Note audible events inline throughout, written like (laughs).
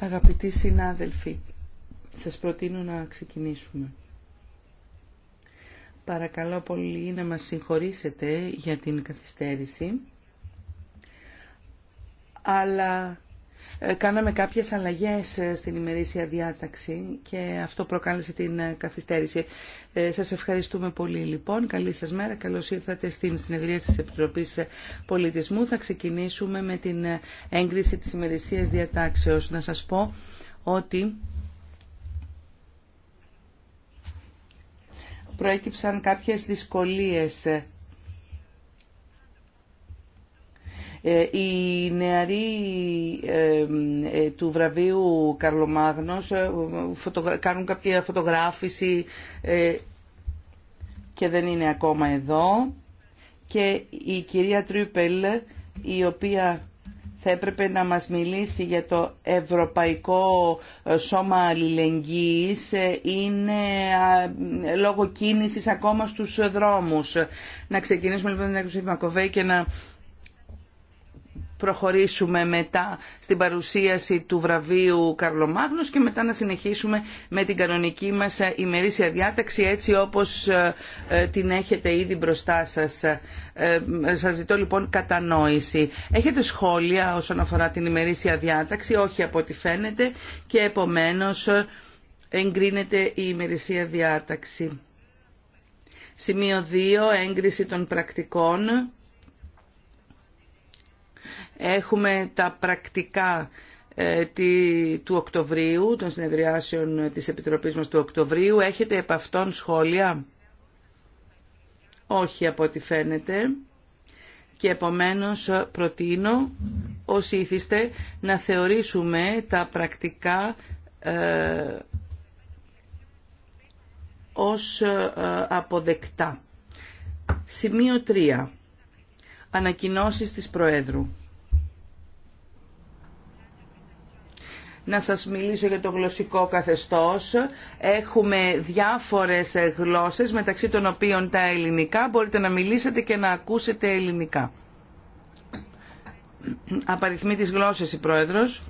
Αγαπητοί συνάδελφοι, σας προτείνω να ξεκινήσουμε. Παρακαλώ πολύ να μας συγχωρήσετε για την καθυστέρηση, αλλά ε, κάναμε κάποιες αλλαγές ε, στην ημερήσια διάταξη και αυτό προκάλεσε την ε, καθυστέρηση. Σας ευχαριστούμε πολύ λοιπόν. Καλή σας μέρα. Καλώς ήρθατε στην συνεδρία της Επιτροπής Πολιτισμού. Θα ξεκινήσουμε με την έγκριση της ημερησίας διατάξεως. Να σας πω ότι προέκυψαν κάποιες δυσκολίες Οι ε, νεαροί ε, του βραβείου Καρλομάγνος ε, κάνουν κάποια φωτογράφηση και δεν είναι ακόμα εδώ. Και η κυρία Τρίπελ, η οποία θα έπρεπε να μας μιλήσει για το Ευρωπαϊκό Σώμα Αλληλεγγύης είναι λόγω κίνησης ακόμα στους δρόμους. Να ξεκινήσουμε λοιπόν την έκδοση Μακοβέη και να προχωρήσουμε μετά στην παρουσίαση του βραβείου Καρλομάγνους και μετά να συνεχίσουμε με την κανονική μας ημερήσια διάταξη έτσι όπως ε, ε, την έχετε ήδη μπροστά σας. Ε, σας ζητώ λοιπόν κατανόηση. Έχετε σχόλια όσον αφορά την ημερήσια διάταξη, όχι από ό,τι φαίνεται και επομένως εγκρίνεται η ημερησία διάταξη. Σημείο 2. Έγκριση των πρακτικών. Έχουμε τα πρακτικά ε, του Οκτωβρίου, των συνεδριάσεων της Επιτροπής μας του Οκτωβρίου. Έχετε επ' αυτών σχόλια? Όχι από ό,τι φαίνεται. Και επομένως προτείνω όσοι ήθιστε να θεωρήσουμε τα πρακτικά ε, ως ε, αποδεκτά. Σημείο 3. Ανακοινώσεις της Προέδρου. να σας μιλήσω για το γλωσσικό καθεστώς. Έχουμε διάφορες γλώσσες, μεταξύ των οποίων τα ελληνικά. Μπορείτε να μιλήσετε και να ακούσετε ελληνικά. Απαριθμεί τις γλώσσες η Πρόεδρος.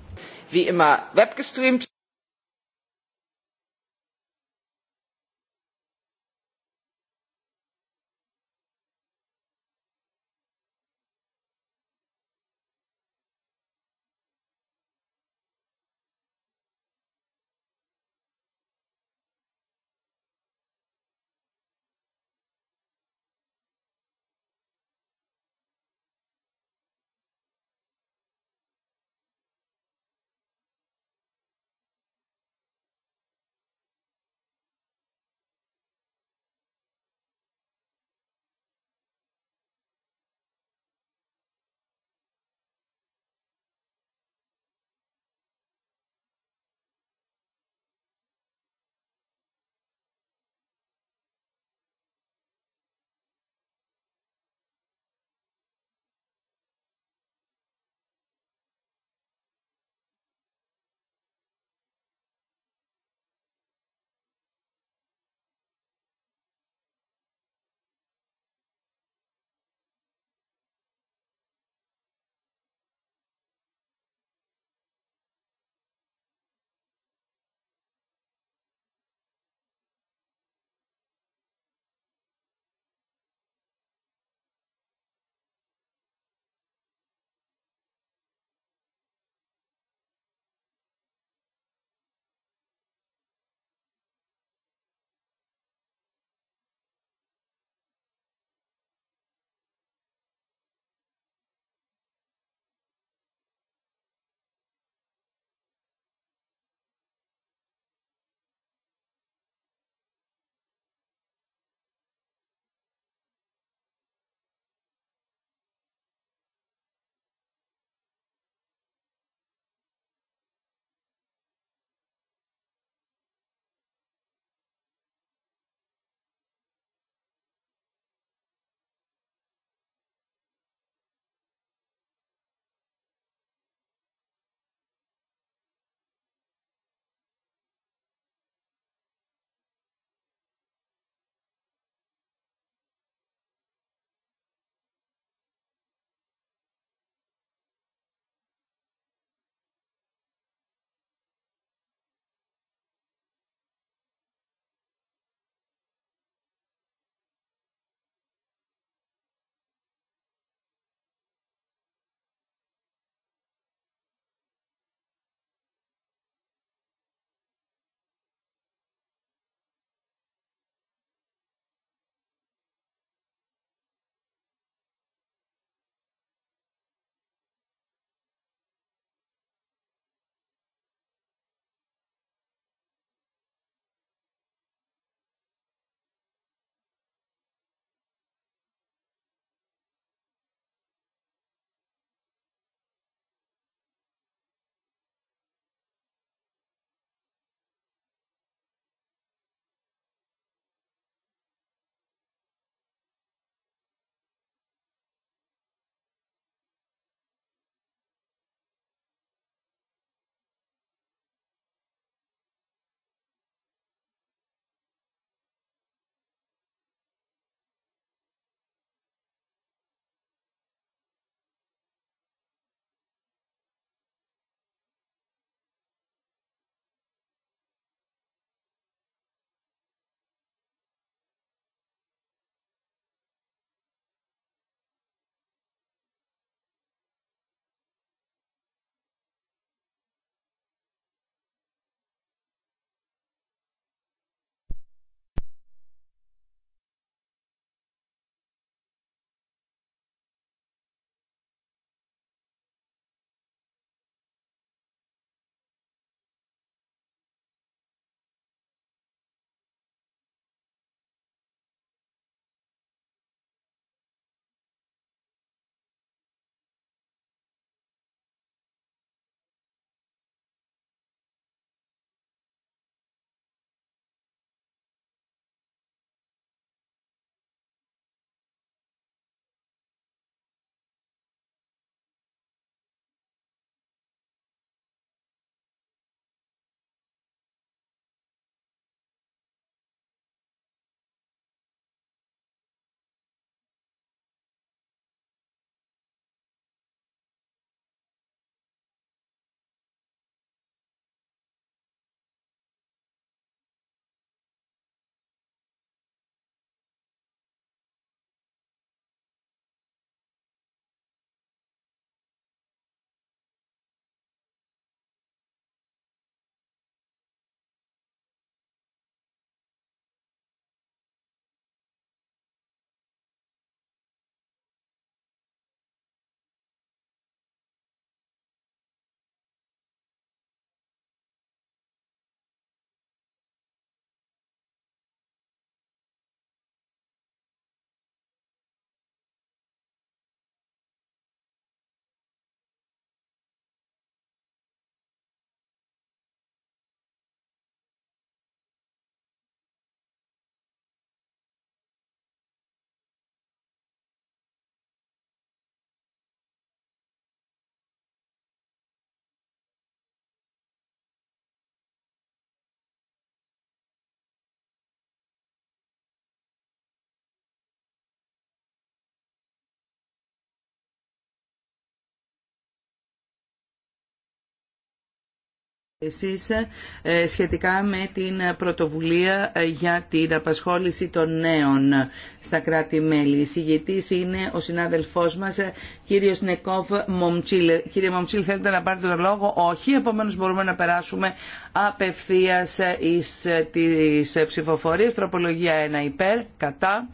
Ε, σχετικά με την πρωτοβουλία ε, για την απασχόληση των νέων στα κράτη-μέλη. Η είναι ο συνάδελφός μας, ε, κύριος Νεκόβ Μομτσίλ. Κύριε Μομτσίλ, θέλετε να πάρετε τον λόγο. Όχι, επομένως μπορούμε να περάσουμε απευθείας εις τις ψηφοφορίες. Τροπολογία 1 υπέρ, κατά,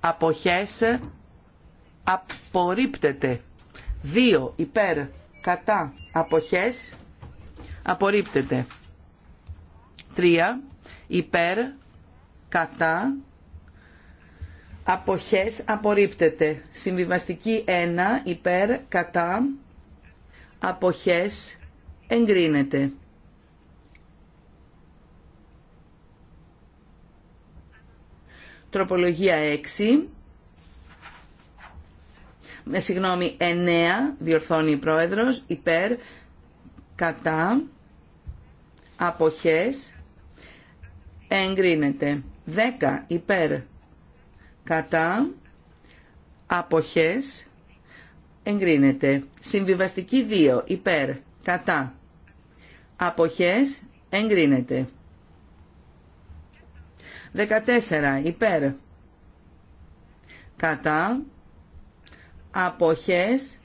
αποχές, απορρίπτεται. 2 υπέρ, κατά, αποχές, απορρίπτεται. 3. Υπέρ, κατά, αποχές, απορρίπτεται. Συμβιβαστική 1. Υπέρ, κατά, αποχές, εγκρίνεται. Τροπολογία 6. Με συγγνώμη 9, διορθώνει η πρόεδρος, υπέρ, κατά, αποχές εγκρίνεται. 10 υπέρ κατά αποχές εγκρίνεται. Συμβιβαστική 2 υπέρ κατά αποχές εγκρίνεται. 14 υπέρ κατά αποχές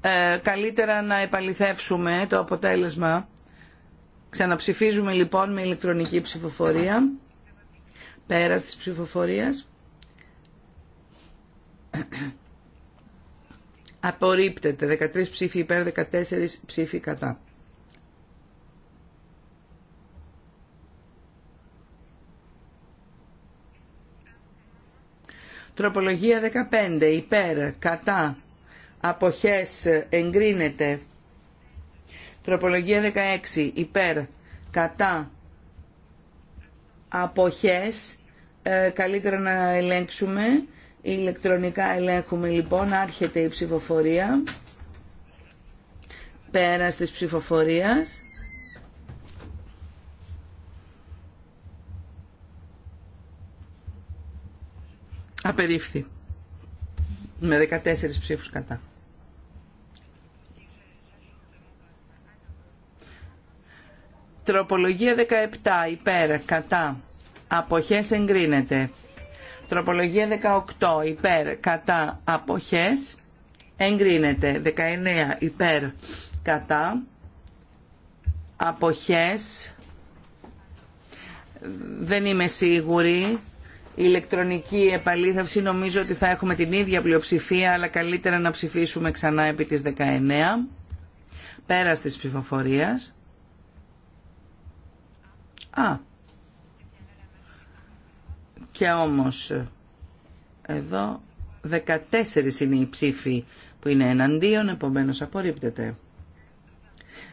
ε, καλύτερα να επαληθεύσουμε το αποτέλεσμα Ξαναψηφίζουμε λοιπόν με ηλεκτρονική ψηφοφορία. Πέρας της ψηφοφορίας. Απορρίπτεται. 13 ψήφοι υπέρ, 14 ψήφοι κατά. Τροπολογία 15. Υπέρ, κατά, αποχές, εγκρίνεται. Τροπολογία 16 υπέρ κατά αποχές. Ε, καλύτερα να ελέγξουμε. Ηλεκτρονικά ελέγχουμε λοιπόν. Άρχεται η ψηφοφορία. Πέρας της ψηφοφορίας. Απερίφθη. Με 14 ψήφους κατά. Τροπολογία 17 υπέρ κατά αποχές εγκρίνεται. Τροπολογία 18 υπέρ κατά αποχές εγκρίνεται. 19 υπέρ κατά αποχές δεν είμαι σίγουρη. Η Ηλεκτρονική επαλήθευση νομίζω ότι θα έχουμε την ίδια πλειοψηφία αλλά καλύτερα να ψηφίσουμε ξανά επί της 19 πέρας της ψηφοφορίας Α, και όμως εδώ 14 είναι οι ψήφοι που είναι εναντίον, επομένως απορρίπτεται.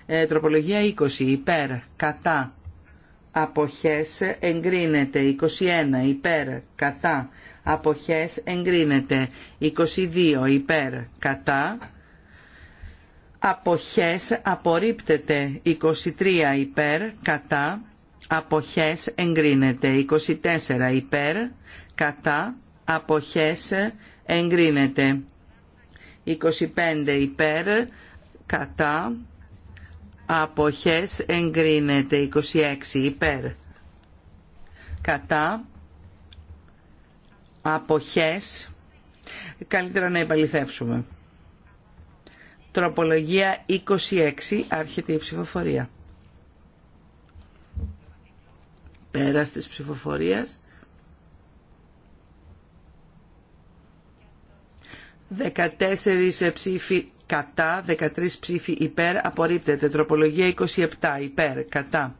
Ε, τροπολογία 20, υπέρ, κατά, αποχές, εγκρίνεται. 21, υπέρ, κατά, αποχές, εγκρίνεται. 22, υπέρ, κατά, αποχές, απορρίπτεται. 23, υπέρ, κατά, αποχές εγκρίνεται. 24 υπέρ, κατά, αποχές εγκρίνεται. 25 υπέρ, κατά, αποχές εγκρίνεται. 26 υπέρ, κατά, αποχές, καλύτερα να επαληθεύσουμε. Τροπολογία 26, άρχεται η ψηφοφορία. Πέρας της ψηφοφορίας. 14 ψήφοι κατά, 13 ψήφοι υπέρ, απορρίπτεται. Τροπολογία 27 υπέρ, κατά.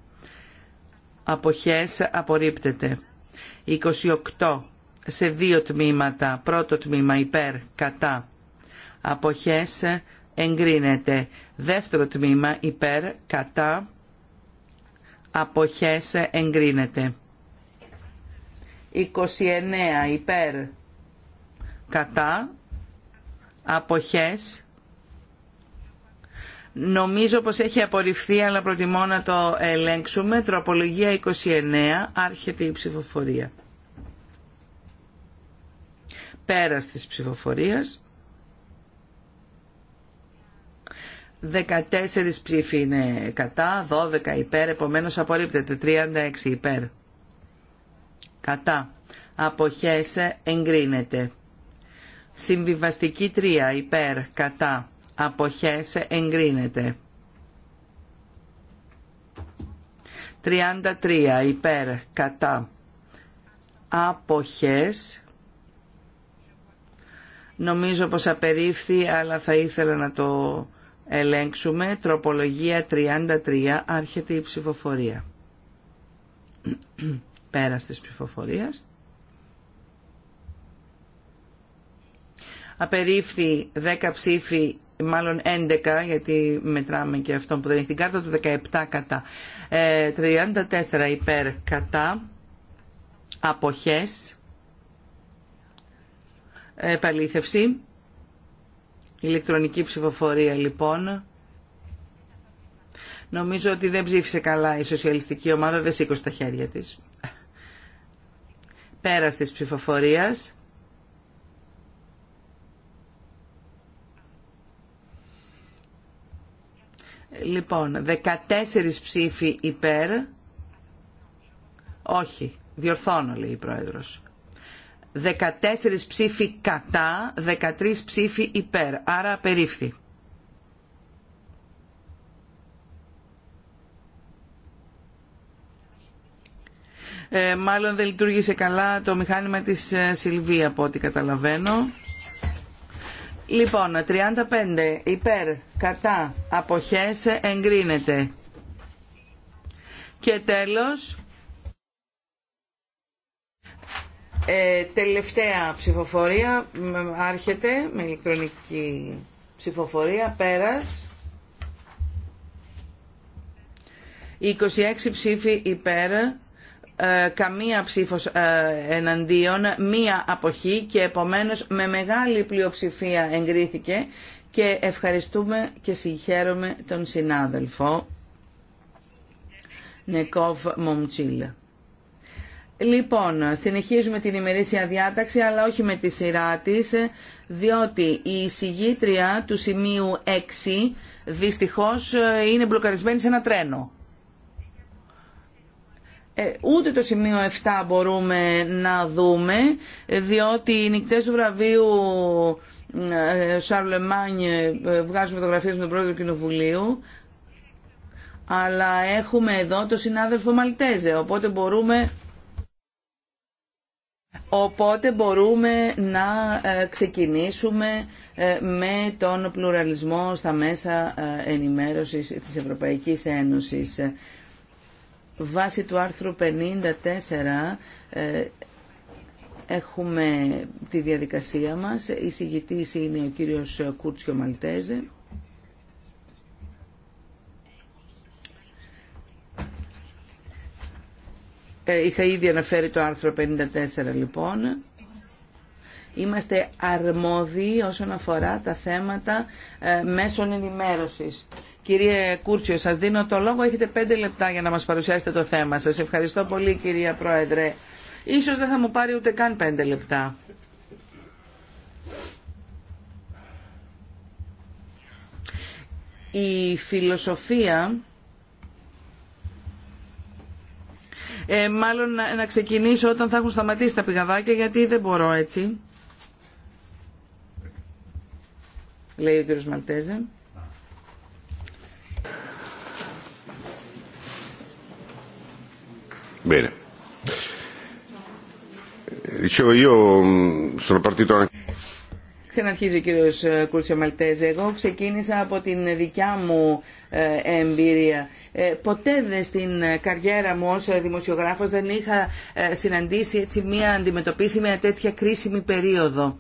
Αποχές απορρίπτεται. 28 σε δύο τμήματα. Πρώτο τμήμα υπέρ, κατά. Αποχές εγκρίνεται. Δεύτερο τμήμα υπέρ, κατά αποχές εγκρίνεται. 29 υπέρ κατά αποχές Νομίζω πως έχει απορριφθεί, αλλά προτιμώ να το ελέγξουμε. Τροπολογία 29, άρχεται η ψηφοφορία. Πέρας της ψηφοφορίας. 14 ψήφοι είναι κατά, 12 υπέρ, επομένως απορρίπτεται. 36 υπέρ. Κατά. αποχεσε εγκρίνεται. Συμβιβαστική 3 υπέρ, κατά. αποχεσε εγκρίνεται. 33 υπέρ, κατά. Αποχές Νομίζω πως απερίφθη, αλλά θα ήθελα να το ελέγξουμε τροπολογία 33 άρχεται η ψηφοφορία πέρας της ψηφοφορίας απερίφθη 10 ψήφοι μάλλον 11 γιατί μετράμε και αυτό που δεν έχει την κάρτα του 17 κατά 34 ε, υπέρ κατά αποχές επαλήθευση Ηλεκτρονική ψηφοφορία λοιπόν. Νομίζω ότι δεν ψήφισε καλά η σοσιαλιστική ομάδα, δεν σήκωσε τα χέρια της. Πέρας της ψηφοφορίας. Λοιπόν, 14 ψήφοι υπέρ. Όχι, διορθώνω λέει η Πρόεδρος. 14 ψήφοι κατά, 13 ψήφοι υπέρ. Άρα απερίφθη. Ε, μάλλον δεν λειτουργήσε καλά το μηχάνημα της ε, Σιλβία από ό,τι καταλαβαίνω. Λοιπόν, 35 υπέρ, κατά, αποχές, εγκρίνεται. Και τέλος, Ε, τελευταία ψηφοφορία άρχεται με ηλεκτρονική ψηφοφορία πέρας 26 ψήφοι υπέρ ε, καμία ψήφος ε, εναντίον μία αποχή και επομένως με μεγάλη πλειοψηφία εγκρίθηκε και ευχαριστούμε και συγχαίρομαι τον συνάδελφο Νεκόβ Μομτσίλα Λοιπόν, συνεχίζουμε την ημερήσια διάταξη, αλλά όχι με τη σειρά της, διότι η συγγήτρια του σημείου 6 δυστυχώς είναι μπλοκαρισμένη σε ένα τρένο. Ε, ούτε το σημείο 7 μπορούμε να δούμε, διότι οι νικτές του βραβείου ε, Σαρλεμάνι ε, βγάζουν φωτογραφίες με τον πρόεδρο του Κοινοβουλίου, αλλά έχουμε εδώ το συνάδελφο Μαλτέζε, οπότε μπορούμε Οπότε μπορούμε να ε, ξεκινήσουμε ε, με τον πλουραλισμό στα μέσα ε, ενημέρωσης της Ευρωπαϊκής Ένωσης. Βάσει του άρθρου 54 έχουμε τη διαδικασία μας. Η συγητής είναι ο κύριος Κούρτσιο Μαλτέζε. Ε, είχα ήδη αναφέρει το άρθρο 54 λοιπόν. Είμαστε αρμόδιοι όσον αφορά τα θέματα ε, μέσων ενημέρωσης. Κύριε Κούρτσιο, σας δίνω το λόγο. Έχετε πέντε λεπτά για να μας παρουσιάσετε το θέμα. Σας ευχαριστώ πολύ κυρία Πρόεδρε. Ίσως δεν θα μου πάρει ούτε καν πέντε λεπτά. Η φιλοσοφία Ε, μάλλον να, ξεκινήσω όταν θα έχουν σταματήσει τα πηγαδάκια γιατί δεν μπορώ έτσι. Λέει ο κύριος Μαλτέζε. Bene. Mm, ο κύριος ε, Κούρσιο Μαλτέζε. Εγώ ξεκίνησα από την δικιά μου ε, εμπειρία. Ε, ποτέ δεν στην καριέρα μου ως δημοσιογράφος δεν είχα ε, συναντήσει έτσι μία αντιμετωπίσει μια αντιμετωπίση μια κρίσιμη περίοδο.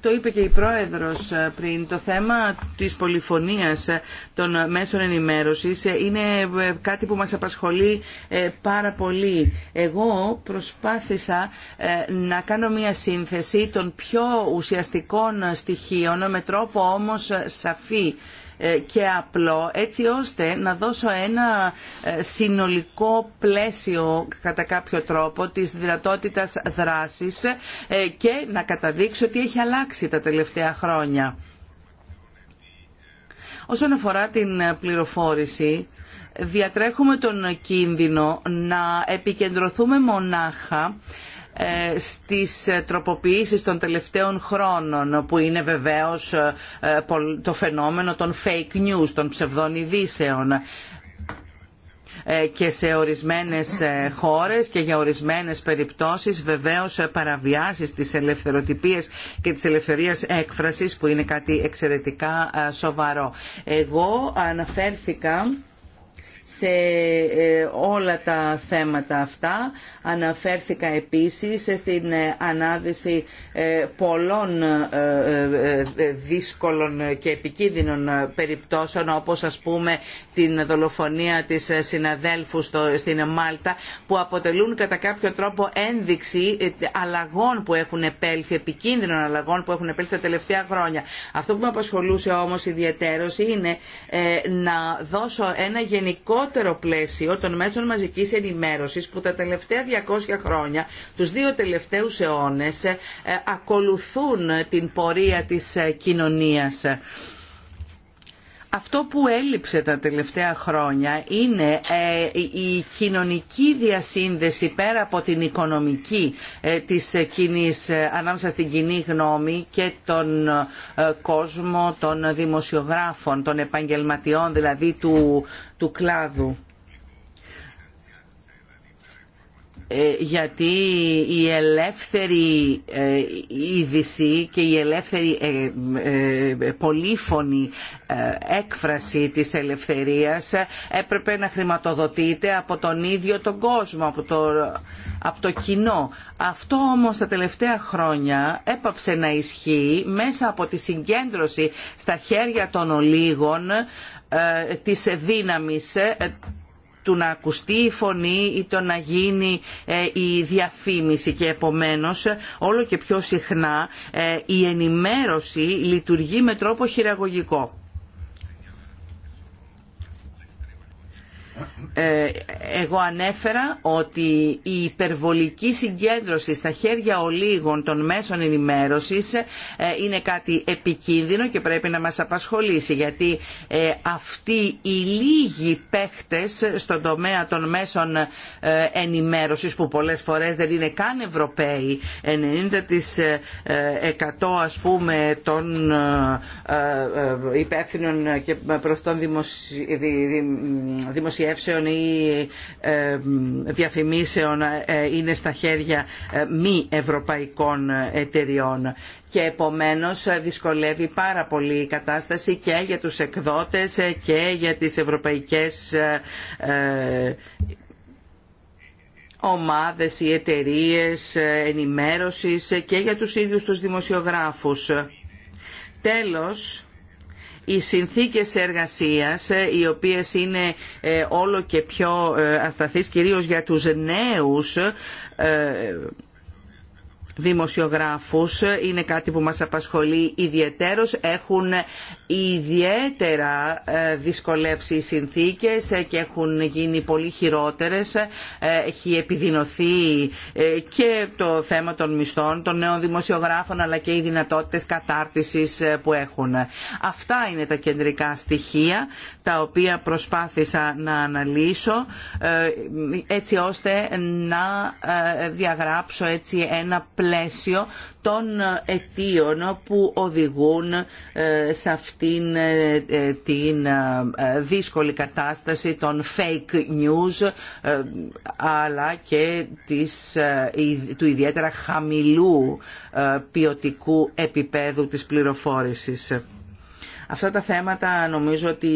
Το είπε και η Πρόεδρος ε, πριν, το θέμα της πολυφωνίας των μέσων ενημέρωσης είναι κάτι που μας απασχολεί πάρα πολύ. Εγώ προσπάθησα να κάνω μια σύνθεση των πιο ουσιαστικών στοιχείων με τρόπο όμως σαφή ε, και απλό έτσι ώστε να δώσω ένα ε, συνολικό πλαίσιο κατά κάποιο τρόπο της δυνατότητας δράσης ε, και να καταδείξω τι έχει αλλάξει τα τελευταία χρόνια. Όσον αφορά την πληροφόρηση, διατρέχουμε τον κίνδυνο να επικεντρωθούμε μονάχα ε, στις ε, τροποποιήσεις των τελευταίων χρόνων που είναι βεβαίως ε, το φαινόμενο των fake news, των ψευδών ειδήσεων και σε ορισμένες χώρες και για ορισμένες περιπτώσεις βεβαίως παραβιάσεις της ελευθεροτυπίας και της ελευθερίας έκφρασης που είναι κάτι εξαιρετικά σοβαρό. Εγώ αναφέρθηκα σε ε, όλα τα θέματα αυτά. Αναφέρθηκα επίσης στην ε, ανάδυση ε, πολλών δύσκολων και επικίνδυνων περιπτώσεων όπως ας πούμε την δολοφονία της συναδέλφου στην Μάλτα που αποτελούν κατά κάποιο τρόπο ένδειξη αλλαγών που έχουν επέλθει, επικίνδυνων αλλαγών που έχουν επέλθει τα τελευταία χρόνια. Αυτό που με απασχολούσε όμως ιδιαίτερος είναι να δώσω ένα γενικό γενικότερο πλαίσιο των μέσων μαζικής ενημέρωσης που τα τελευταία 200 χρόνια, τους δύο τελευταίους αιώνες, ε, ακολουθούν την πορεία της ε, κοινωνίας αυτό που έλειψε τα τελευταία χρόνια είναι ε, η κοινωνική διασύνδεση πέρα από την οικονομική ε, της ε, κοινής, ανάμεσα στην κοινή γνώμη και τον κόσμο των δημοσιογράφων, των επαγγελματιών δηλαδή του, του κλάδου. Ε, γιατί η ελεύθερη ε, είδηση και η ελεύθερη ε, πολύφωνη έκφραση της ελευθερίας έπρεπε να χρηματοδοτείται από τον ίδιο τον κόσμο, από το, από το κοινό. Αυτό όμως τα τελευταία χρόνια έπαψε να ισχύει μέσα από τη συγκέντρωση στα χέρια των ολίγων της δύναμης του να ακουστεί η φωνή ή το να γίνει ε, η διαφήμιση και επομένως όλο και πιο συχνά ε, η ενημέρωση λειτουργεί με τρόπο χειραγωγικό Ε, εγώ ανέφερα ότι η υπερβολική συγκέντρωση στα χέρια ολίγων των μέσων ενημέρωσης ε, είναι κάτι επικίνδυνο και πρέπει να μας απασχολήσει γιατί ε, αυτοί οι λίγοι παίχτες στον τομέα των μέσων ενημέρωσης που πολλές φορές δεν είναι καν Ευρωπαίοι 90% ας πούμε των υπεύθυνων και των δημοσιεύσεων ε, ε, διαφημίσεων ή ε, διαφημίσεων είναι στα χέρια μη ευρωπαϊκών εταιριών και επομένως δυσκολεύει πάρα πολύ η κατάσταση και για τους εκδότες και για τις ευρωπαϊκές ομάδες ή εταιρείες ενημέρωσης και για τους ίδιους τους δημοσιογράφους. Τέλος, οι συνθήκες εργασίας ε, οι οποίες είναι ε, όλο και πιο ε, ασταθείς κυρίως για τους νέους δημοσιογράφους είναι κάτι που μας απασχολεί ιδιαιτέρως. Έχουν ιδιαίτερα ε, δυσκολέψει οι συνθήκες και έχουν γίνει πολύ χειρότερες. Ε, έχει επιδεινωθεί ε, και το θέμα των μισθών των νέων δημοσιογράφων αλλά και οι δυνατότητες κατάρτισης που έχουν. Αυτά είναι τα κεντρικά στοιχεία τα οποία προσπάθησα να αναλύσω έτσι ώστε να διαγράψω έτσι ένα πλαίσιο πλαίσιο των αιτίων που οδηγούν ε, σε αυτήν ε, ε, την δύσκολη κατάσταση των fake news αλλά και του ιδιαίτερα χαμηλού ποιοτικού επίπεδου της πληροφόρησης. Αυτά τα θέματα νομίζω ότι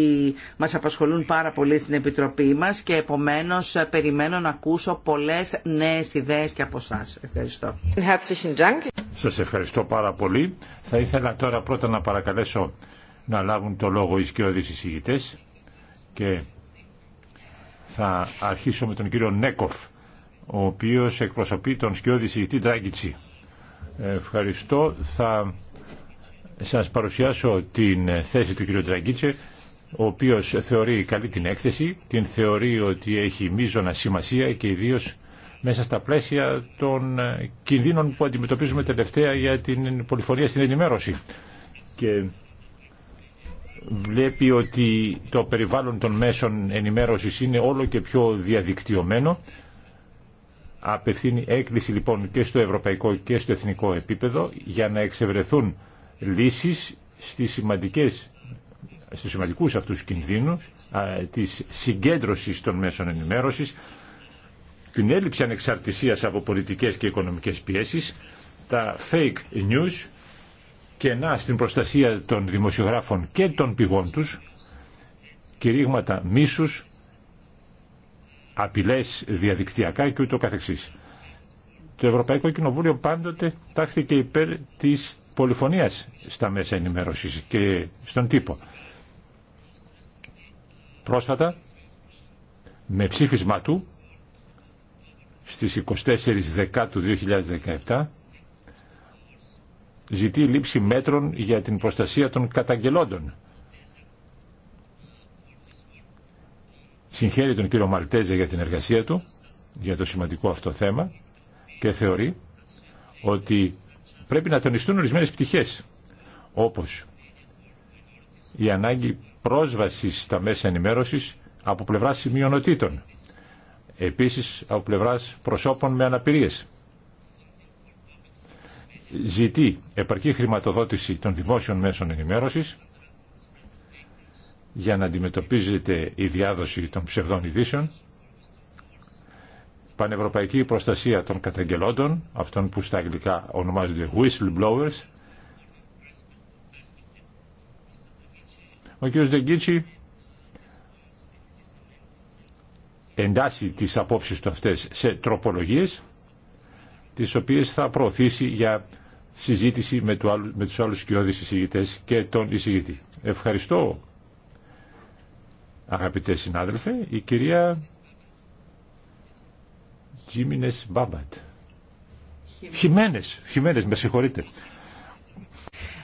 μας απασχολούν πάρα πολύ στην Επιτροπή μας και επομένως ε, περιμένω να ακούσω πολλές νέες ιδέες και από εσά. Ευχαριστώ. Σας ευχαριστώ πάρα πολύ. Θα ήθελα τώρα πρώτα να παρακαλέσω να λάβουν το λόγο οι σκιώδεις εισηγητές και θα αρχίσω με τον κύριο Νέκοφ ο οποίος εκπροσωπεί τον σκιώδη εισηγητή Τράγκητσι. Ευχαριστώ. Θα σας παρουσιάσω την θέση του κ. Τραγκίτσε, ο οποίος θεωρεί καλή την έκθεση, την θεωρεί ότι έχει μείζωνα σημασία και ιδίως μέσα στα πλαίσια των κινδύνων που αντιμετωπίζουμε τελευταία για την πολυφορία στην ενημέρωση. Και βλέπει ότι το περιβάλλον των μέσων ενημέρωσης είναι όλο και πιο διαδικτυωμένο. Απευθύνει έκκληση λοιπόν και στο ευρωπαϊκό και στο εθνικό επίπεδο για να εξευρεθούν λύσεις στις σημαντικές, στους σημαντικούς αυτούς κινδύνους της συγκέντρωσης των μέσων ενημέρωσης, την έλλειψη ανεξαρτησίας από πολιτικές και οικονομικές πιέσεις, τα fake news, κενά στην προστασία των δημοσιογράφων και των πηγών τους, κηρύγματα μίσους, απειλές διαδικτυακά και ούτω καθεξής. Το Ευρωπαϊκό Κοινοβούλιο πάντοτε τάχθηκε υπέρ της πολυφωνίας στα μέσα ενημέρωσης και στον τύπο. Πρόσφατα, με ψήφισμά του, στις 24 Δεκάτου 2017, ζητεί λήψη μέτρων για την προστασία των καταγγελόντων. Συγχαίρει τον κύριο Μαλτέζε για την εργασία του, για το σημαντικό αυτό θέμα και θεωρεί ότι πρέπει να τονιστούν ορισμένες πτυχές, όπως η ανάγκη πρόσβασης στα μέσα ενημέρωσης από πλευράς σημειονοτήτων, επίσης από πλευράς προσώπων με αναπηρίες. Ζητεί επαρκή χρηματοδότηση των δημόσιων μέσων ενημέρωσης για να αντιμετωπίζεται η διάδοση των ψευδών ειδήσεων πανευρωπαϊκή προστασία των καταγγελόντων, αυτών που στα αγγλικά ονομάζονται whistleblowers. Ο κ. Δεγκίτσι εντάσσει τις απόψεις του αυτές σε τροπολογίες, τις οποίες θα προωθήσει για συζήτηση με, του, με τους άλλους κοιόδης εισηγητές και τον εισηγητή. Ευχαριστώ αγαπητέ συνάδελφε, η κυρία Τζίμινες Μπάμπατ. Χιμένες, Χιμένες, με συγχωρείτε.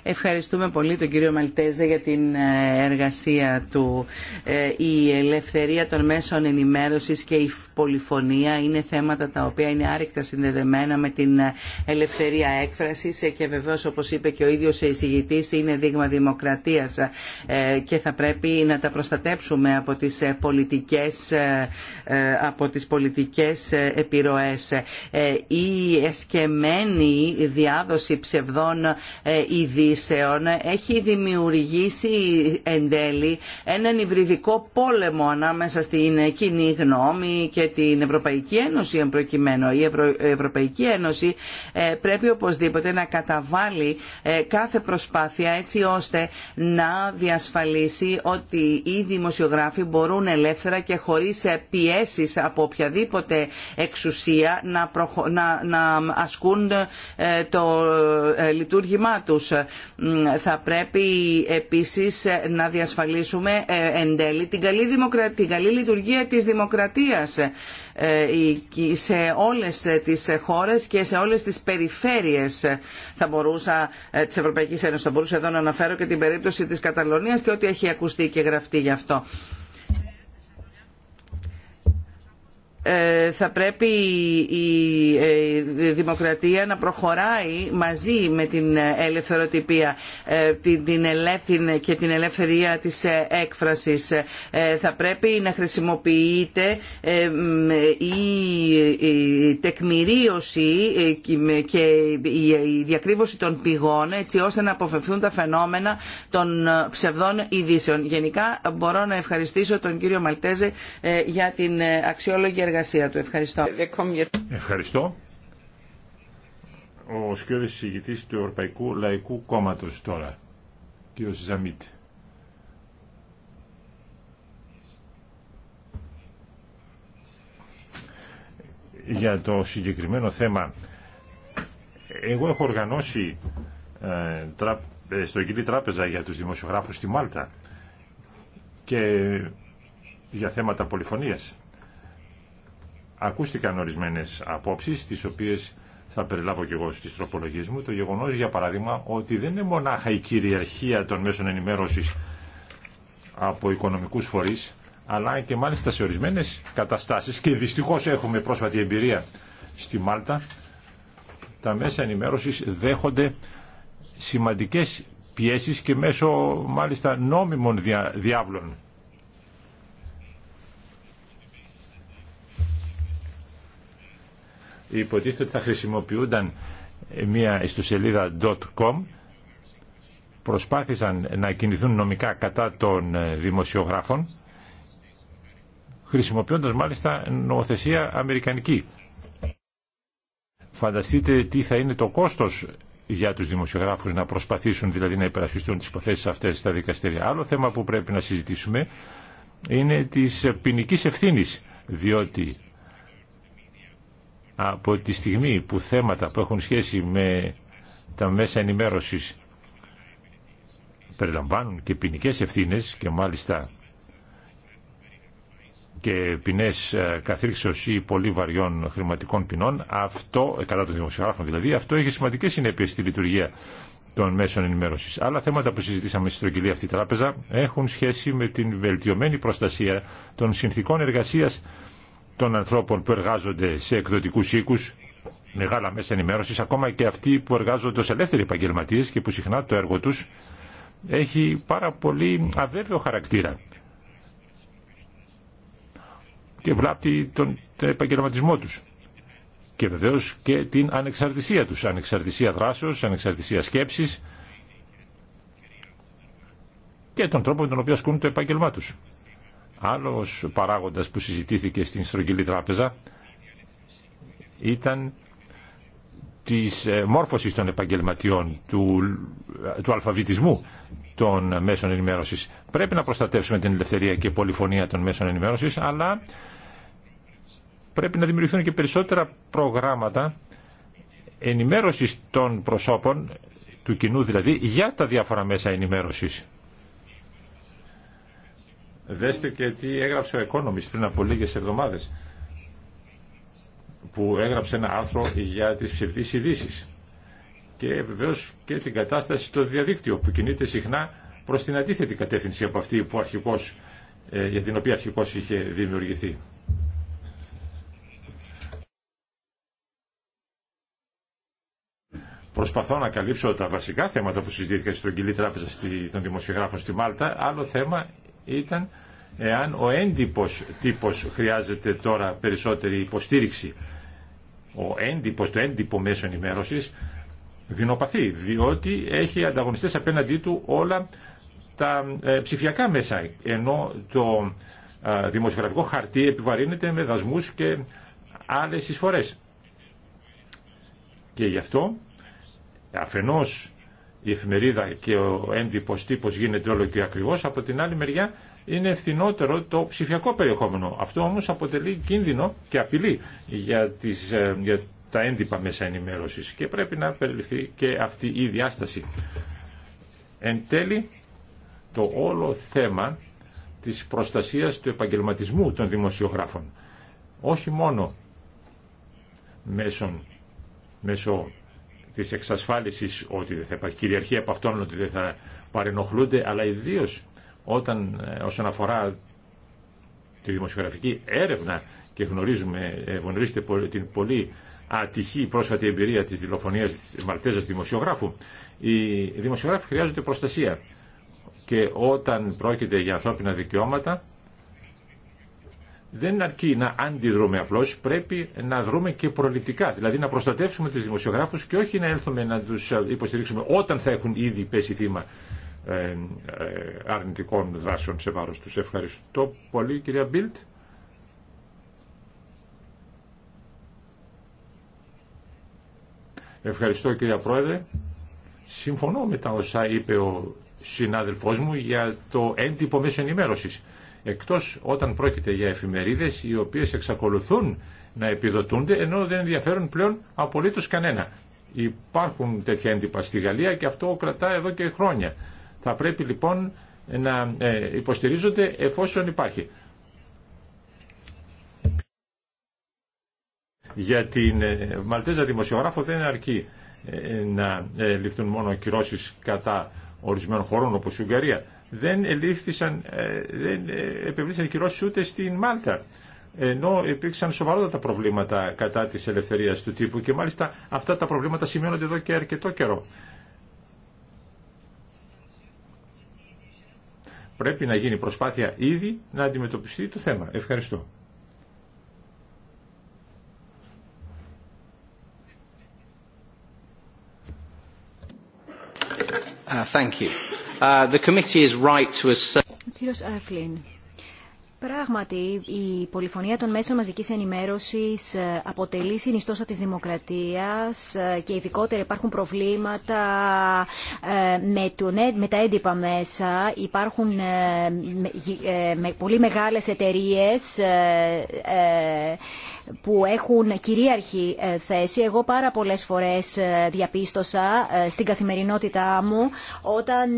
Ευχαριστούμε πολύ τον κύριο Μαλτέζε για την ε, εργασία του. Ε, η ελευθερία των μέσων ενημέρωσης και η πολυφωνία είναι θέματα τα οποία είναι άρρηκτα συνδεδεμένα με την ε, ελευθερία έκφρασης και βεβαίως όπως είπε και ο ίδιος ο εισηγητής είναι δείγμα δημοκρατίας και θα πρέπει να τα προστατέψουμε από τις πολιτικές, από τις πολιτικές επιρροές. Η εσκεμμένη διάδοση ψευδών ειδήσεων έχει δημιουργήσει εν τέλει έναν υβριδικό πόλεμο ανάμεσα στην κοινή γνώμη και την Ευρωπαϊκή Ένωση εν Η Ευρωπαϊκή Ένωση ε, πρέπει οπωσδήποτε να καταβάλει ε, κάθε προσπάθεια έτσι ώστε να διασφαλίσει ότι οι δημοσιογράφοι μπορούν ελεύθερα και χωρίς ε, πιέσεις από οποιαδήποτε εξουσία να, να ασκούν το λειτουργήμά τους. Θα πρέπει επίσης να διασφαλίσουμε ε, εν τέλει την καλή, δημοκρατία, την καλή λειτουργία της δημοκρατίας ε, σε όλες τις χώρες και σε όλες τις περιφέρειες θα μπορούσα, ε, της Ευρωπαϊκής Ένωσης. Θα μπορούσα εδώ να αναφέρω και την περίπτωση της Καταλωνίας και ό,τι έχει ακουστεί και γραφτεί γι' αυτό. Ε, θα πρέπει η δημοκρατία να προχωράει μαζί με την ελευθεροτυπία ε, την ελεύθερη και την ελευθερία της ε, έκφρασης. Θα πρέπει να χρησιμοποιείται η τεκμηρίωση και η διακρύβωση των πηγών έτσι ώστε να αποφευθούν τα φαινόμενα των ψευδών ειδήσεων. Γενικά μπορώ να ευχαριστήσω τον κύριο Μαλτέζε για την αξιόλογη εργασία Ευχαριστώ. Ευχαριστώ. Ο σκιώδης συγητής του Ευρωπαϊκού Λαϊκού Κόμματος τώρα, κ. Ζαμίτ. Για το συγκεκριμένο θέμα, εγώ έχω οργανώσει ε, ε στο τράπεζα για τους δημοσιογράφους στη Μάλτα και για θέματα πολυφωνίας ακούστηκαν ορισμένες απόψεις, τις οποίες θα περιλάβω και εγώ στι τροπολογίε μου, το γεγονός για παράδειγμα ότι δεν είναι μονάχα η κυριαρχία των μέσων ενημέρωση από οικονομικούς φορείς, αλλά και μάλιστα σε ορισμένες καταστάσεις και δυστυχώ έχουμε πρόσφατη εμπειρία στη Μάλτα, τα μέσα ενημέρωση δέχονται σημαντικέ πιέσει και μέσω μάλιστα νόμιμων διάβλων υποτίθεται ότι θα χρησιμοποιούνταν μια ιστοσελίδα .com προσπάθησαν να κινηθούν νομικά κατά των ε, δημοσιογράφων χρησιμοποιώντας μάλιστα νομοθεσία αμερικανική. Φανταστείτε τι θα είναι το κόστος για τους δημοσιογράφους να προσπαθήσουν δηλαδή να υπερασπιστούν τις υποθέσεις αυτές στα δικαστήρια. Άλλο θέμα που πρέπει να συζητήσουμε είναι της ποινική ευθύνη, διότι από τη στιγμή που θέματα που έχουν σχέση με τα μέσα ενημέρωσης περιλαμβάνουν και ποινικέ ευθύνε και μάλιστα και ποινέ ε, καθήξεω ή πολύ βαριών χρηματικών ποινών, αυτό, ε, κατά των δημοσιογράφων δηλαδή, αυτό έχει σημαντικέ συνέπειε στη λειτουργία των μέσων ενημέρωση. Άλλα θέματα που συζητήσαμε στη στρογγυλή αυτή τράπεζα έχουν σχέση με την βελτιωμένη προστασία των συνθήκων εργασία των ανθρώπων που εργάζονται σε εκδοτικού οίκου, μεγάλα μέσα ενημέρωση, ακόμα και αυτοί που εργάζονται ω ελεύθεροι επαγγελματίε και που συχνά το έργο τους έχει πάρα πολύ αβέβαιο χαρακτήρα και βλάπτει τον, τον επαγγελματισμό τους και βεβαίως και την ανεξαρτησία τους, ανεξαρτησία δράσεως, ανεξαρτησία σκέψης και τον τρόπο με τον οποίο ασκούν το επάγγελμά του. Άλλος παράγοντας που συζητήθηκε στην Στρογγυλή Τράπεζα ήταν τη ε, μόρφωση των επαγγελματιών, του, ε, του αλφαβητισμού των μέσων ενημέρωσης. Πρέπει να προστατεύσουμε την ελευθερία και πολυφωνία των μέσων ενημέρωσης, αλλά πρέπει να δημιουργηθούν και περισσότερα προγράμματα ενημέρωσης των προσώπων, του κοινού δηλαδή, για τα διάφορα μέσα ενημέρωσης. Δέστε και τι έγραψε ο Economist πριν από λίγες εβδομάδες που έγραψε ένα άρθρο για τις ψευδείς ειδήσει και βεβαίω και την κατάσταση στο διαδίκτυο που κινείται συχνά προς την αντίθετη κατεύθυνση από αυτή που ε, για την οποία αρχικώς είχε δημιουργηθεί. Προσπαθώ να καλύψω τα βασικά θέματα που συζητήθηκαν στην Τραπεζα των Δημοσιογράφων στη Μάλτα. Άλλο θέμα ήταν εάν ο έντυπος τύπος χρειάζεται τώρα περισσότερη υποστήριξη. Ο έντυπος, το έντυπο μέσο ενημέρωσης δυνοπαθεί διότι έχει ανταγωνιστές απέναντί του όλα τα ε, ψηφιακά μέσα, ενώ το ε, δημοσιογραφικό χαρτί επιβαρύνεται με δασμούς και άλλες εισφορές. Και γι' αυτό αφενός η εφημερίδα και ο έντυπο τύπο γίνεται όλο και ακριβώ, από την άλλη μεριά είναι ευθυνότερο το ψηφιακό περιεχόμενο. Αυτό όμω αποτελεί κίνδυνο και απειλή για, τις, ε, για τα έντυπα μέσα ενημέρωση και πρέπει να περιληφθεί και αυτή η διάσταση. Εν τέλει, το όλο θέμα της προστασίας του επαγγελματισμού των δημοσιογράφων. Όχι μόνο μέσω, μέσω Τη εξασφάλιση ότι δεν θα υπάρχει κυριαρχία από αυτόν, ότι δεν θα παρενοχλούνται, αλλά ιδίω όταν, ε, όσον αφορά τη δημοσιογραφική έρευνα και γνωρίζουμε, ε, γνωρίζετε την πολύ ατυχή πρόσφατη εμπειρία της δηλοφονίας τη Μαλτέζας δημοσιογράφου, οι δημοσιογράφοι χρειάζονται προστασία. Και όταν πρόκειται για ανθρώπινα δικαιώματα, δεν αρκεί να αντιδρούμε απλώ, πρέπει να δρούμε και προληπτικά. Δηλαδή να προστατεύσουμε του δημοσιογράφου και όχι να έλθουμε να του υποστηρίξουμε όταν θα έχουν ήδη πέσει θύμα ε, ε, αρνητικών δράσεων σε βάρο του. Ευχαριστώ πολύ κυρία Μπίλτ. Ευχαριστώ κυρία Πρόεδρε. Συμφωνώ με τα όσα είπε ο συνάδελφός μου για το έντυπο μέσο ενημέρωσης εκτός όταν πρόκειται για εφημερίδες οι οποίες εξακολουθούν να επιδοτούνται ενώ δεν ενδιαφέρουν πλέον απολύτως κανένα. Υπάρχουν τέτοια έντυπα στη Γαλλία και αυτό κρατά εδώ και χρόνια. Θα πρέπει λοιπόν να ε, υποστηρίζονται εφόσον υπάρχει. Για την ε, Μαλτέζα δημοσιογράφο δεν αρκεί ε, να ληφθούν μόνο κυρώσεις κατά ορισμένων χωρών όπως η Ουγγαρία δεν, ελήφθησαν, ε, δεν ε, επευλήθησαν κυρώσεις ούτε στην Μάλτα ενώ υπήρξαν σοβαρότατα προβλήματα κατά της ελευθερίας του τύπου και μάλιστα αυτά τα προβλήματα σημαίνονται εδώ και αρκετό καιρό. Πρέπει να γίνει προσπάθεια ήδη να αντιμετωπιστεί το θέμα. Ευχαριστώ. Uh, thank you. Uh, the committee is right to Πράγματι, η πολυφωνία των μέσων μαζικής ενημέρωσης ε, αποτελεί συνιστόσα της δημοκρατίας ε, και ειδικότερα υπάρχουν προβλήματα ε, με, το, με τα έντυπα μέσα. Υπάρχουν πολύ μεγάλες εταιρείες που έχουν κυρίαρχη ε, θέση. Εγώ πάρα πολλές φορές ε, διαπίστωσα ε, στην καθημερινότητά μου όταν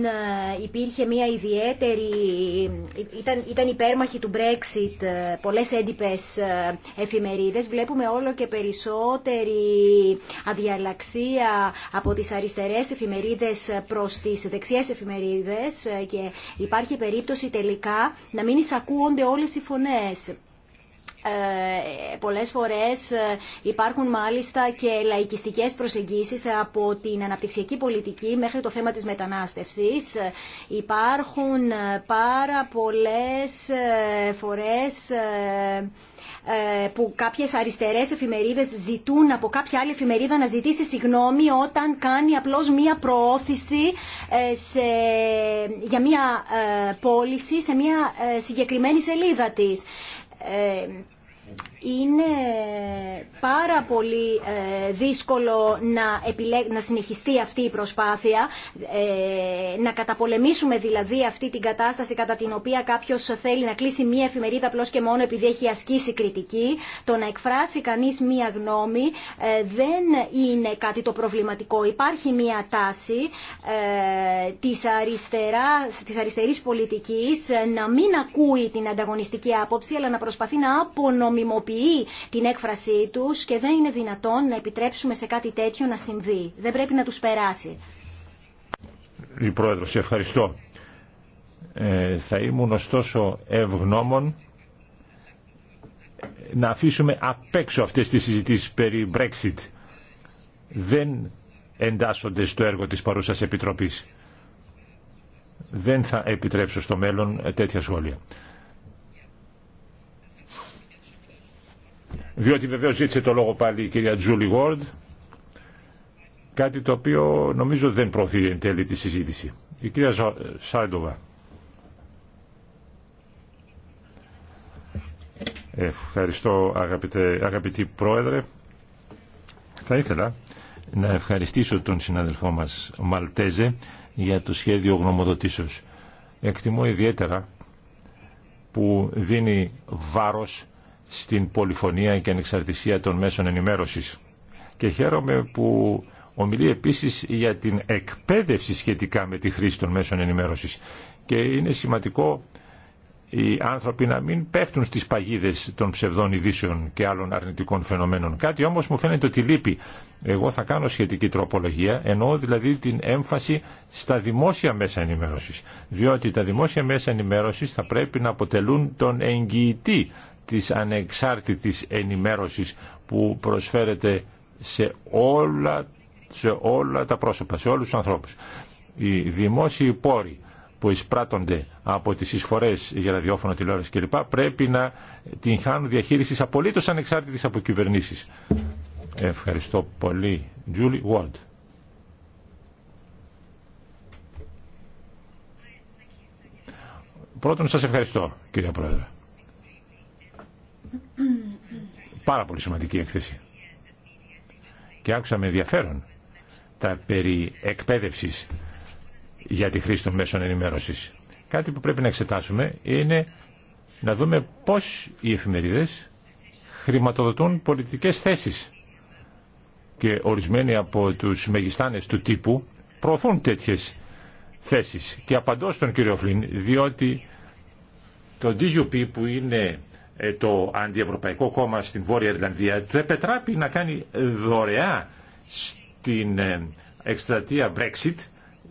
υπήρχε μια ιδιαίτερη... Ήταν, ήταν υπέρμαχη του Brexit πολλές έντυπες εφημερίδες. Βλέπουμε όλο και περισσότερη αδιαλαξία από τις αριστερές εφημερίδες προς τις δεξιές εφημερίδες και υπάρχει περίπτωση τελικά να μην εισακούονται όλες οι φωνές. Ε, πολλές φορές ε, υπάρχουν μάλιστα και λαϊκιστικές προσεγγίσεις από την αναπτυξιακή πολιτική μέχρι το θέμα της μετανάστευσης. Ε, υπάρχουν πάρα πολλές φορές που κάποιες αριστερές εφημερίδες ζητούν από κάποια άλλη εφημερίδα να ζητήσει συγγνώμη όταν κάνει απλώς μία προώθηση για μία πώληση σε μία συγκεκριμένη σελίδα της. Εντάξει είναι πάρα πολύ ε, δύσκολο να, να συνεχιστεί αυτή η προσπάθεια, ε, να καταπολεμήσουμε δηλαδή αυτή την κατάσταση κατά την οποία κάποιος θέλει να κλείσει μία εφημερίδα απλώ και μόνο επειδή έχει ασκήσει κριτική. Το να εκφράσει κανείς μία γνώμη ε, δεν είναι κάτι το προβληματικό. Υπάρχει μία τάση της, αριστερά, της αριστερής πολιτικής να μην ακούει την ανταγωνιστική άποψη αλλά να προσπαθεί να απονομιμοποιήσει την έκφρασή του και δεν είναι δυνατόν να επιτρέψουμε σε κάτι τέτοιο να συμβεί. Δεν πρέπει να του περάσει. Η Πρόεδρος, ευχαριστώ. Ε, θα ήμουν ωστόσο ευγνώμων να αφήσουμε απ' έξω αυτές τις συζητήσεις περί Brexit. Δεν εντάσσονται στο έργο της παρούσας Επιτροπής. Δεν θα επιτρέψω στο μέλλον τέτοια σχόλια. διότι βεβαίως ζήτησε το λόγο πάλι η κυρία Τζούλι Γόρντ, κάτι το οποίο νομίζω δεν προωθεί εν τέλει τη συζήτηση. Η κυρία Σάιντοβα. Ευχαριστώ αγαπητέ, αγαπητή Πρόεδρε. Θα ήθελα να ευχαριστήσω τον συναδελφό μας Μαλτέζε για το σχέδιο γνωμοδοτήσεως. Εκτιμώ ιδιαίτερα που δίνει βάρος στην πολυφωνία και ανεξαρτησία των μέσων ενημέρωσης. Και χαίρομαι που ομιλεί επίσης για την εκπαίδευση σχετικά με τη χρήση των μέσων ενημέρωσης. Και είναι σημαντικό οι άνθρωποι να μην πέφτουν στις παγίδες των ψευδών ειδήσεων και άλλων αρνητικών φαινομένων. Κάτι όμως μου φαίνεται ότι λείπει. Εγώ θα κάνω σχετική τροπολογία, εννοώ δηλαδή την έμφαση στα δημόσια μέσα ενημέρωσης. Διότι τα δημόσια μέσα ενημέρωσης θα πρέπει να αποτελούν τον εγγυητή της ανεξάρτητης ενημέρωσης που προσφέρεται σε όλα, σε όλα τα πρόσωπα, σε όλους τους ανθρώπους. Οι δημόσιοι πόροι που εισπράττονται από τις εισφορές για ραδιόφωνο, τηλεόραση κλπ. πρέπει να την χάνουν διαχείρισης απολύτως ανεξάρτητης από κυβερνήσεις. Ευχαριστώ πολύ. Julie Ward. Πρώτον σας ευχαριστώ κύριε Πρόεδρε. Πάρα πολύ σημαντική έκθεση. Και άκουσα με ενδιαφέρον τα περί εκπαίδευσης για τη χρήση των μέσων ενημέρωσης. Κάτι που πρέπει να εξετάσουμε είναι να δούμε πώς οι εφημερίδες χρηματοδοτούν πολιτικές θέσεις και ορισμένοι από τους μεγιστάνες του τύπου προωθούν τέτοιες θέσεις. Και απαντώ στον κύριο Φλίν, διότι το DUP που είναι ε, το αντιευρωπαϊκό κόμμα στην Βόρεια Ιρλανδία του επετράπει να κάνει δωρεά στην ε, εκστρατεία Brexit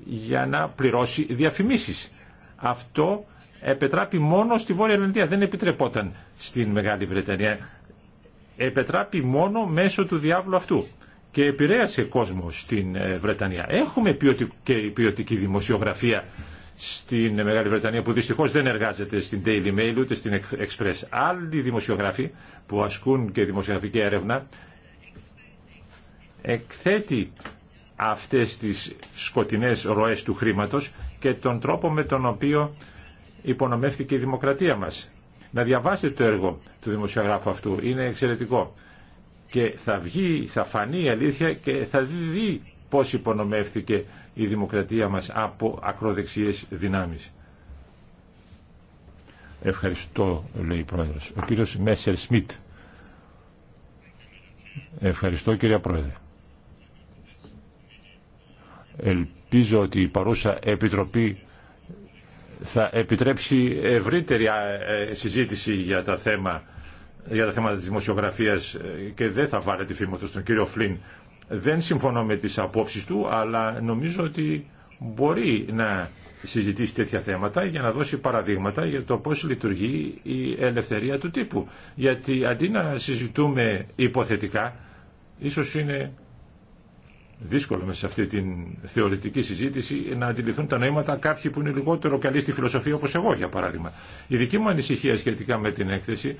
για να πληρώσει διαφημίσεις. Αυτό επετράπει μόνο στη Βόρεια Ιρλανδία, δεν επιτρεπόταν στην Μεγάλη Βρετανία. Επετράπει μόνο μέσω του διάβλου αυτού και επηρέασε κόσμο στην ε, Βρετανία. Έχουμε και ποιοτική δημοσιογραφία στην Μεγάλη Βρετανία που δυστυχώ δεν εργάζεται στην Daily Mail ούτε στην Express. Άλλοι δημοσιογράφοι που ασκούν και δημοσιογραφική έρευνα εκθέτει αυτές τις σκοτεινές ροές του χρήματος και τον τρόπο με τον οποίο υπονομεύτηκε η δημοκρατία μας. Να διαβάσετε το έργο του δημοσιογράφου αυτού, είναι εξαιρετικό. Και θα βγει, θα φανεί η αλήθεια και θα δει πώς υπονομεύτηκε η δημοκρατία μας από ακροδεξιές δυνάμεις. Ευχαριστώ, λέει η Πρόεδρος. Ο κύριος Μέσερ Σμιτ. Ευχαριστώ, κυρία Πρόεδρε. Ελπίζω ότι η παρούσα Επιτροπή θα επιτρέψει ευρύτερη ε, ε, συζήτηση για τα θέματα για τα θέματα της δημοσιογραφίας ε, και δεν θα βάλετε του στον κύριο Φλίν δεν συμφωνώ με τις απόψεις του, αλλά νομίζω ότι μπορεί να συζητήσει τέτοια θέματα για να δώσει παραδείγματα για το πώς λειτουργεί η ελευθερία του τύπου. Γιατί αντί να συζητούμε υποθετικά, ίσως είναι δύσκολο μέσα σε αυτή την θεωρητική συζήτηση να αντιληφθούν τα νοήματα κάποιοι που είναι λιγότερο καλοί στη φιλοσοφία όπως εγώ για παράδειγμα. Η δική μου ανησυχία σχετικά με την έκθεση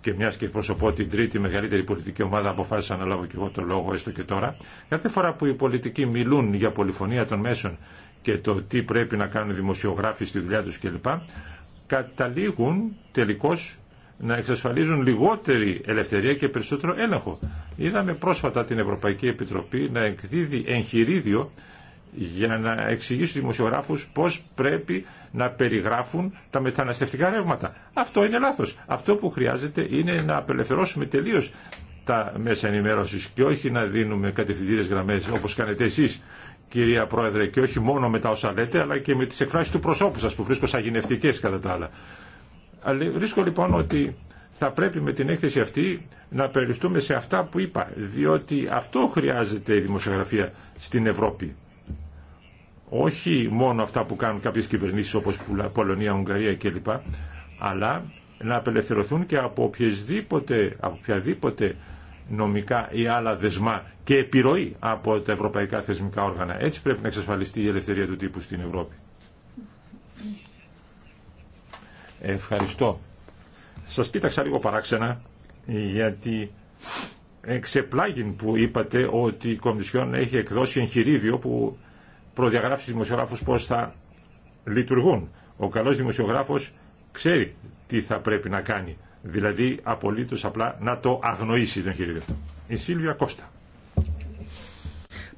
και μια και εκπροσωπώ την τρίτη μεγαλύτερη πολιτική ομάδα αποφάσισα να λάβω και εγώ το λόγο έστω και τώρα κάθε φορά που οι πολιτικοί μιλούν για πολυφωνία των μέσων και το τι πρέπει να κάνουν οι δημοσιογράφοι στη δουλειά του κλπ καταλήγουν τελικώς να εξασφαλίζουν λιγότερη ελευθερία και περισσότερο έλεγχο. Είδαμε πρόσφατα την Ευρωπαϊκή Επιτροπή να εκδίδει εγχειρίδιο για να εξηγήσουν στους δημοσιογράφους πώς πρέπει να περιγράφουν τα μεταναστευτικά ρεύματα. Αυτό είναι λάθος. Αυτό που χρειάζεται είναι να απελευθερώσουμε τελείως τα μέσα ενημέρωσης και όχι να δίνουμε κατευθυντήρες γραμμές όπως κάνετε εσείς κυρία Πρόεδρε και όχι μόνο με τα όσα λέτε αλλά και με τις εκφράσεις του προσώπου σας που βρίσκω σαγηνευτικές κατά τα άλλα. Βρίσκω λοιπόν ότι θα πρέπει με την έκθεση αυτή να περιστούμε σε αυτά που είπα διότι αυτό χρειάζεται η δημοσιογραφία στην Ευρώπη όχι μόνο αυτά που κάνουν κάποιες κυβερνήσεις όπως Πολωνία, Ουγγαρία κλπ. Αλλά να απελευθερωθούν και από, οποιασδήποτε, από δεσμά και επιρροή από τα ευρωπαϊκά θεσμικά όργανα. Έτσι πρέπει να εξασφαλιστεί η ελευθερία του τύπου στην Ευρώπη. Ευχαριστώ. Σας κοίταξα λίγο παράξενα γιατί εξεπλάγιν που είπατε ότι η Κομισιόν έχει εκδώσει εγχειρίδιο που Προδιαγράφει στους δημοσιογράφου πώ θα λειτουργούν. Ο καλός δημοσιογράφος ξέρει τι θα πρέπει να κάνει. Δηλαδή, απολύτως απλά να το αγνοήσει τον κύριο Η Σίλβια Κώστα.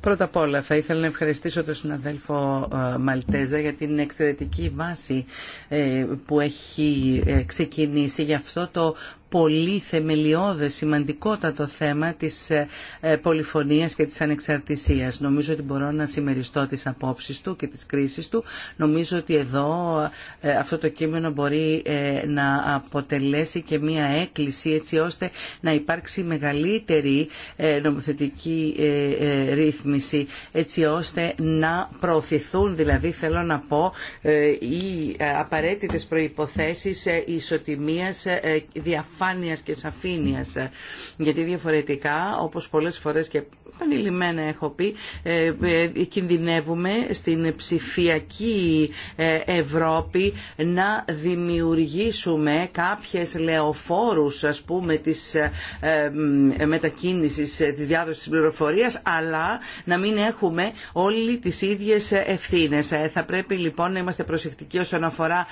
Πρώτα απ' όλα θα ήθελα να ευχαριστήσω τον συναδέλφο ε, Μαλτέζα για την εξαιρετική βάση ε, που έχει ε, ξεκινήσει για αυτό το πολύ θεμελιώδες, σημαντικότατο θέμα της ε, ε, πολυφωνίας και της ανεξαρτησίας. Νομίζω ότι μπορώ να συμμεριστώ τις απόψεις του και τις κρίσεις του. Νομίζω ότι εδώ ε, αυτό το κείμενο μπορεί να αποτελέσει και μία έκκληση έτσι ώστε να υπάρξει μεγαλύτερη νομοθετική ρύθμιση έτσι ώστε να προωθηθούν δηλαδή θέλω να πω οι απαραίτητες προϋποθέσεις ισοτιμίας διαφάνειας διαφάνειας και σαφήνειας. Ε, γιατί διαφορετικά, όπως πολλές φορές και επανειλημμένα έχω πει, ε, ε, κινδυνεύουμε στην ψηφιακή ε, Ευρώπη να δημιουργήσουμε κάποιες λεωφόρους ας πούμε της μετακίνησης της διάδοσης της πληροφορίας αλλά να μην έχουμε όλοι τις ίδιες ευθύνες. Θα πρέπει λοιπόν να είμαστε προσεκτικοί όσον αφορά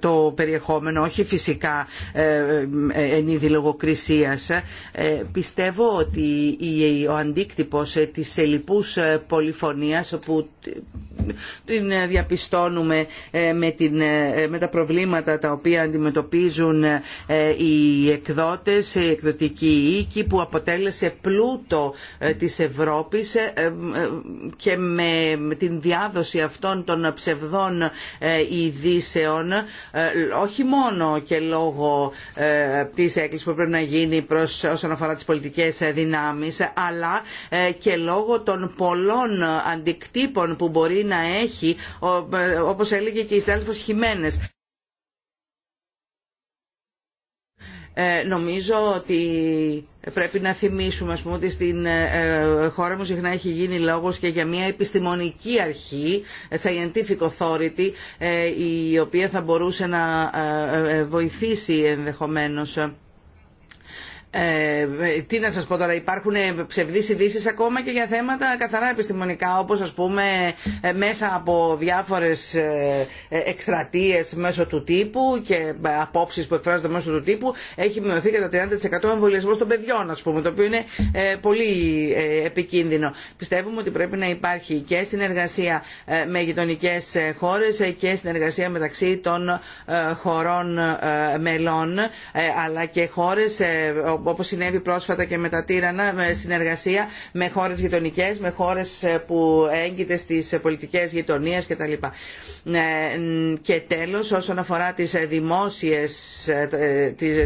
το, περιεχόμενο, όχι φυσικά εν είδη λογοκρισίας. Πιστεύω ότι η ο αντίκτυπος ε, της ελλειπούς ε, πολυφωνίας που την ε, διαπιστώνουμε ε, με, την, ε, με τα προβλήματα τα οποία αντιμετωπίζουν οι εκδότες, η εκδοτική οίκη που αποτέλεσε πλούτο της Ευρώπης και με την διάδοση αυτών των ψευδών ειδήσεων όχι μόνο και λόγω της έκκλησης που πρέπει να γίνει προς όσον αφορά τις πολιτικές δυνάμεις αλλά και λόγω των πολλών αντικτύπων που μπορεί να έχει, όπως έλεγε και η Στέλφος, Χιμένες. Ε, νομίζω ότι πρέπει να θυμίσουμε ας πούμε, ότι στην ε, ε, χώρα μου συχνά έχει γίνει λόγος και για μια επιστημονική αρχή, scientific authority, η οποία θα μπορούσε να βοηθήσει ενδεχομένως. Ε, τι να σας πω τώρα, υπάρχουν ε, ψευδείς ειδήσει ακόμα και για θέματα καθαρά επιστημονικά, όπως ας πούμε ε, μέσα από διάφορες εκστρατείες μέσω του τύπου και απόψεις που εκφράζονται μέσω του τύπου, έχει μειωθεί κατά 30% ο εμβολιασμό των παιδιών, ας πούμε, το οποίο είναι πολύ επικίνδυνο. Πιστεύουμε ότι πρέπει να υπάρχει και συνεργασία με γειτονικέ χώρες και συνεργασία μεταξύ των χωρών μελών, αλλά και χώρες Όπω συνέβη πρόσφατα και με τα Τύρανα, με συνεργασία με χώρες γειτονικέ, με χώρες ε, που έγκυται στι ε, πολιτικέ γειτονίε κτλ. Ε, και τέλος, όσον αφορά τις δημόσιες,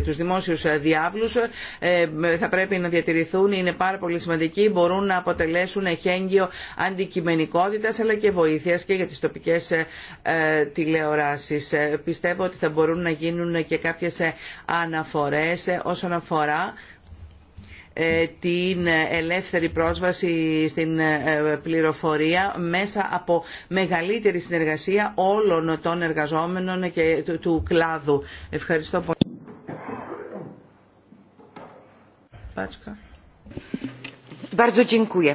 τους δημόσιους διάβλους, θα πρέπει να διατηρηθούν, είναι πάρα πολύ σημαντικοί, μπορούν να αποτελέσουν εχέγγυο αντικειμενικότητας αλλά και βοήθεια και για τι τοπικέ τηλεοράσει. Πιστεύω ότι θα μπορούν να γίνουν και κάποιε αναφορέ όσον αφορά ε, την ελεύθερη πρόσβαση στην ε, πληροφορία μέσα από μεγαλύτερη συνεργασία όλων των εργαζόμενων και του κλάδου. Ευχαριστώ πολύ. Bardzo dziękuję.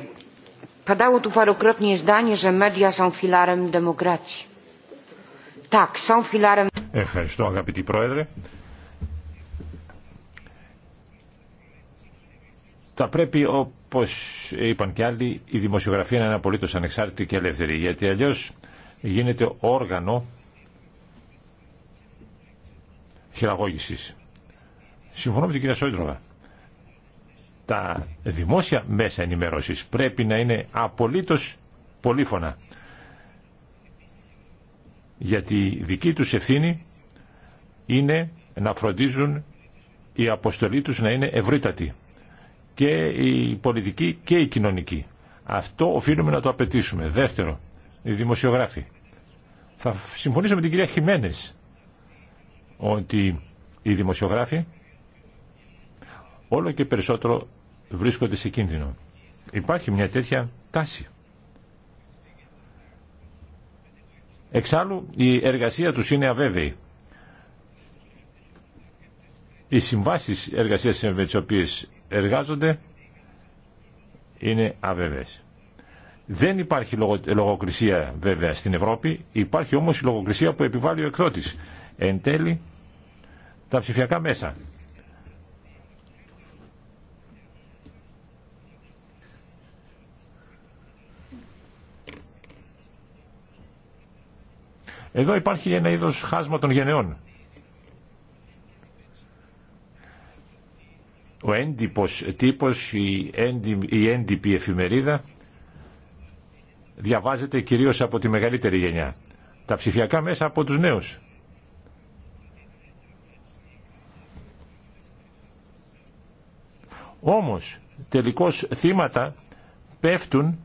Padało tu parokrotnie zdanie, że media są filarem demokracji. Tak, są filarem... Ευχαριστώ αγαπητή Πρόεδρε. Θα πρέπει, όπως είπαν και άλλοι, η δημοσιογραφία να είναι απολύτως ανεξάρτητη και ελεύθερη, γιατί αλλιώς γίνεται όργανο χειραγώγησης. Συμφωνώ με την κυρία Σόντροβα. Τα δημόσια μέσα ενημέρωσης πρέπει να είναι απολύτως πολύφωνα. Γιατί η δική τους ευθύνη είναι να φροντίζουν η αποστολή τους να είναι ευρύτατη και η πολιτική και η κοινωνική. Αυτό οφείλουμε να το απαιτήσουμε. Δεύτερο, οι δημοσιογράφοι. Θα συμφωνήσω με την κυρία Χιμένες ότι οι δημοσιογράφοι όλο και περισσότερο βρίσκονται σε κίνδυνο. Υπάρχει μια τέτοια τάση. Εξάλλου η εργασία τους είναι αβέβαιη. Οι συμβάσεις εργασίας με τις οποίες εργάζονται είναι αβεβές. Δεν υπάρχει λογοκρισία βέβαια στην Ευρώπη, υπάρχει όμως η λογοκρισία που επιβάλλει ο εκδότης. Εν τέλει, τα ψηφιακά μέσα. Εδώ υπάρχει ένα είδος χάσμα των γενεών. ο έντυπος τύπος, η, έντυ, έντυπη εφημερίδα διαβάζεται κυρίως από τη μεγαλύτερη γενιά. Τα ψηφιακά μέσα από τους νέους. Όμως, τελικώς θύματα πέφτουν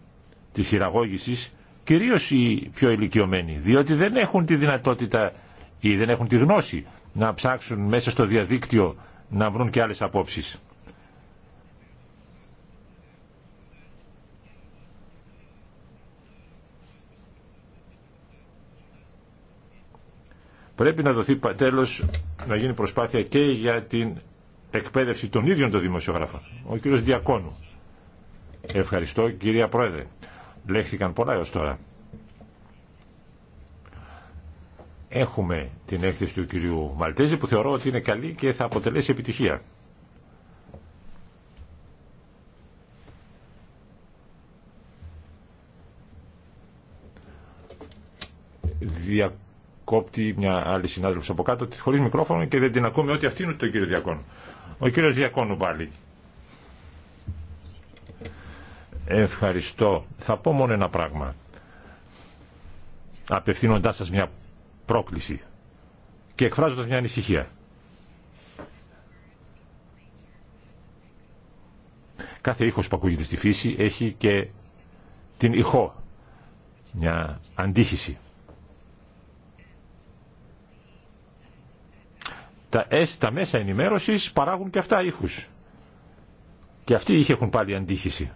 της χειραγώγησης κυρίως οι πιο ηλικιωμένοι, διότι δεν έχουν τη δυνατότητα ή δεν έχουν τη γνώση να ψάξουν μέσα στο διαδίκτυο να βρουν και άλλες απόψεις. Πρέπει να δοθεί τέλο να γίνει προσπάθεια και για την εκπαίδευση των ίδιων των δημοσιογράφων. Ο κύριο Διακόνου. Ευχαριστώ κυρία Πρόεδρε. Λέχθηκαν πολλά έω τώρα. Έχουμε την έκθεση του κυρίου Μαλτέζη που θεωρώ ότι είναι καλή και θα αποτελέσει επιτυχία. Διακόνου κόπτει μια άλλη συνάδελφος από κάτω χωρίς μικρόφωνο και δεν την ακούμε ό,τι αυτήν ούτε τον κύριο Διακόνου. Ο κύριος Διακόνου πάλι. Ευχαριστώ. Θα πω μόνο ένα πράγμα. Απευθύνοντάς σας μια πρόκληση και εκφράζοντας μια ανησυχία. Κάθε ήχος που ακούγεται στη φύση έχει και την ηχό, μια αντίχηση. τα, τα μέσα ενημέρωσης παράγουν και αυτά ήχους. Και αυτοί είχε έχουν πάλι αντίχηση.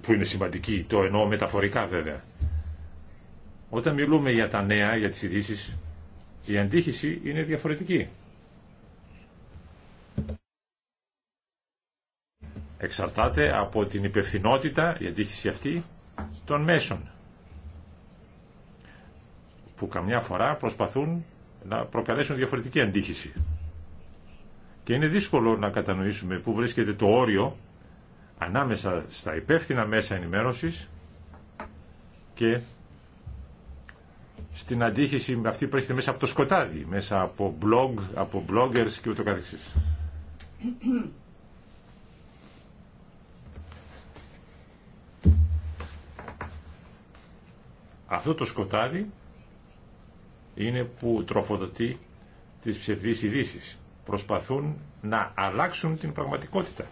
Που είναι σημαντική, το εννοώ μεταφορικά βέβαια. Όταν μιλούμε για τα νέα, για τις ειδήσει, η αντίχηση είναι διαφορετική. Εξαρτάται από την υπευθυνότητα, η αντίχηση αυτή, των μέσων που καμιά φορά προσπαθούν να προκαλέσουν διαφορετική αντίχηση. Και είναι δύσκολο να κατανοήσουμε πού βρίσκεται το όριο ανάμεσα στα υπεύθυνα μέσα ενημέρωσης και στην αντίχηση με αυτή που έρχεται μέσα από το σκοτάδι, μέσα από blog, από bloggers και ούτω Αυτό το σκοτάδι είναι που τροφοδοτεί τις ψευδείς ειδήσει. Προσπαθούν να αλλάξουν την πραγματικότητα.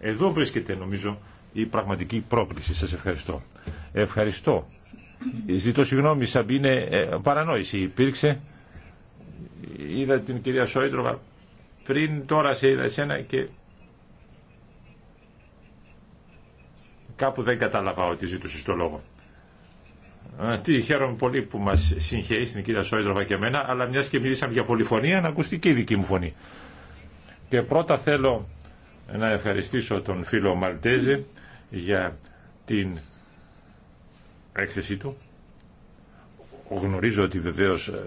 Εδώ βρίσκεται νομίζω η πραγματική πρόκληση. Σας ευχαριστώ. Ευχαριστώ. Ζητώ συγγνώμη Σαμπίνε, ε, παρανόηση υπήρξε. Είδα την κυρία Σόιντροβα πριν, τώρα σε είδα εσένα και κάπου δεν κατάλαβα ότι ζήτωσες το λόγο. Τι χαίρομαι πολύ που μας συγχαίει στην κυρία Σόιντροβα και εμένα, αλλά μιας και μιλήσαμε για πολυφωνία, να ακουστεί και η δική μου φωνή. Και πρώτα θέλω να ευχαριστήσω τον φίλο Μαλτέζε για την έκθεσή του. Γνωρίζω ότι βεβαίως ε,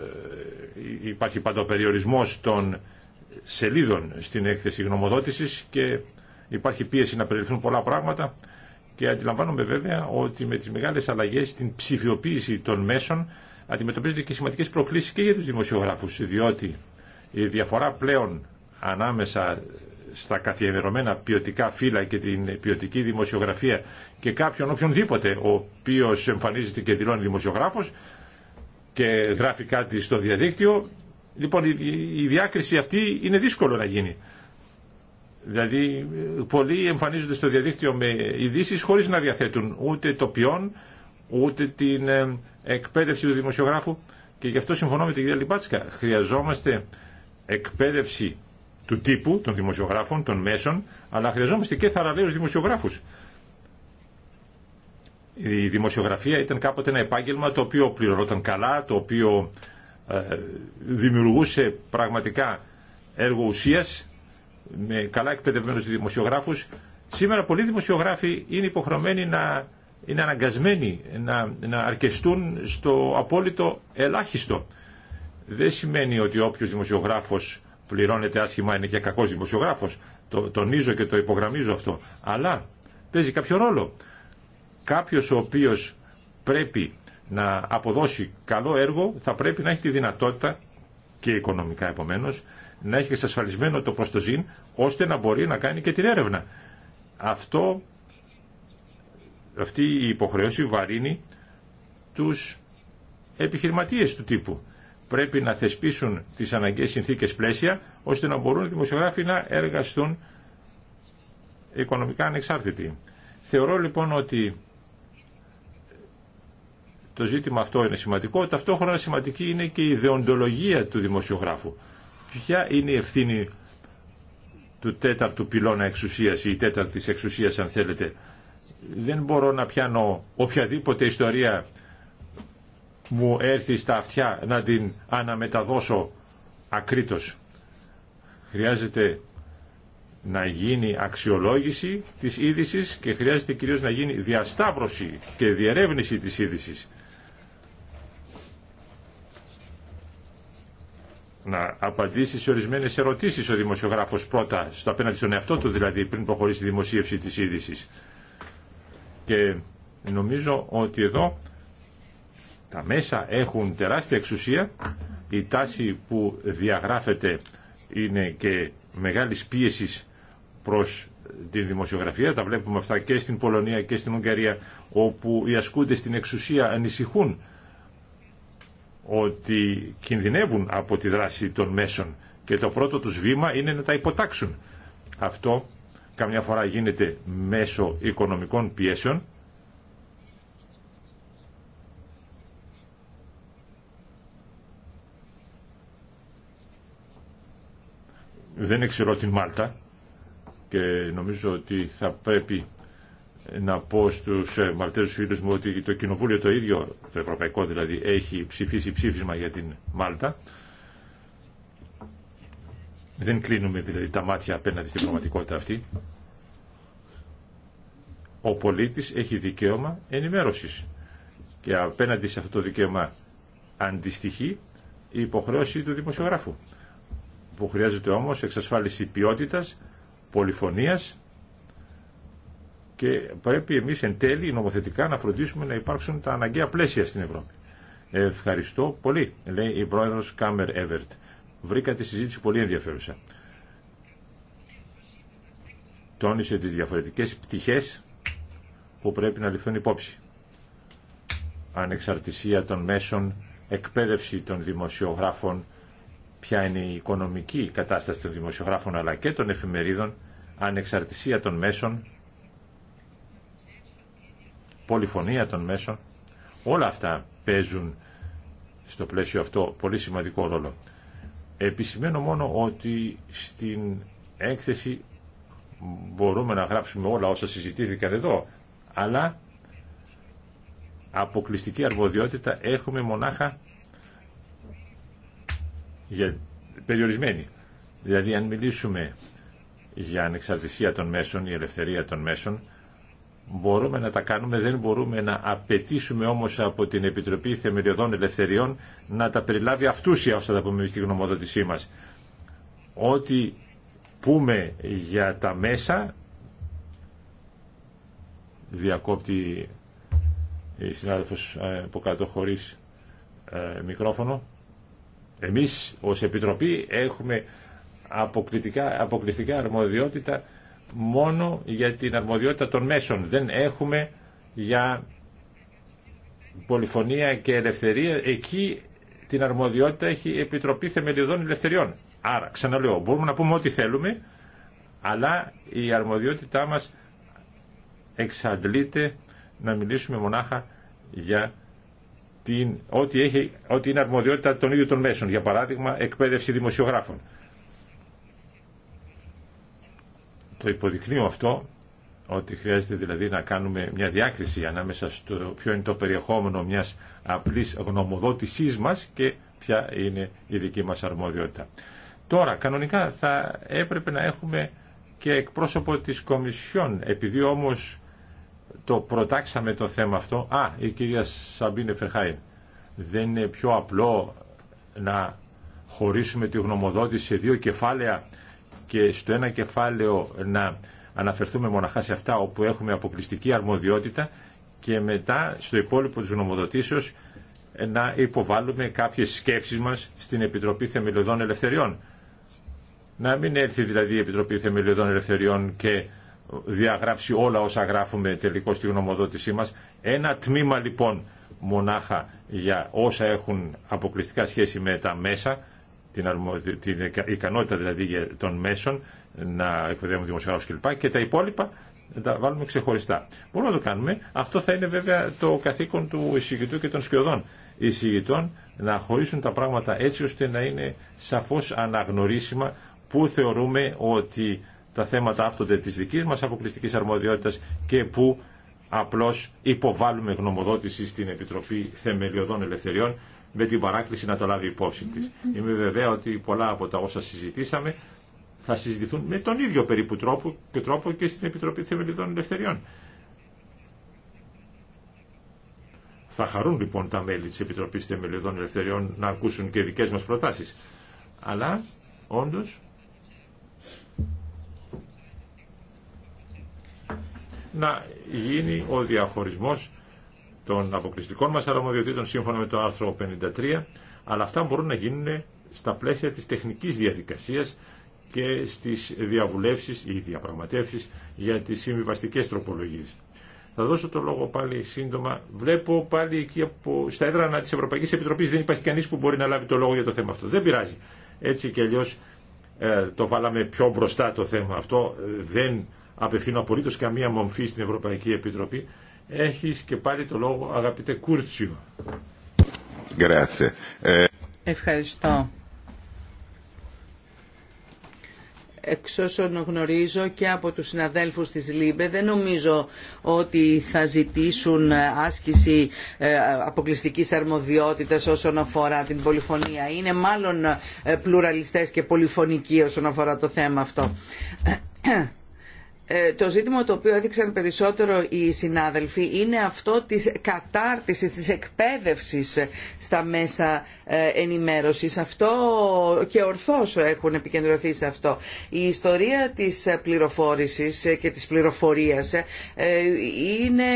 υπάρχει περιορισμό των σελίδων στην έκθεση γνωμοδότησης και υπάρχει πίεση να περιληφθούν πολλά πράγματα. Και αντιλαμβάνομαι βέβαια ότι με τις μεγάλες αλλαγές στην ψηφιοποίηση των μέσων αντιμετωπίζονται και σημαντικές προκλήσεις και για τους δημοσιογράφους, διότι η διαφορά πλέον ανάμεσα στα καθιερωμένα ποιοτικά φύλλα και την ποιοτική δημοσιογραφία και κάποιον οποιονδήποτε ο οποίο εμφανίζεται και δηλώνει δημοσιογράφο και γράφει κάτι στο διαδίκτυο. Λοιπόν, η διάκριση αυτή είναι δύσκολο να γίνει. Δηλαδή πολλοί εμφανίζονται στο διαδίκτυο με ειδήσει χωρίς να διαθέτουν ούτε το ποιόν, ούτε την ε, εκπαίδευση του δημοσιογράφου και γι' αυτό συμφωνώ με την κυρία Λιμπάτσκα. Χρειαζόμαστε εκπαίδευση του τύπου, των δημοσιογράφων, των μέσων, αλλά χρειαζόμαστε και θαραλέους δημοσιογράφους. Η δημοσιογραφία ήταν κάποτε ένα επάγγελμα το οποίο πληρωνόταν καλά, το οποίο ε, δημιουργούσε πραγματικά έργο ουσίας με καλά εκπαιδευμένους δημοσιογράφους. Σήμερα πολλοί δημοσιογράφοι είναι υποχρεωμένοι να είναι αναγκασμένοι να, να αρκεστούν στο απόλυτο ελάχιστο. Δεν σημαίνει ότι όποιο δημοσιογράφος πληρώνεται άσχημα είναι και κακό δημοσιογράφος. Το τονίζω και το υπογραμμίζω αυτό. Αλλά παίζει κάποιο ρόλο. κάποιο ο οποίο πρέπει να αποδώσει καλό έργο θα πρέπει να έχει τη δυνατότητα και οικονομικά επομένως να έχει εξασφαλισμένο το προστοζήν ώστε να μπορεί να κάνει και την έρευνα. Αυτό, αυτή η υποχρέωση βαρύνει τους επιχειρηματίες του τύπου. Πρέπει να θεσπίσουν τις αναγκαίες συνθήκες πλαίσια ώστε να μπορούν οι δημοσιογράφοι να εργαστούν οικονομικά ανεξάρτητοι. Θεωρώ λοιπόν ότι το ζήτημα αυτό είναι σημαντικό. Ταυτόχρονα σημαντική είναι και η ιδεοντολογία του δημοσιογράφου. Ποια είναι η ευθύνη του τέταρτου πυλώνα εξουσίας ή τέταρτης εξουσίας αν θέλετε. Δεν μπορώ να πιάνω οποιαδήποτε ιστορία μου έρθει στα αυτιά να την αναμεταδώσω ακρίτως. Χρειάζεται να γίνει αξιολόγηση της είδηση και χρειάζεται κυρίως να γίνει διασταύρωση και διερεύνηση της είδηση. να απαντήσει σε ορισμένες ερωτήσεις ο δημοσιογράφος πρώτα, στο απέναντι στον εαυτό του δηλαδή, πριν προχωρήσει η δημοσίευση της είδηση. Και νομίζω ότι εδώ τα μέσα έχουν τεράστια εξουσία, η τάση που διαγράφεται είναι και μεγάλη πίεση προς την δημοσιογραφία, τα βλέπουμε αυτά και στην Πολωνία και στην Ουγγαρία, όπου οι ασκούντες στην εξουσία ανησυχούν ότι κινδυνεύουν από τη δράση των μέσων και το πρώτο τους βήμα είναι να τα υποτάξουν. Αυτό καμιά φορά γίνεται μέσω οικονομικών πιέσεων δεν εξηρώ την Μάλτα και νομίζω ότι θα πρέπει να πω στους ε, Μαλτέζους φίλους μου ότι το Κοινοβούλιο το ίδιο, το Ευρωπαϊκό δηλαδή, έχει ψηφίσει ψήφισμα για την Μάλτα. Δεν κλείνουμε δηλαδή τα μάτια απέναντι στην πραγματικότητα αυτή. Ο πολίτης έχει δικαίωμα ενημέρωσης και απέναντι σε αυτό το δικαίωμα αντιστοιχεί η υποχρέωση του δημοσιογράφου που χρειάζεται όμως εξασφάλιση ποιότητας, πολυφωνίας και πρέπει εμεί εν τέλει νομοθετικά να φροντίσουμε να υπάρξουν τα αναγκαία πλαίσια στην Ευρώπη. Ευχαριστώ πολύ, λέει η πρόεδρο Κάμερ Εβερτ. Βρήκα τη συζήτηση πολύ ενδιαφέρουσα. Τόνισε τι διαφορετικέ πτυχέ που πρέπει να ληφθούν υπόψη. Ανεξαρτησία των μέσων, εκπαίδευση των δημοσιογράφων, ποια είναι η οικονομική κατάσταση των δημοσιογράφων αλλά και των εφημερίδων, ανεξαρτησία των μέσων, πολυφωνία των μέσων, όλα αυτά παίζουν στο πλαίσιο αυτό πολύ σημαντικό ρόλο. Επισημαίνω μόνο ότι στην έκθεση μπορούμε να γράψουμε όλα όσα συζητήθηκαν εδώ, αλλά αποκλειστική αρμοδιότητα έχουμε μονάχα για περιορισμένη. Δηλαδή αν μιλήσουμε για ανεξαρτησία των μέσων, η ελευθερία των μέσων, Μπορούμε να τα κάνουμε, δεν μπορούμε να απαιτήσουμε όμως από την Επιτροπή Θεμελιωδών Ελευθεριών να τα περιλάβει αυτούσια όσα τα πούμε στη γνωμοδότησή μας. Ό,τι πούμε για τα μέσα, διακόπτη η συνάδελφος από ε, κάτω χωρίς ε, μικρόφωνο, εμείς ως Επιτροπή έχουμε αποκλειστικά αρμοδιότητα μόνο για την αρμοδιότητα των μέσων. Δεν έχουμε για πολυφωνία και ελευθερία. Εκεί την αρμοδιότητα έχει η Επιτροπή Θεμελιωδών Ελευθεριών. Άρα, ξαναλέω, μπορούμε να πούμε ό,τι θέλουμε, αλλά η αρμοδιότητά μας εξαντλείται να μιλήσουμε μονάχα για την, ό,τι, έχει, ό,τι είναι αρμοδιότητα των ίδιων των μέσων. Για παράδειγμα, εκπαίδευση δημοσιογράφων. Το υποδεικνύω αυτό, ότι χρειάζεται δηλαδή να κάνουμε μια διάκριση ανάμεσα στο ποιο είναι το περιεχόμενο μιας απλής γνωμοδότησής μας και ποια είναι η δική μας αρμοδιότητα. Τώρα, κανονικά θα έπρεπε να έχουμε και εκπρόσωπο της Κομισιόν, επειδή όμως το προτάξαμε το θέμα αυτό, α, η κυρία Σαμπίνε Φερχάιν, δεν είναι πιο απλό να χωρίσουμε τη γνωμοδότηση σε δύο κεφάλαια και στο ένα κεφάλαιο να αναφερθούμε μοναχά σε αυτά όπου έχουμε αποκλειστική αρμοδιότητα και μετά στο υπόλοιπο της νομοδοτήσεως να υποβάλουμε κάποιες σκέψεις μας στην Επιτροπή Θεμελιωδών Ελευθεριών. Να μην έρθει δηλαδή η Επιτροπή Θεμελιωδών Ελευθεριών και διαγράψει όλα όσα γράφουμε τελικώς στη γνωμοδότησή μας. Ένα τμήμα λοιπόν μονάχα για όσα έχουν αποκλειστικά σχέση με τα μέσα την, την ικανότητα δηλαδή των μέσων να εκπαιδεύουν δημοσιογράφου κλπ. Και τα υπόλοιπα να τα βάλουμε ξεχωριστά. Μπορούμε να το κάνουμε. Αυτό θα είναι βέβαια το καθήκον του εισηγητού και των σκιωδών εισηγητών να χωρίσουν τα πράγματα έτσι ώστε να είναι σαφώς αναγνωρίσιμα που θεωρούμε ότι τα θέματα άπτονται της δικής μας αποκλειστικής αρμοδιότητας και που απλώς υποβάλλουμε γνωμοδότηση στην Επιτροπή Θεμελιωδών Ελευθεριών με την παράκληση να το λάβει υπόψη της. Είμαι βεβαία ότι πολλά από τα όσα συζητήσαμε θα συζητηθούν με τον ίδιο περίπου τρόπο και, τρόπο και στην Επιτροπή Θεμελιδών Ελευθεριών. Θα χαρούν λοιπόν τα μέλη της Επιτροπής Θεμελιωδών Ελευθεριών να ακούσουν και δικές μας προτάσεις. Αλλά, όντως, να γίνει ο διαχωρισμός των αποκλειστικών μας αρμοδιοτήτων σύμφωνα με το άρθρο 53, αλλά αυτά μπορούν να γίνουν στα πλαίσια της τεχνικής διαδικασίας και στις διαβουλεύσεις ή διαπραγματεύσεις για τις συμβιβαστικές τροπολογίες. Θα δώσω το λόγο πάλι σύντομα. Βλέπω πάλι εκεί από, στα έδρανα της Ευρωπαϊκής Επιτροπής δεν υπάρχει κανείς που μπορεί να λάβει το λόγο για το θέμα αυτό. Δεν πειράζει. Έτσι κι αλλιώ ε, το βάλαμε πιο μπροστά το θέμα αυτό. Δεν απευθύνω απολύτως καμία μομφή στην Ευρωπαϊκή Επιτροπή. Έχεις και πάλι το λόγο αγαπητέ Κούρτσιο. Ε, Ευχαριστώ. εξ όσων γνωρίζω και από τους συναδέλφους της ΛΥΜΠΕ δεν νομίζω ότι θα ζητήσουν ε, άσκηση ε, αποκλειστικής αρμοδιότητας όσον αφορά την πολυφωνία. Είναι μάλλον πλουραλιστές και πολυφωνικοί όσον αφορά το θέμα αυτό. Ε, το ζήτημα το οποίο έδειξαν περισσότερο οι συνάδελφοι είναι αυτό της κατάρτισης, της εκπαίδευσης στα μέσα ε, ενημέρωσης. Αυτό και ορθώς έχουν επικεντρωθεί σε αυτό. Η ιστορία της πληροφόρησης και της πληροφορίας ε, είναι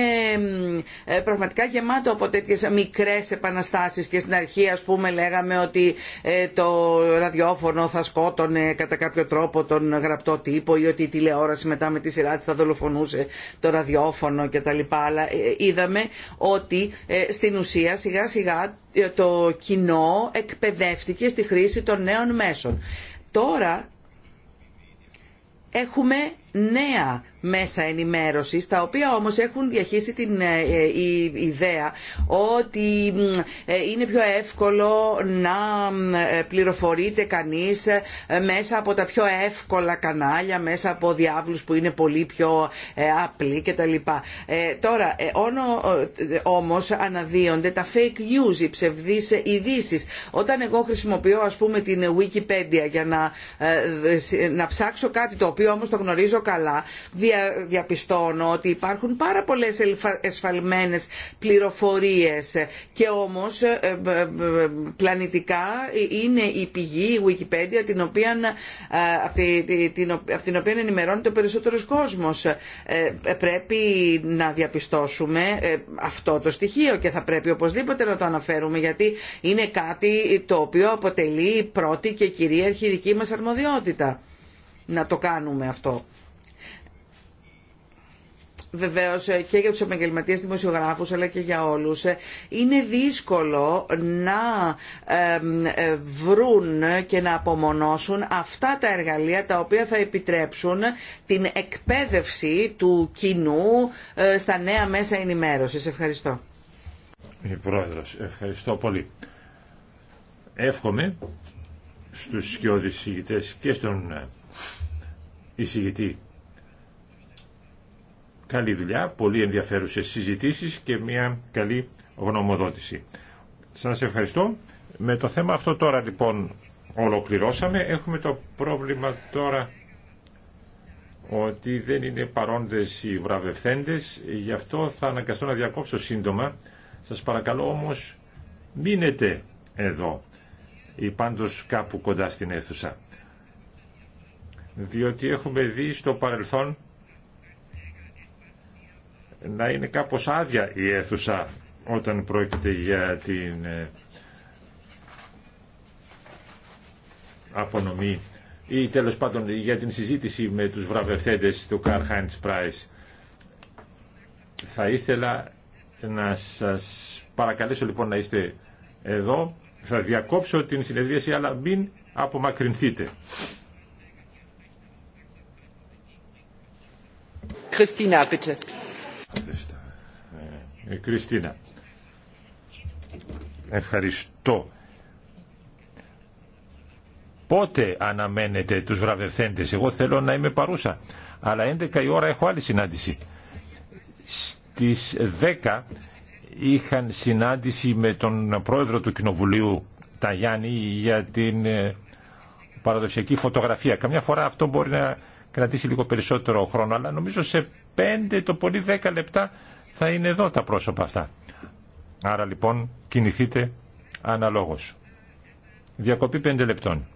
πραγματικά γεμάτο από τέτοιες μικρές επαναστάσεις και στην αρχή ας πούμε λέγαμε ότι το ραδιόφωνο θα σκότωνε κατά κάποιο τρόπο τον γραπτό τύπο ή ότι η τηλεόραση μετά με τη σειρά της θα δολοφονούσε το ραδιόφωνο κτλ. Αλλά ε, είδαμε ότι ε, στην ουσία σιγά σιγά ε, το κοινό εκπαιδεύτηκε στη χρήση των νέων μέσων. Τώρα έχουμε νέα μέσα ενημέρωσης, τα οποία όμως έχουν διαχύσει την ε, ιδέα ότι ε, είναι πιο εύκολο να ε, πληροφορείται κανείς μέσα από τα πιο εύκολα κανάλια, μέσα από διάβλους που είναι πολύ πιο ε, απλοί κτλ. Τώρα, όνο, όμως αναδύονται τα fake news, οι ψευδείς ειδήσει. Όταν εγώ χρησιμοποιώ ας πούμε την Wikipedia για να, να ψάξω κάτι το οποίο όμως το γνωρίζω καλά διαπιστώνω ότι υπάρχουν πάρα πολλές εσφαλμένες πληροφορίες και όμως ε, ε, ε, πλανητικά είναι η πηγή, η Wikipedia, την οποία, από την οποία ενημερώνεται ο περισσότερος κόσμος. Πρέπει να διαπιστώσουμε αυτό το στοιχείο και θα πρέπει οπωσδήποτε να το αναφέρουμε γιατί είναι κάτι το οποίο αποτελεί πρώτη και κυρίαρχη δική μας αρμοδιότητα να το κάνουμε αυτό. Βεβαίω, και για του επαγγελματίε δημοσιογράφους αλλά και για όλους είναι δύσκολο να ε, βρουν και να απομονώσουν αυτά τα εργαλεία τα οποία θα επιτρέψουν την εκπαίδευση του κοινού ε, στα νέα μέσα ενημέρωσης. Ευχαριστώ. Η ε, Πρόεδρος, ευχαριστώ πολύ. Εύχομαι στους σκιώδεις και στον εισηγητή καλή δουλειά, πολύ ενδιαφέρουσες συζητήσεις και μια καλή γνωμοδότηση. Σας ευχαριστώ. Με το θέμα αυτό τώρα λοιπόν ολοκληρώσαμε. Έχουμε το πρόβλημα τώρα ότι δεν είναι παρόντες οι βραβευθέντες, γι' αυτό θα αναγκαστώ να διακόψω σύντομα. Σας παρακαλώ όμως μείνετε εδώ ή πάντως κάπου κοντά στην αίθουσα. Διότι έχουμε δει στο παρελθόν να είναι κάπως άδεια η αίθουσα όταν πρόκειται για την ε, απονομή ή τέλος πάντων για την συζήτηση με τους βραβευθέντες του Καρ Χάιντς Θα ήθελα να σας παρακαλέσω λοιπόν να είστε εδώ. Θα διακόψω την συνεδρίαση αλλά μην απομακρυνθείτε. Christina, bitte. Ε, Κριστίνα. Ευχαριστώ. Πότε αναμένετε τους βραβευθέντες. Εγώ θέλω να είμαι παρούσα. Αλλά 11 η ώρα έχω άλλη συνάντηση. Στις 10 είχαν συνάντηση με τον πρόεδρο του Κοινοβουλίου Ταγιάννη για την ε, παραδοσιακή φωτογραφία. Καμιά φορά αυτό μπορεί να κρατήσει λίγο περισσότερο χρόνο, αλλά νομίζω σε Πέντε το πολύ 10 λεπτά θα είναι εδώ τα πρόσωπα αυτά. Άρα λοιπόν κινηθείτε αναλόγως. Διακοπή πέντε λεπτών.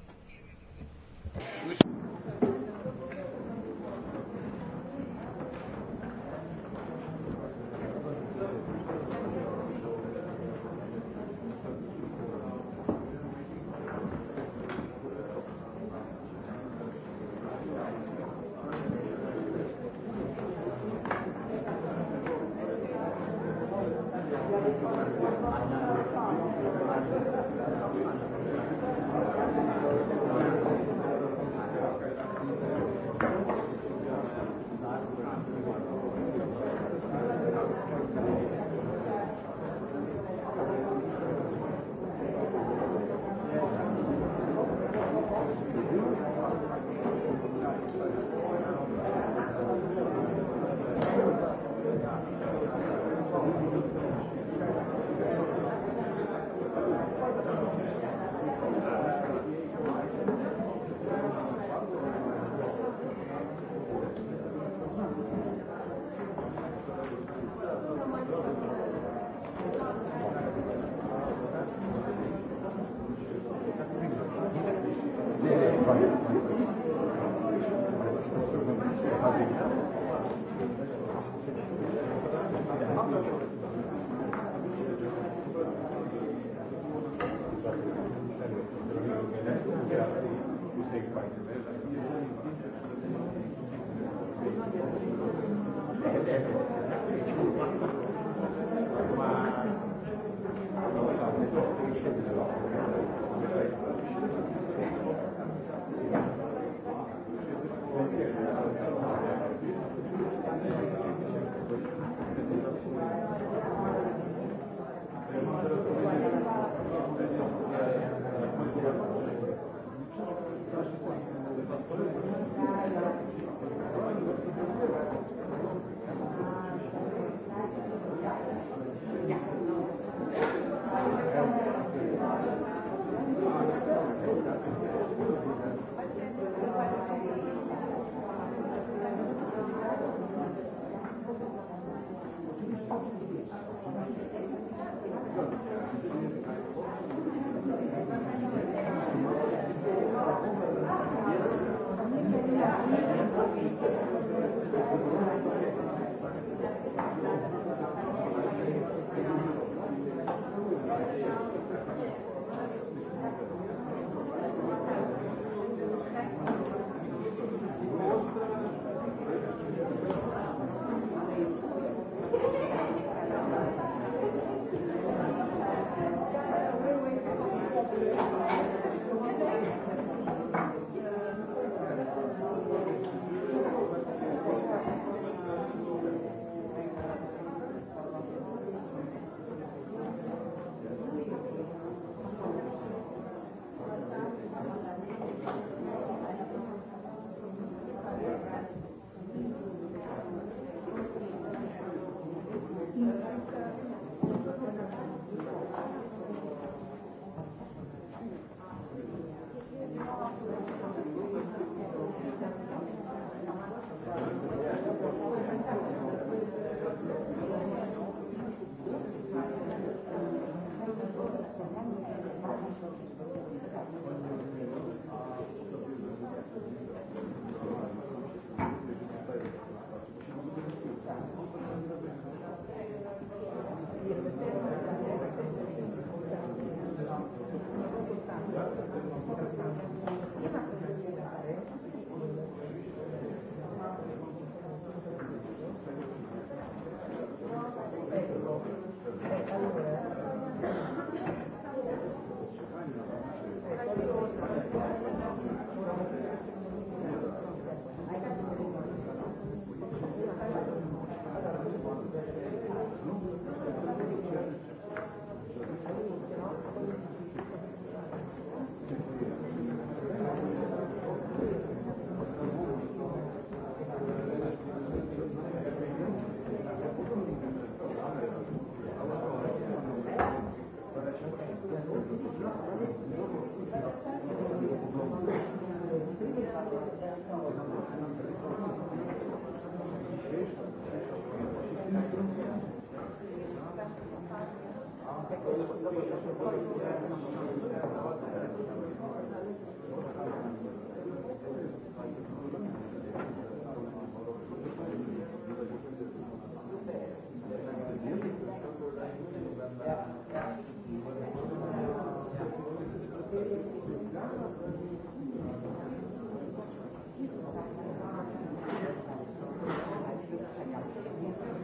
Thank you.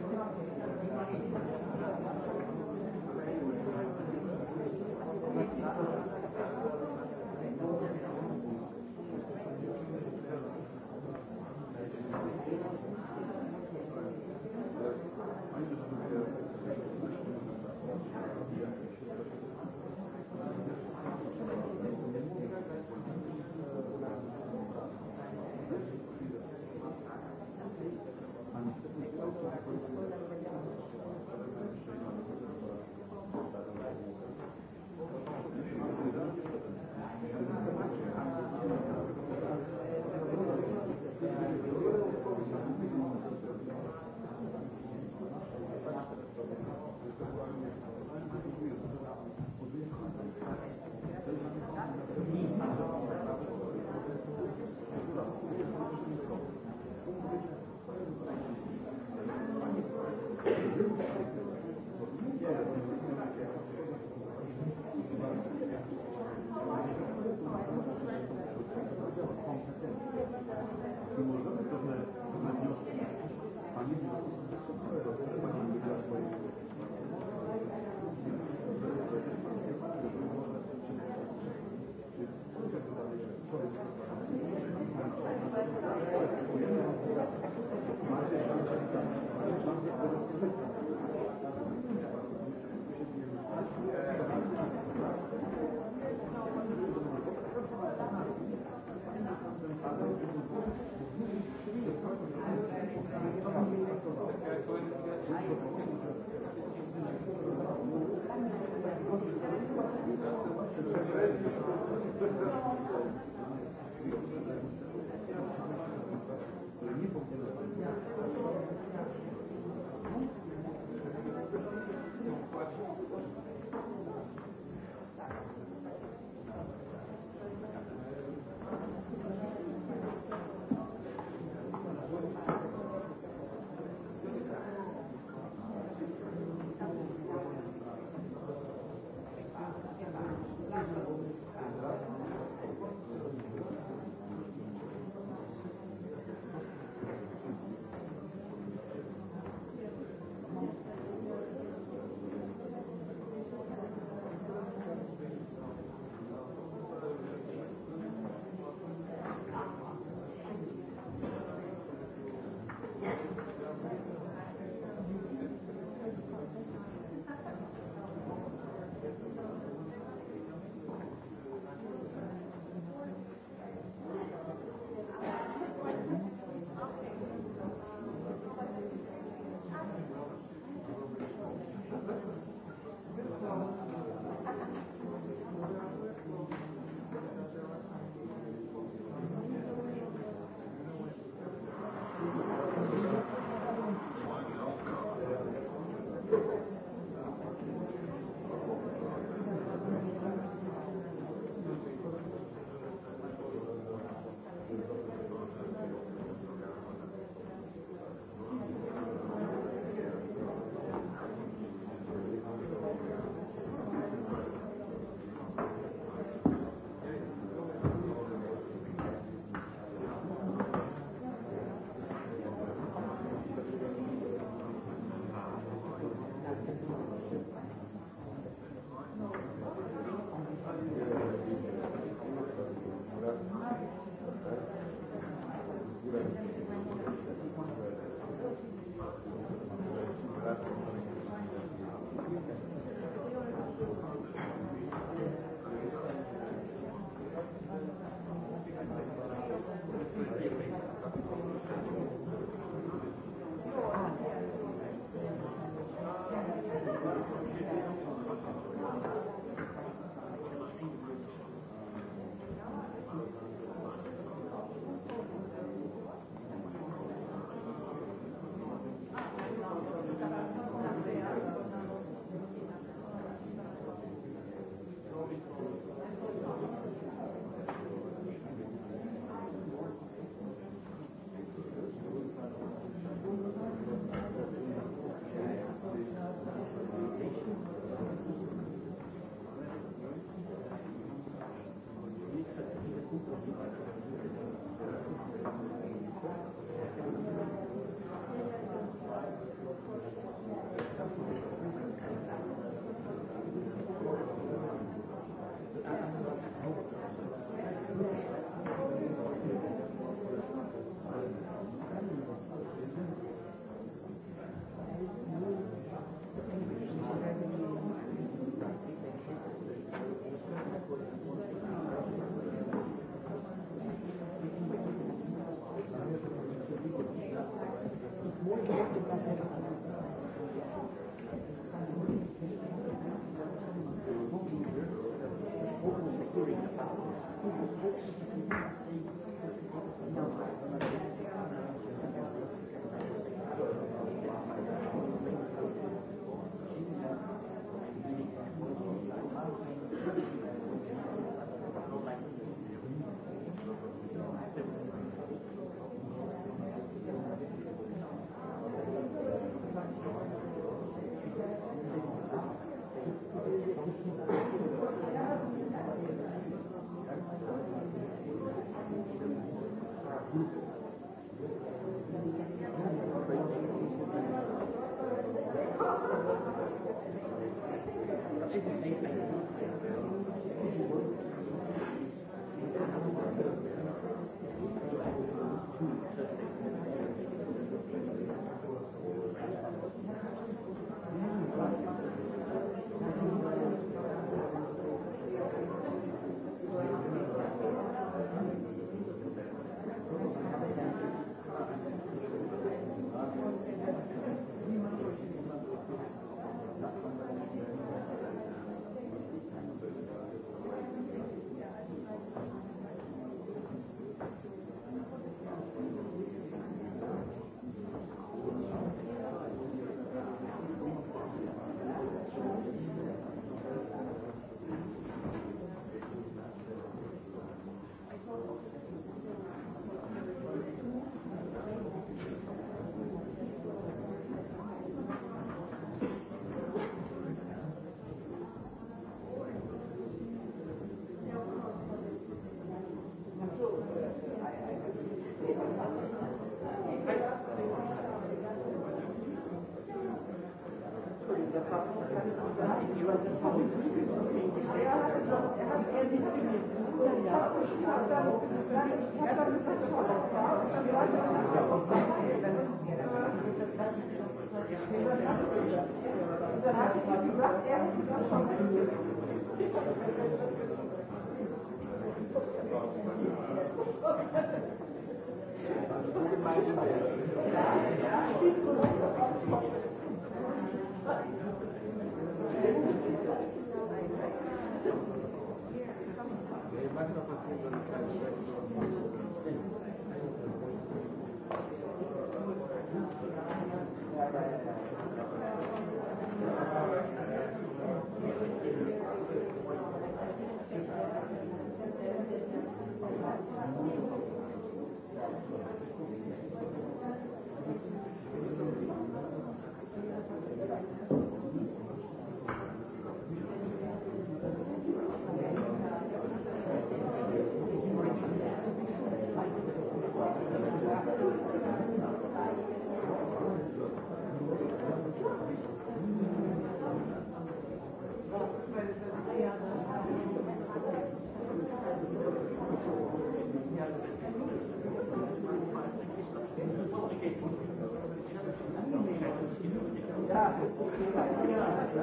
Thank you.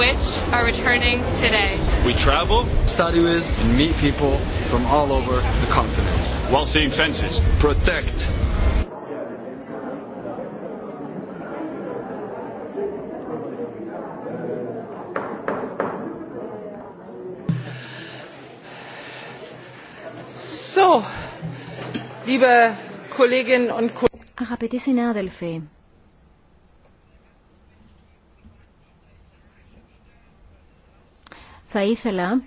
which are returning today. We travel, study with, and meet people from all over the continent. While seeing fences. Protect. So, liebe Kolleginnen und Αγαπητοί συνάδελφοι, θα ήθελα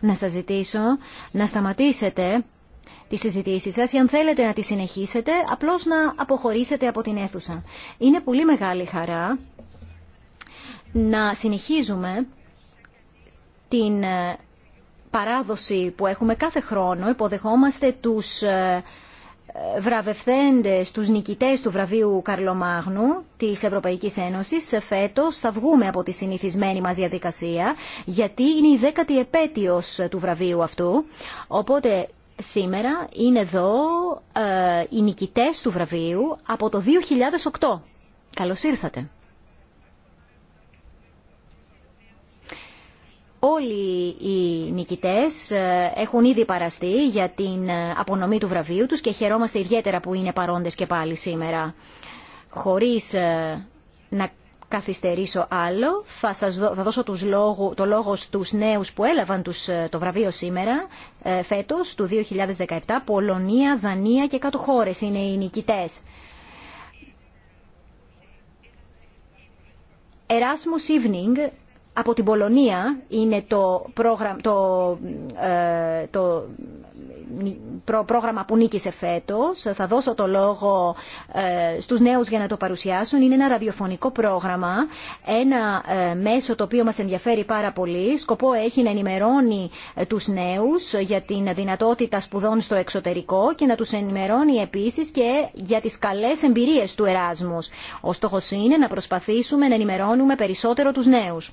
να σας ζητήσω να σταματήσετε τις συζητήσεις σας ή αν θέλετε να τις συνεχίσετε, απλώς να αποχωρήσετε από την αίθουσα. Είναι πολύ μεγάλη χαρά να συνεχίζουμε την ε, παράδοση που έχουμε κάθε χρόνο. Υποδεχόμαστε τους ε, βραβευθέντες, τους νικητές του βραβείου Καρλομάγνου της Ευρωπαϊκής Ένωσης φέτος θα βγούμε από τη συνηθισμένη μας διαδικασία γιατί είναι η δέκατη επέτειος του βραβείου αυτού οπότε σήμερα είναι εδώ ε, οι νικητές του βραβείου από το 2008. Καλώς ήρθατε. Όλοι οι νικητές ε, έχουν ήδη παραστεί για την ε, απονομή του βραβείου τους και χαιρόμαστε ιδιαίτερα που είναι παρόντες και πάλι σήμερα. Χωρίς ε, να καθυστερήσω άλλο, θα, σας θα δώσω τους το λόγο στους νέους που έλαβαν τους, το βραβείο σήμερα, φέτος, του 2017. Πολωνία, Δανία και κάτω χώρες είναι οι νικητές. Erasmus Evening από την Πολωνία είναι το, πρόγραμμα, το, ε, το πρόγραμμα που νίκησε φέτος. Θα δώσω το λόγο ε, στους νέους για να το παρουσιάσουν. Είναι ένα ραδιοφωνικό πρόγραμμα, ένα ε, μέσο το οποίο μας ενδιαφέρει πάρα πολύ. Σκοπό έχει να ενημερώνει ε, τους νέους για την δυνατότητα σπουδών στο εξωτερικό και να τους ενημερώνει επίσης και για τις καλές εμπειρίες του Εράσμους. Ο στόχος είναι να προσπαθήσουμε να ενημερώνουμε περισσότερο τους νέους.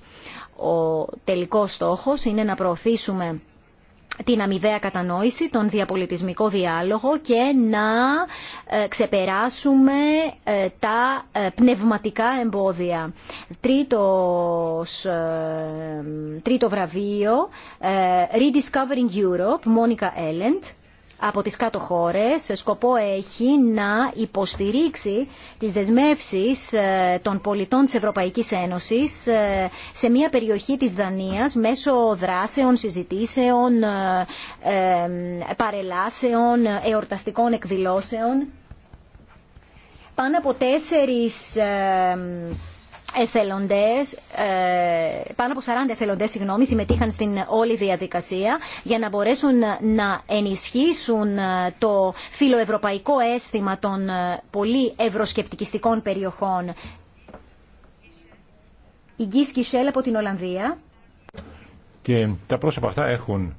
Ο τελικός στόχος είναι να προωθήσουμε την αμοιβαία κατανόηση, τον διαπολιτισμικό διάλογο και να ε, ξεπεράσουμε ε, τα ε, πνευματικά εμπόδια. Τρίτος, τρίτο βραβείο, Rediscovering Europe, Μόνικα Έλεντ από τις κάτω χώρες. Σκοπό έχει να υποστηρίξει τις δεσμεύσεις ε, των πολιτών της Ευρωπαϊκής Ένωσης ε, σε μια περιοχή της Δανίας μέσω δράσεων, συζητήσεων, ε, παρελάσεων, εορταστικών εκδηλώσεων. Πάνω από τέσσερις ε, πάνω από 40 εθελοντές συγγνώμη, συμμετείχαν στην όλη διαδικασία για να μπορέσουν να ενισχύσουν ε, το φιλοευρωπαϊκό αίσθημα των ε, πολύ ευροσκεπτικιστικών περιοχών. Η Γκίς Κισελ από την Ολλανδία. Και τα πρόσωπα αυτά έχουν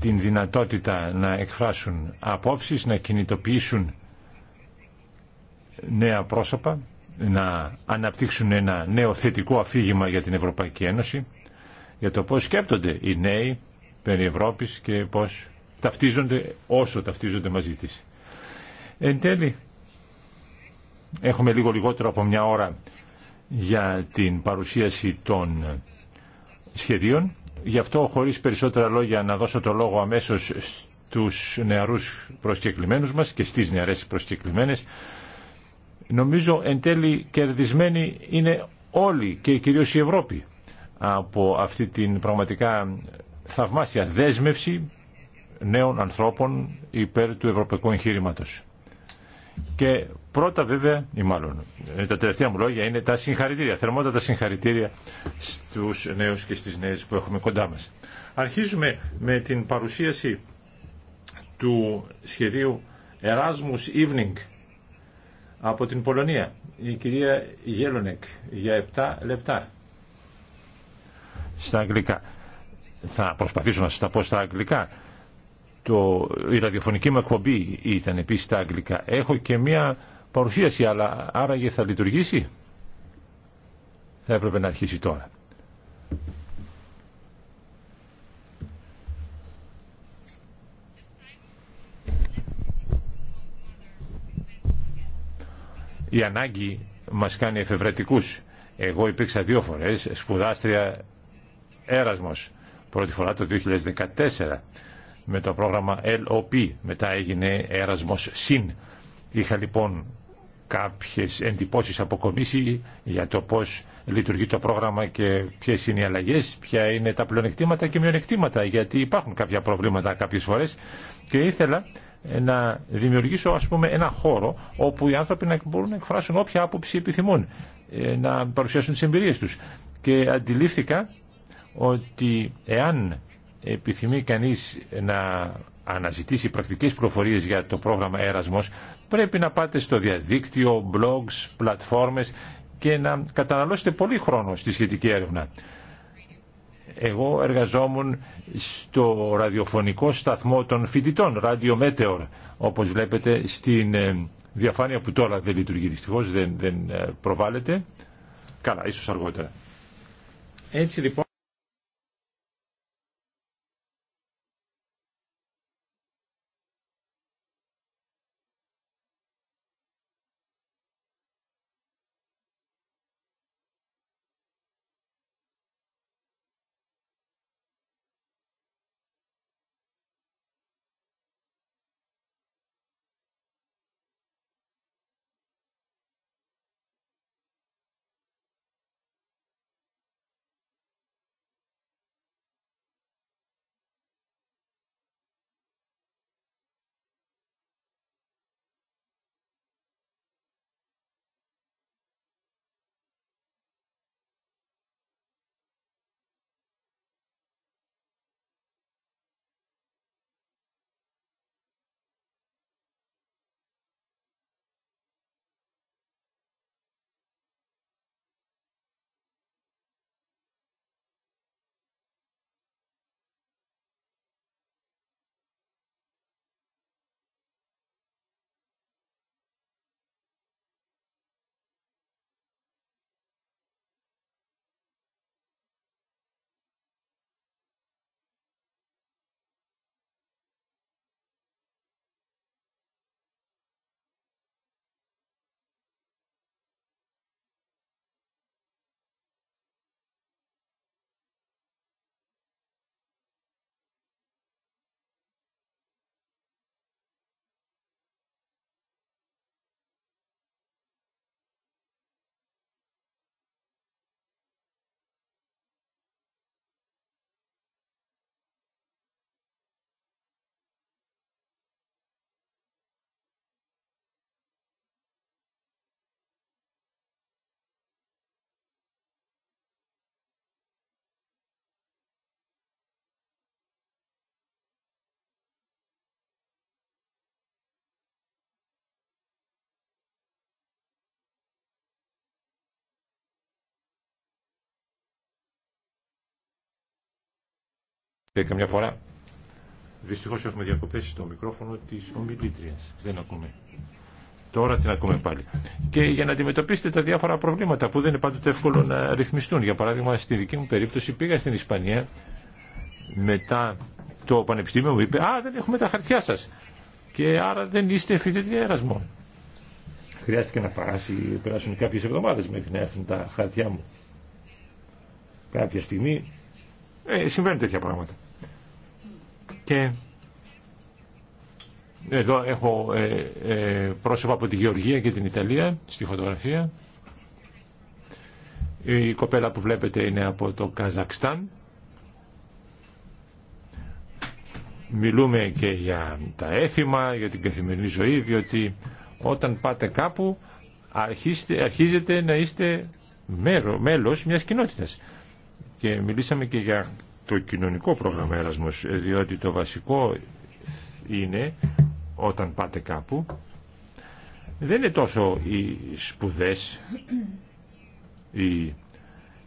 την δυνατότητα να εκφράσουν απόψεις, να κινητοποιήσουν νέα πρόσωπα να αναπτύξουν ένα νέο θετικό αφήγημα για την Ευρωπαϊκή Ένωση, για το πώς σκέπτονται οι νέοι περί Ευρώπης και πώς ταυτίζονται όσο ταυτίζονται μαζί της. Εν τέλει, έχουμε λίγο λιγότερο από μια ώρα για την παρουσίαση των σχεδίων. Γι' αυτό, χωρίς περισσότερα λόγια, να δώσω το λόγο αμέσως στους νεαρούς προσκεκλημένους μας και στις νεαρές προσκεκλημένες Νομίζω εν τέλει κερδισμένοι είναι όλοι και κυρίως η Ευρώπη από αυτή την πραγματικά θαυμάσια δέσμευση νέων ανθρώπων υπέρ του ευρωπαϊκού εγχείρηματο. Και πρώτα βέβαια, ή μάλλον ε, τα τελευταία μου λόγια είναι τα συγχαρητήρια, θερμότατα συγχαρητήρια στους νέους και στις νέες που έχουμε κοντά μας. Αρχίζουμε με την παρουσίαση του σχεδίου Erasmus Evening από την Πολωνία, η κυρία Γέλονεκ για 7 λεπτά. Στα αγγλικά. Θα προσπαθήσω να σα τα πω στα αγγλικά. Το, η ραδιοφωνική μου εκπομπή ήταν επίση στα αγγλικά. Έχω και μία παρουσίαση, αλλά άραγε θα λειτουργήσει. Θα έπρεπε να αρχίσει τώρα. Η ανάγκη μας κάνει εφευρετικούς. Εγώ υπήρξα δύο φορές σπουδάστρια έρασμος. Πρώτη φορά το 2014 με το πρόγραμμα LOP. Μετά έγινε έρασμος ΣΥΝ. Είχα λοιπόν κάποιες εντυπώσεις κομίση για το πώς λειτουργεί το πρόγραμμα και ποιες είναι οι αλλαγές, ποια είναι τα πλεονεκτήματα και μειονεκτήματα, γιατί υπάρχουν κάποια προβλήματα κάποιες φορές και ήθελα να δημιουργήσω ας πούμε ένα χώρο όπου οι άνθρωποι να μπορούν να εκφράσουν όποια άποψη επιθυμούν, ε, να παρουσιάσουν τις εμπειρίες τους. Και αντιλήφθηκα ότι εάν επιθυμεί κανείς να αναζητήσει πρακτικές προφορίες για το πρόγραμμα Έρασμος, πρέπει να πάτε στο διαδίκτυο, blogs, πλατφόρμες και να καταναλώσετε πολύ χρόνο στη σχετική έρευνα εγώ εργαζόμουν στο ραδιοφωνικό σταθμό των φοιτητών, Radio Meteor, όπως βλέπετε στην ε, διαφάνεια που τώρα δεν λειτουργεί δυστυχώς, δεν, δεν ε, προβάλλεται. Καλά, ίσως αργότερα. Έτσι λοιπόν Και καμιά φορά δυστυχώ έχουμε διακοπέσει το μικρόφωνο τη ομιλήτρια. Δεν ακούμε. Τώρα την ακούμε πάλι. Και για να αντιμετωπίσετε τα διάφορα προβλήματα που δεν είναι πάντοτε εύκολο να ρυθμιστούν. Για παράδειγμα, στη δική μου περίπτωση πήγα στην Ισπανία μετά το πανεπιστήμιο μου είπε «Α, δεν έχουμε τα χαρτιά σας» και άρα δεν είστε φοιτητή έρασμο. Χρειάστηκε να περάσει, περάσουν κάποιες εβδομάδες μέχρι να έρθουν τα χαρτιά μου. Κάποια στιγμή ε, συμβαίνουν τέτοια πράγματα και εδώ έχω ε, ε, πρόσωπα από τη Γεωργία και την Ιταλία στη φωτογραφία. Η κοπέλα που βλέπετε είναι από το Καζακστάν. Μιλούμε και για τα έθιμα, για την καθημερινή ζωή, διότι όταν πάτε κάπου αρχίζετε, να είστε μέρο, μέλος μιας κοινότητας. Και μιλήσαμε και για το κοινωνικό πρόγραμμα Erasmus, ε, διότι το βασικό είναι όταν πάτε κάπου δεν είναι τόσο οι σπουδές η,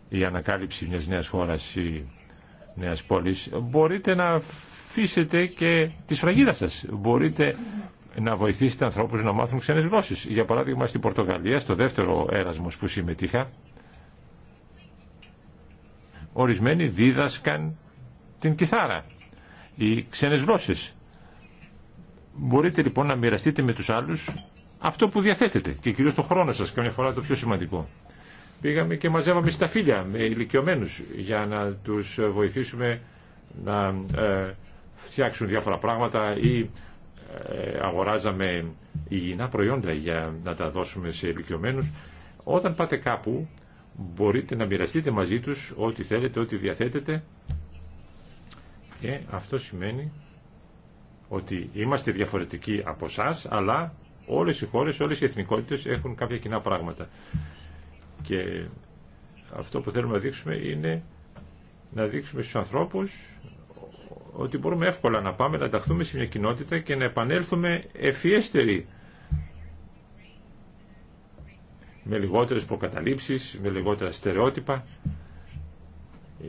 η ανακάλυψη μιας νέας χώρας ή νέας πόλης μπορείτε να αφήσετε και τη σφραγίδα σας μπορείτε να βοηθήσετε ανθρώπους να μάθουν ξένες γλώσσες για παράδειγμα στην Πορτογαλία στο δεύτερο έρασμος που συμμετείχα Ορισμένοι δίδασκαν την κιθάρα ή ξένες γλώσσες. Μπορείτε λοιπόν να μοιραστείτε με τους άλλους αυτό που διαθέτετε και κυρίως το χρόνο σας μια φορά το πιο σημαντικό. Πήγαμε και μαζεύαμε φίλια με ηλικιωμένους για να τους βοηθήσουμε να ε, φτιάξουν διάφορα πράγματα ή ε, αγοράζαμε υγιεινά προϊόντα για να τα δώσουμε σε ηλικιωμένους. Όταν πάτε κάπου μπορείτε να μοιραστείτε μαζί τους ό,τι θέλετε, ό,τι διαθέτετε και αυτό σημαίνει ότι είμαστε διαφορετικοί από εσά, αλλά όλες οι χώρες, όλες οι εθνικότητες έχουν κάποια κοινά πράγματα. Και αυτό που θέλουμε να δείξουμε είναι να δείξουμε στους ανθρώπους ότι μπορούμε εύκολα να πάμε να ενταχθούμε σε μια κοινότητα και να επανέλθουμε ευφιέστεροι με λιγότερες προκαταλήψεις, με λιγότερα στερεότυπα,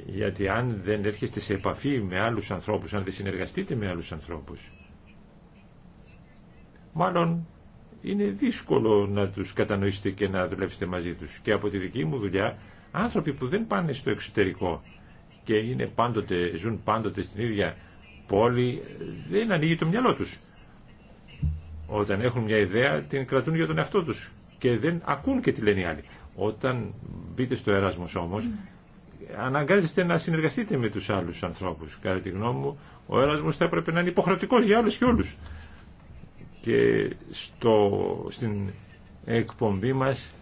γιατί αν δεν έρχεστε σε επαφή με άλλους ανθρώπους, αν δεν συνεργαστείτε με άλλους ανθρώπους, μάλλον είναι δύσκολο να τους κατανοήσετε και να δουλέψετε μαζί τους. Και από τη δική μου δουλειά, άνθρωποι που δεν πάνε στο εξωτερικό και είναι πάντοτε, ζουν πάντοτε στην ίδια πόλη, δεν ανοίγει το μυαλό τους. Όταν έχουν μια ιδέα, την κρατούν για τον εαυτό τους και δεν ακούν και τι λένε οι άλλοι. Όταν μπείτε στο Εράσμος όμως, αναγκάζεστε να συνεργαστείτε με τους άλλους ανθρώπους. Κατά τη γνώμη μου, ο Εράσμος θα έπρεπε να είναι υποχρεωτικός για όλους και όλους. Και στο, στην εκπομπή μας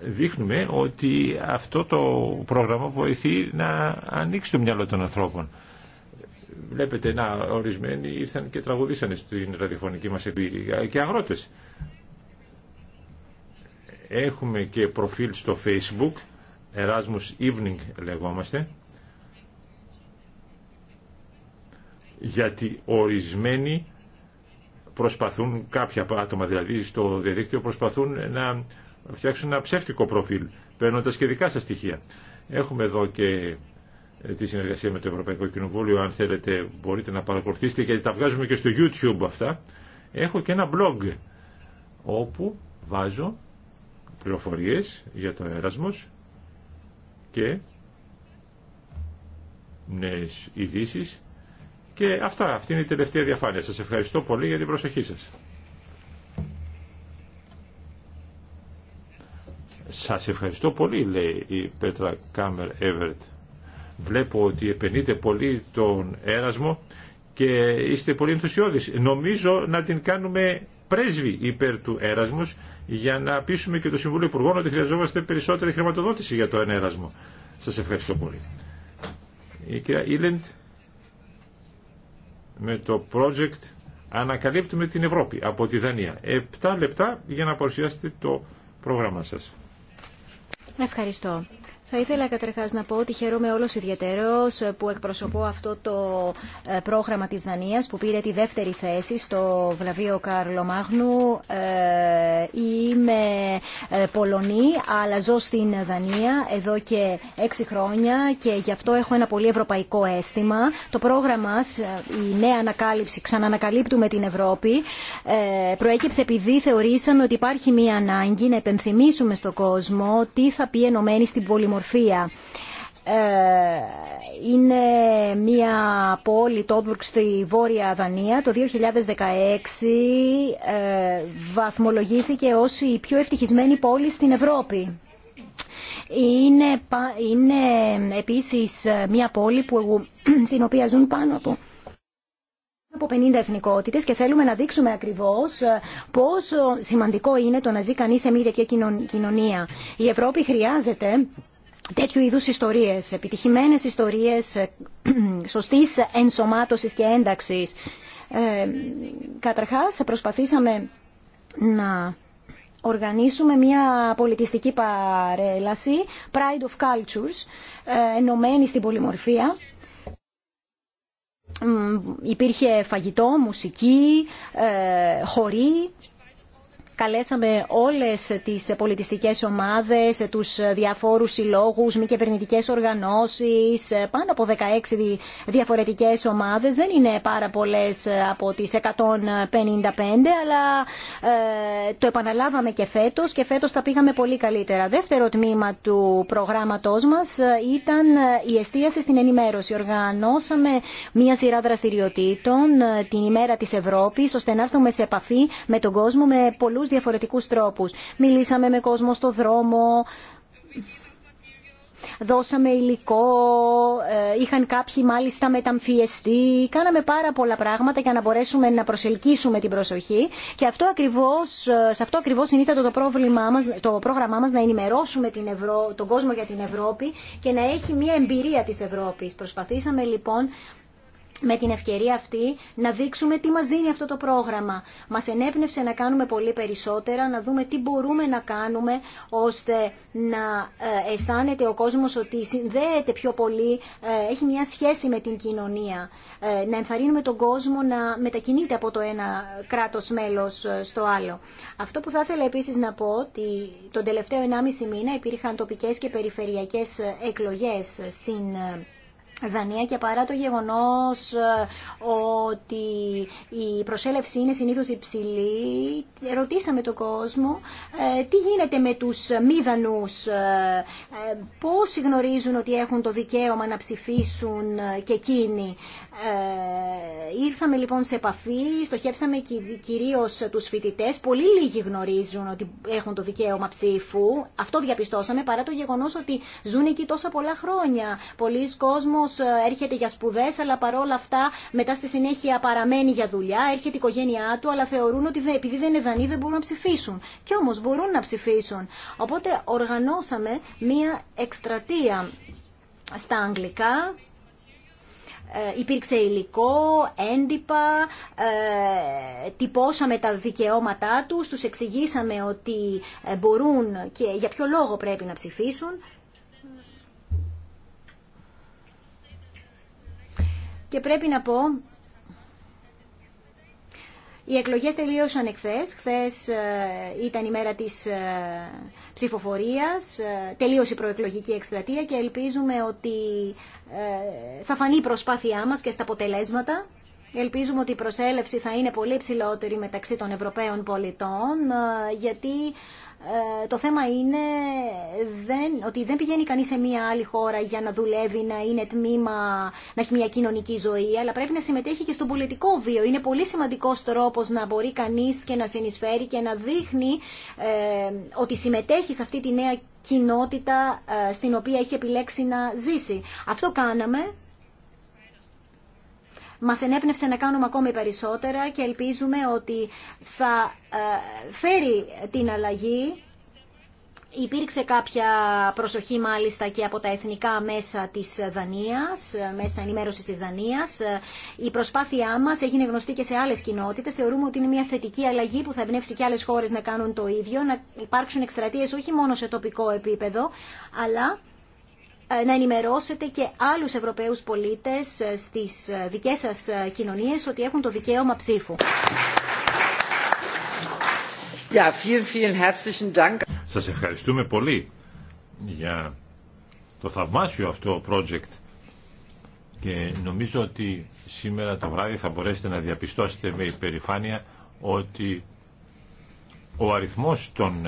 δείχνουμε ότι αυτό το πρόγραμμα βοηθεί να ανοίξει το μυαλό των ανθρώπων. Βλέπετε να ορισμένοι ήρθαν και τραγουδήσανε στην ραδιοφωνική μας εμπειρία και αγρότες. Έχουμε και προφίλ στο facebook, Erasmus Evening λεγόμαστε, γιατί ορισμένοι προσπαθούν, κάποια άτομα δηλαδή στο διαδίκτυο προσπαθούν να φτιάξουν ένα ψεύτικο προφίλ, παίρνοντα και δικά σας στοιχεία. Έχουμε εδώ και ε, τη συνεργασία με το Ευρωπαϊκό Κοινοβούλιο. Αν θέλετε μπορείτε να παρακολουθήσετε γιατί τα βγάζουμε και στο YouTube αυτά. Έχω και ένα blog όπου βάζω πληροφορίες για το έρασμος και νέες ειδήσει. Και αυτά, αυτή είναι η τελευταία διαφάνεια. Σας ευχαριστώ πολύ για την προσοχή σας. Σας ευχαριστώ πολύ, λέει η Πέτρα Κάμερ Εύερτ Βλέπω ότι επενείτε πολύ τον έρασμο και είστε πολύ ενθουσιώδεις. Νομίζω να την κάνουμε πρέσβη υπέρ του έρασμους για να πείσουμε και το Συμβούλιο Υπουργών ότι χρειαζόμαστε περισσότερη χρηματοδότηση για το έρασμο. Σας ευχαριστώ πολύ. Η κυρία Ήλεντ με το project ανακαλύπτουμε την Ευρώπη από τη Δανία. Επτά λεπτά για να παρουσιάσετε το πρόγραμμα σας. Ευχαριστώ. Θα ήθελα καταρχά να πω ότι χαίρομαι όλο ιδιαίτερος που εκπροσωπώ αυτό το ε, πρόγραμμα τη Δανία που πήρε τη δεύτερη θέση στο βραβείο Κάρλο Μάγνου. Ε, είμαι ε, Πολωνή αλλά ζω στην Δανία εδώ και έξι χρόνια και γι' αυτό έχω ένα πολύ ευρωπαϊκό αίσθημα. Το πρόγραμμα η νέα ανακάλυψη, ξανανακαλύπτουμε την Ευρώπη, προέκυψε επειδή θεωρήσαμε ότι υπάρχει μια ανάγκη να επενθυμίσουμε στον κόσμο τι θα πει ενωμένη στην πολυμορφία ε, Είναι μια πόλη, το Ότμπουργκ, στη Βόρεια Δανία. Το 2016 ε, βαθμολογήθηκε ως η πιο ευτυχισμένη πόλη στην Ευρώπη. Είναι, είναι επίσης μια πόλη που, στην οποία ζουν πάνω από από 50 εθνικότητες και θέλουμε να δείξουμε ακριβώς ε, πόσο σημαντικό είναι το να ζει κανείς σε μια κοινωνία. Η Ευρώπη χρειάζεται τέτοιου είδους ιστορίες, επιτυχημένες ιστορίες ε, (clears throat) σωστής ενσωμάτωσης και ένταξης. Ε, καταρχάς προσπαθήσαμε να οργανίσουμε μια πολιτιστική παρέλαση, Pride of Cultures, ε, ενωμένη στην πολυμορφία. Υπήρχε φαγητό, μουσική, ε, χωρί. Καλέσαμε όλες τις πολιτιστικές ομάδες, τους διαφόρους συλλόγου, μη κυβερνητικέ οργανώσεις, πάνω από 16 διαφορετικές ομάδες. Δεν είναι πάρα πολλέ από τις 155, αλλά ε, το επαναλάβαμε και φέτο και φέτο τα πήγαμε πολύ καλύτερα. Δεύτερο τμήμα του προγράμματός μας ε, ήταν ε, η εστίαση στην ενημέρωση. Οργανώσαμε μία σειρά δραστηριοτήτων την ημέρα τη Ευρώπη, ώστε να έρθουμε σε επαφή με τον κόσμο με πολλούς διαφορετικούς τρόπους. Μιλήσαμε με κόσμο στο δρόμο, δώσαμε υλικό, ε, είχαν κάποιοι μάλιστα μεταμφιεστεί, κάναμε πάρα πολλά πράγματα για να μπορέσουμε να προσελκύσουμε την προσοχή και αυτό ακριβώς, ε, σε αυτό ακριβώς συνίσταται το, πρόβλημά μας, το πρόγραμμά μας να ενημερώσουμε την Ευρώ, τον κόσμο για την Ευρώπη και να έχει μια εμπειρία της Ευρώπης. Προσπαθήσαμε λοιπόν με την ευκαιρία αυτή να δείξουμε τι μας δίνει αυτό το πρόγραμμα. Μας ενέπνευσε να κάνουμε πολύ περισσότερα, να δούμε τι μπορούμε να κάνουμε ώστε να ε, αισθάνεται ο κόσμος ότι συνδέεται πιο πολύ, ε, έχει μια σχέση με την κοινωνία. Ε, να ενθαρρύνουμε τον κόσμο να μετακινείται από το ένα κράτος μέλος στο άλλο. Αυτό που θα ήθελα επίσης να πω ότι τον τελευταίο 1,5 μήνα υπήρχαν τοπικές και περιφερειακές εκλογές στην Δανία και παρά το γεγονός ε, ότι η προσέλευση είναι συνήθως υψηλή, ρωτήσαμε τον κόσμο ε, τι γίνεται με τους μη δανούς, ε, πώς γνωρίζουν ότι έχουν το δικαίωμα να ψηφίσουν και εκείνοι. Ε, ήρθαμε λοιπόν σε επαφή, στοχεύσαμε κυρίως τους φοιτητές. Πολύ λίγοι γνωρίζουν ότι έχουν το δικαίωμα ψήφου. Αυτό διαπιστώσαμε παρά το γεγονός ότι ζουν εκεί τόσα πολλά χρόνια. Πολλοί κόσμος ε, έρχεται για σπουδές αλλά παρόλα αυτά μετά στη συνέχεια παραμένει για δουλειά, έρχεται η οικογένειά του αλλά θεωρούν ότι επειδή δεν είναι δανεί δεν μπορούν να ψηφίσουν. Και όμως μπορούν να ψηφίσουν. Οπότε οργανώσαμε μία εκστρατεία στα αγγλικά ε, υπήρξε υλικό, έντυπα, ε, τυπώσαμε τα δικαιώματά τους, τους εξηγήσαμε ότι ε, μπορούν και για ποιο λόγο πρέπει να ψηφίσουν. Και πρέπει να πω οι εκλογές τελείωσαν εχθές. Χθες ε, ήταν η μέρα της ε, ψηφοφορίας. Ε, τελείωσε η προεκλογική εκστρατεία και ελπίζουμε ότι θα φανεί η προσπάθειά μας και στα αποτελέσματα. Ελπίζουμε ότι η προσέλευση θα είναι πολύ ψηλότερη μεταξύ των Ευρωπαίων πολιτών, ε, γιατί ε, το θέμα είναι δεν, ότι δεν πηγαίνει κανεί σε μία άλλη χώρα για να δουλεύει, να είναι τμήμα, να έχει μία κοινωνική ζωή, αλλά πρέπει να συμμετέχει και στον πολιτικό βίο. Είναι πολύ σημαντικό τρόπο να μπορεί κανείς και να συνεισφέρει και να δείχνει ε, ότι συμμετέχει σε αυτή τη νέα κοινότητα στην οποία έχει επιλέξει να ζήσει. Αυτό κάναμε μας ενέπνευσε να κάνουμε ακόμη περισσότερα και ελπίζουμε ότι θα ε, φέρει την αλλαγή Υπήρξε κάποια προσοχή μάλιστα και από τα εθνικά μέσα της Δανίας, ε, μέσα ενημέρωσης της Δανίας. Ε, η προσπάθειά μας έγινε γνωστή και σε άλλες κοινότητες. Θεωρούμε ότι είναι μια θετική αλλαγή που θα εμπνεύσει και άλλες χώρες να κάνουν το ίδιο, να υπάρξουν εκστρατείες όχι μόνο σε τοπικό επίπεδο, αλλά ε, να ενημερώσετε και άλλους Ευρωπαίους πολίτες ε, στις ε, δικές σας κοινωνίες ότι έχουν το δικαίωμα ψήφου. Σα Σας ευχαριστούμε πολύ για το θαυμάσιο αυτό project και νομίζω ότι σήμερα το βράδυ θα μπορέσετε να διαπιστώσετε με υπερηφάνεια ότι ο αριθμός των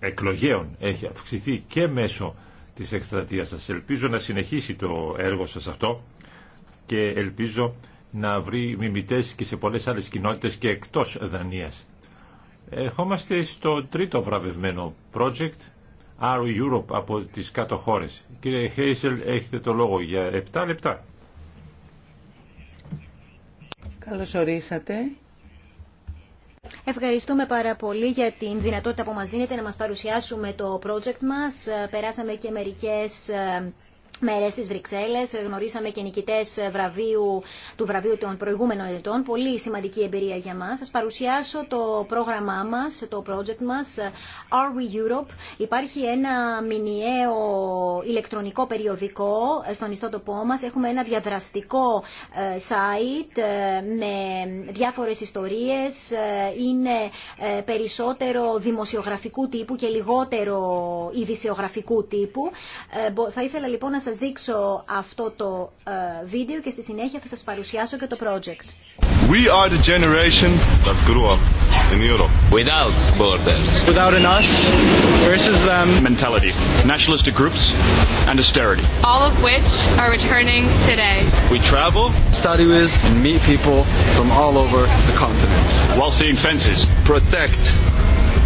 εκλογέων έχει αυξηθεί και μέσω της εκστρατείας σας. Ελπίζω να συνεχίσει το έργο σας αυτό και ελπίζω να βρει μιμητές και σε πολλές άλλες κοινότητες και εκτός Δανίας. Ερχόμαστε στο τρίτο βραβευμένο project Our Europe από τις κάτω χώρες. Κύριε Χέισελ, έχετε το λόγο για 7 λεπτά. Καλώς ορίσατε Ευχαριστούμε πάρα πολύ για την δυνατότητα που μας δίνετε να μας παρουσιάσουμε το project μας. Περάσαμε και μερικές ε, Μερέ στις Βρυξέλλε. Γνωρίσαμε και νικητέ βραβείου, του βραβείου των προηγούμενων ετών. Πολύ σημαντική εμπειρία για μας. Σας παρουσιάσω το πρόγραμμά μας, το project μας, Are We Europe. Υπάρχει ένα μηνιαίο ηλεκτρονικό περιοδικό στον ιστότοπό μας. Έχουμε ένα διαδραστικό ε, site ε, με διάφορες ιστορίες. Ε, είναι περισσότερο δημοσιογραφικού τύπου και λιγότερο ειδησιογραφικού τύπου. Θα ήθελα λοιπόν να σας δείξω αυτό το βίντεο και στη συνέχεια θα σας παρουσιάσω και το project. We are the generation that grew up in Europe without borders. Without an us versus them mentality, nationalistic groups and austerity. All of which are returning today. We travel, study with and meet people from all over the continent. While seeing fences, protect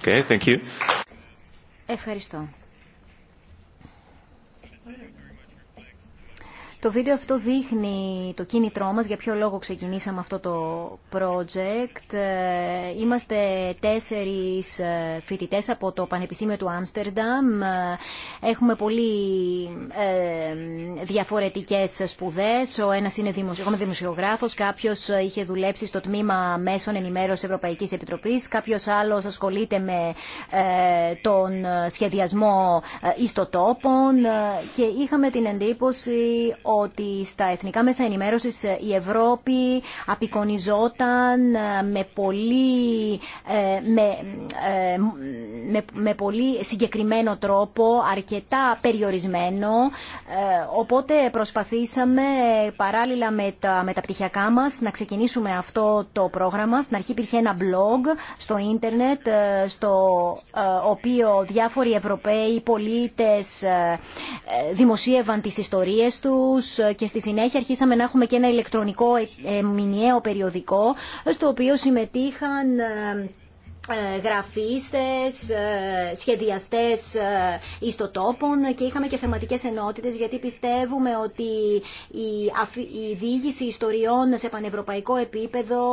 Okay, thank you. Ευχαριστώ. Το βίντεο αυτό δείχνει το κίνητρό μας, για ποιο λόγο ξεκινήσαμε αυτό το project. Ε, είμαστε τέσσερις ε, φοιτητές από το Πανεπιστήμιο του Άμστερνταμ. Ε, έχουμε πολύ διαφορετικές σπουδές. Ο ένας είναι δημοσιογράφος, κάποιος είχε δουλέψει στο τμήμα μέσων ενημέρωσης Ευρωπαϊκής Επιτροπής, κάποιος άλλος ασχολείται με τον σχεδιασμό ιστοτόπων και είχαμε την εντύπωση ότι στα εθνικά μέσα ενημέρωσης ε, η Ευρώπη απεικονιζόταν ε, με πολύ, ε, με, με, πολύ συγκεκριμένο τρόπο, αρκετά περιορισμένο, οπότε προσπαθήσαμε παράλληλα με τα, μεταπτυχιακά μας να ξεκινήσουμε αυτό το πρόγραμμα. Στην αρχή υπήρχε ένα blog στο ίντερνετ, στο οποίο διάφοροι Ευρωπαίοι πολίτες δημοσίευαν τις ιστορίες τους, και στη συνέχεια αρχίσαμε να έχουμε και ένα ηλεκτρονικό ε, ε, μηνιαίο περιοδικό στο οποίο συμμετείχαν ε, γραφίστες, σχεδιαστές ιστοτόπων και είχαμε και θεματικές ενότητες γιατί πιστεύουμε ότι η διήγηση ιστοριών σε πανευρωπαϊκό επίπεδο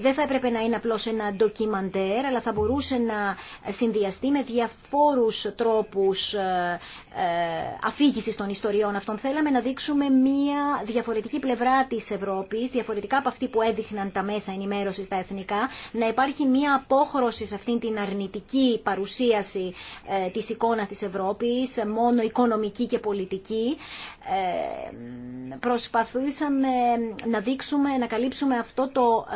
δεν θα έπρεπε να είναι απλώς ένα ντοκιμαντέρ, αλλά θα μπορούσε να συνδυαστεί με διαφόρους τρόπους ε, ε, αφήγησης των ιστοριών αυτών. Θέλαμε να δείξουμε μία διαφορετική πλευρά της Ευρώπης, διαφορετικά από αυτή που έδειχναν τα μέσα ενημέρωση στα εθνικά, να υπάρχει μία απόχρωση σε αυτήν την αρνητική παρουσίαση ε, της εικόνας της Ευρώπης, μόνο οικονομική και πολιτική. Προσπαθούσαμε να δείξουμε, να καλύψουμε αυτό το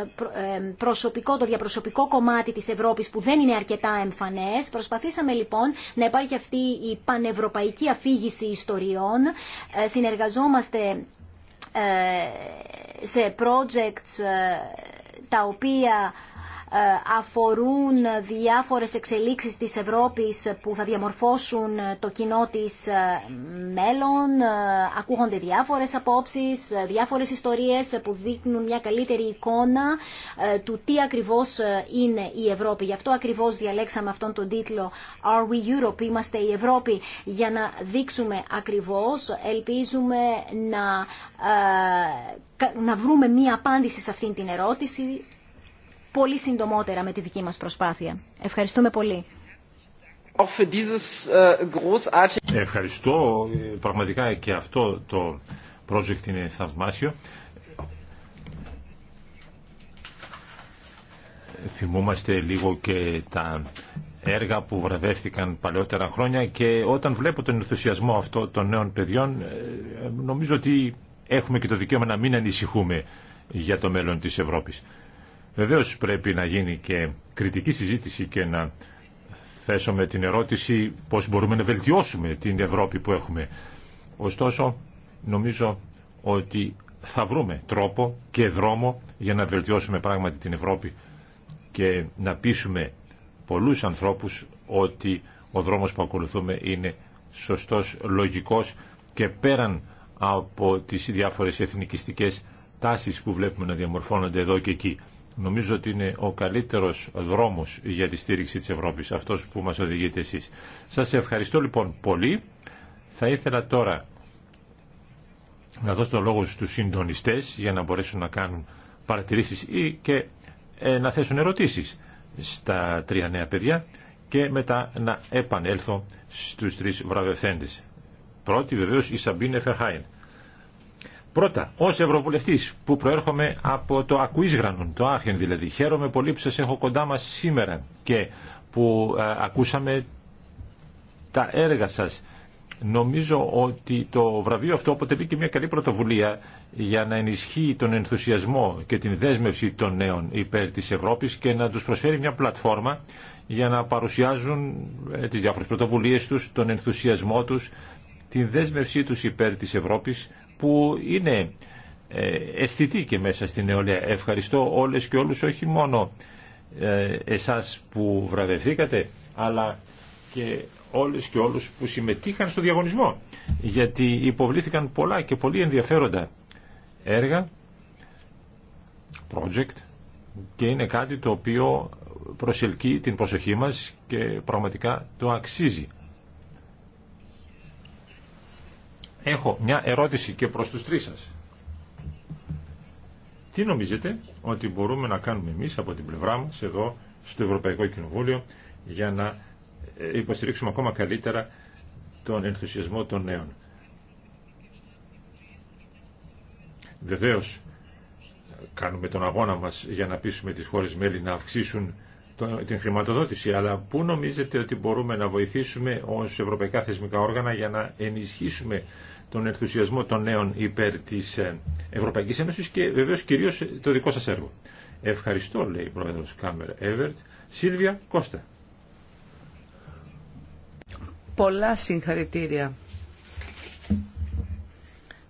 προσωπικό, το διαπροσωπικό κομμάτι της Ευρώπης που δεν είναι αρκετά εμφανές. Προσπαθήσαμε λοιπόν να υπάρχει αυτή η πανευρωπαϊκή αφήγηση ιστοριών. Ε, συνεργαζόμαστε ε, σε projects ε, τα οποία ε, αφορούν διάφορες εξελίξεις της Ευρώπης που θα διαμορφώσουν το κοινό της ε, μέλλον. Ε, ακούγονται διάφορες απόψεις, διάφορες ιστορίες που δείχνουν μια καλύτερη εικόνα του τι ακριβώς είναι η Ευρώπη. Γι' αυτό ακριβώς διαλέξαμε αυτόν τον τίτλο Are we Europe? Είμαστε η Ευρώπη για να δείξουμε ακριβώς. Ελπίζουμε να, να βρούμε μια απάντηση σε αυτήν την ερώτηση πολύ συντομότερα με τη δική μας προσπάθεια. Ευχαριστούμε πολύ. Äh, Ευχαριστώ. Πραγματικά και αυτό το project είναι θαυμάσιο. Θυμούμαστε λίγο και τα έργα που βραβεύτηκαν παλαιότερα χρόνια και όταν βλέπω τον ενθουσιασμό αυτό των νέων παιδιών ε, νομίζω ότι έχουμε και το δικαίωμα να μην ανησυχούμε για το μέλλον της Ευρώπης. Βεβαίως πρέπει να γίνει και κριτική συζήτηση και να θέσουμε την ερώτηση πώς μπορούμε να βελτιώσουμε την Ευρώπη που έχουμε. Ωστόσο, νομίζω ότι θα βρούμε τρόπο και δρόμο για να βελτιώσουμε πράγματι την Ευρώπη και να πείσουμε πολλούς ανθρώπους ότι ο δρόμος που ακολουθούμε είναι σωστός, λογικός και πέραν από τις διάφορες εθνικιστικές τάσεις που βλέπουμε να διαμορφώνονται εδώ και εκεί. Νομίζω ότι είναι ο καλύτερος δρόμος για τη στήριξη της Ευρώπης, αυτός που μας οδηγείτε εσείς. Σας ευχαριστώ λοιπόν πολύ. Θα ήθελα τώρα να δώσω το λόγο στους συντονιστές για να μπορέσουν να κάνουν παρατηρήσεις ή και ε, να θέσουν ερωτήσεις στα τρία νέα παιδιά και μετά να επανέλθω στους τρεις βραβευθέντες. Πρώτη βεβαίως η Σαμπίνε Φερχάιν. Πρώτα, ω Ευρωβουλευτή που προέρχομαι από το Ακουίσγρανον, το Άχεν δηλαδή, χαίρομαι πολύ που σα έχω κοντά μα σήμερα και που ε, ακούσαμε τα έργα σα. Νομίζω ότι το βραβείο αυτό αποτελεί και μια καλή πρωτοβουλία για να ενισχύει τον ενθουσιασμό και την δέσμευση των νέων υπέρ της Ευρώπης και να τους προσφέρει μια πλατφόρμα για να παρουσιάζουν ε, τις διάφορες πρωτοβουλίες τους, τον ενθουσιασμό τους, την δέσμευσή τους υπέρ της Ευρώπης που είναι ε, αισθητή και μέσα στην νεολαία. Ευχαριστώ όλες και όλους, όχι μόνο ε, εσάς που βραβευθήκατε, αλλά και όλες και όλους που συμμετείχαν στο διαγωνισμό, γιατί υποβλήθηκαν πολλά και πολύ ενδιαφέροντα έργα, project, και είναι κάτι το οποίο προσελκύει την προσοχή μας και πραγματικά το αξίζει. έχω μια ερώτηση και προς τους τρεις σας. Τι νομίζετε ότι μπορούμε να κάνουμε εμείς από την πλευρά μας εδώ στο Ευρωπαϊκό Κοινοβούλιο για να ε, υποστηρίξουμε ακόμα καλύτερα τον ενθουσιασμό των νέων. Βεβαίως κάνουμε τον αγώνα μας για να πείσουμε τις χώρες μέλη να αυξήσουν την χρηματοδότηση, αλλά πού νομίζετε ότι μπορούμε να βοηθήσουμε ως ευρωπαϊκά θεσμικά όργανα για να ενισχύσουμε τον ενθουσιασμό των νέων υπέρ της ε, Ευρωπαϊκής Ένωσης και βεβαίως κυρίως το δικό σας έργο. Ευχαριστώ, λέει η πρόεδρος Κάμερ Εύερτ. Σίλβια Κώστα. Πολλά συγχαρητήρια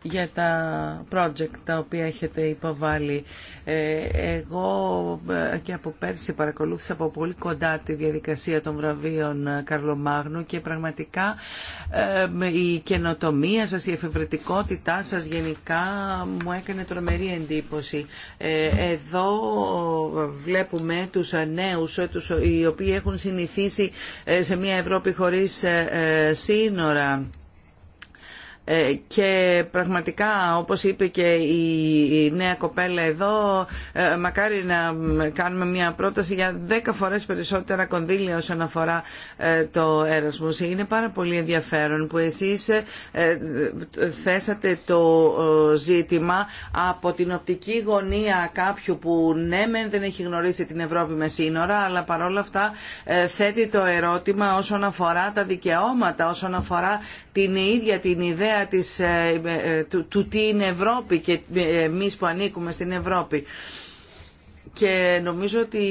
για τα project τα οποία έχετε υποβάλει. Ε, εγώ ε, και από πέρσι παρακολούθησα από πολύ κοντά τη διαδικασία των βραβείων ε, Καρλομάγνου και πραγματικά η καινοτομία σας, η εφευρετικότητά σας γενικά μου έκανε τρομερή εντύπωση. Εδώ βλέπουμε τους νέους τους, οι οποίοι έχουν συνηθίσει σε μια Ευρώπη χωρίς σύνορα ε, και πραγματικά όπως είπε και η νέα κοπέλα εδώ ε, μακάρι να κάνουμε μια πρόταση για 10 φορές περισσότερα κονδύλια όσον αφορά ε, το έρασμος. Είναι πάρα πολύ ενδιαφέρον που εσείς θέσατε το ζήτημα από την οπτική γωνία κάποιου που ναι μεν δεν έχει γνωρίσει την Ευρώπη με σύνορα αλλά παρόλα αυτά θέτει το ερώτημα όσον αφορά τα δικαιώματα, όσον αφορά την ίδια την ιδέα της, ε, ε, του, του τι είναι Ευρώπη και ε, εμείς που ανήκουμε στην Ευρώπη και νομίζω ότι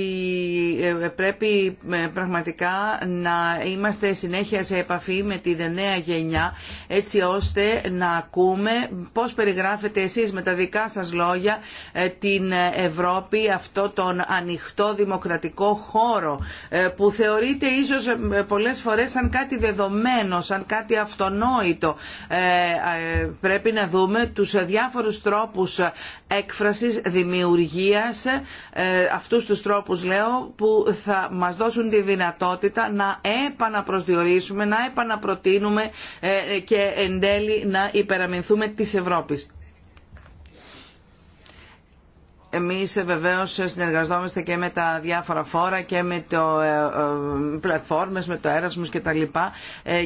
ε, ε, πρέπει ε, πραγματικά να είμαστε συνέχεια σε επαφή με την νέα γενιά έτσι ώστε να ακούμε πώς περιγράφετε εσείς με τα δικά σας λόγια την Ευρώπη αυτό τον ανοιχτό δημοκρατικό χώρο που θεωρείται ίσως πολλές φορές σαν κάτι δεδομένο, σαν κάτι αυτονόητο. Πρέπει να δούμε τους διάφορους τρόπους έκφρασης, δημιουργίας ε, αυτούς τους τρόπους λέω που θα μας δώσουν τη δυνατότητα να επαναπροσδιορίσουμε, να επαναπροτείνουμε ε, και εν τέλει να υπεραμεινθούμε της Ευρώπης. Εμείς ε, βεβαίως συνεργαζόμαστε και με τα διάφορα φόρα και με το, ε, ε, πλατφόρμες, με το έρασμος και τα λοιπά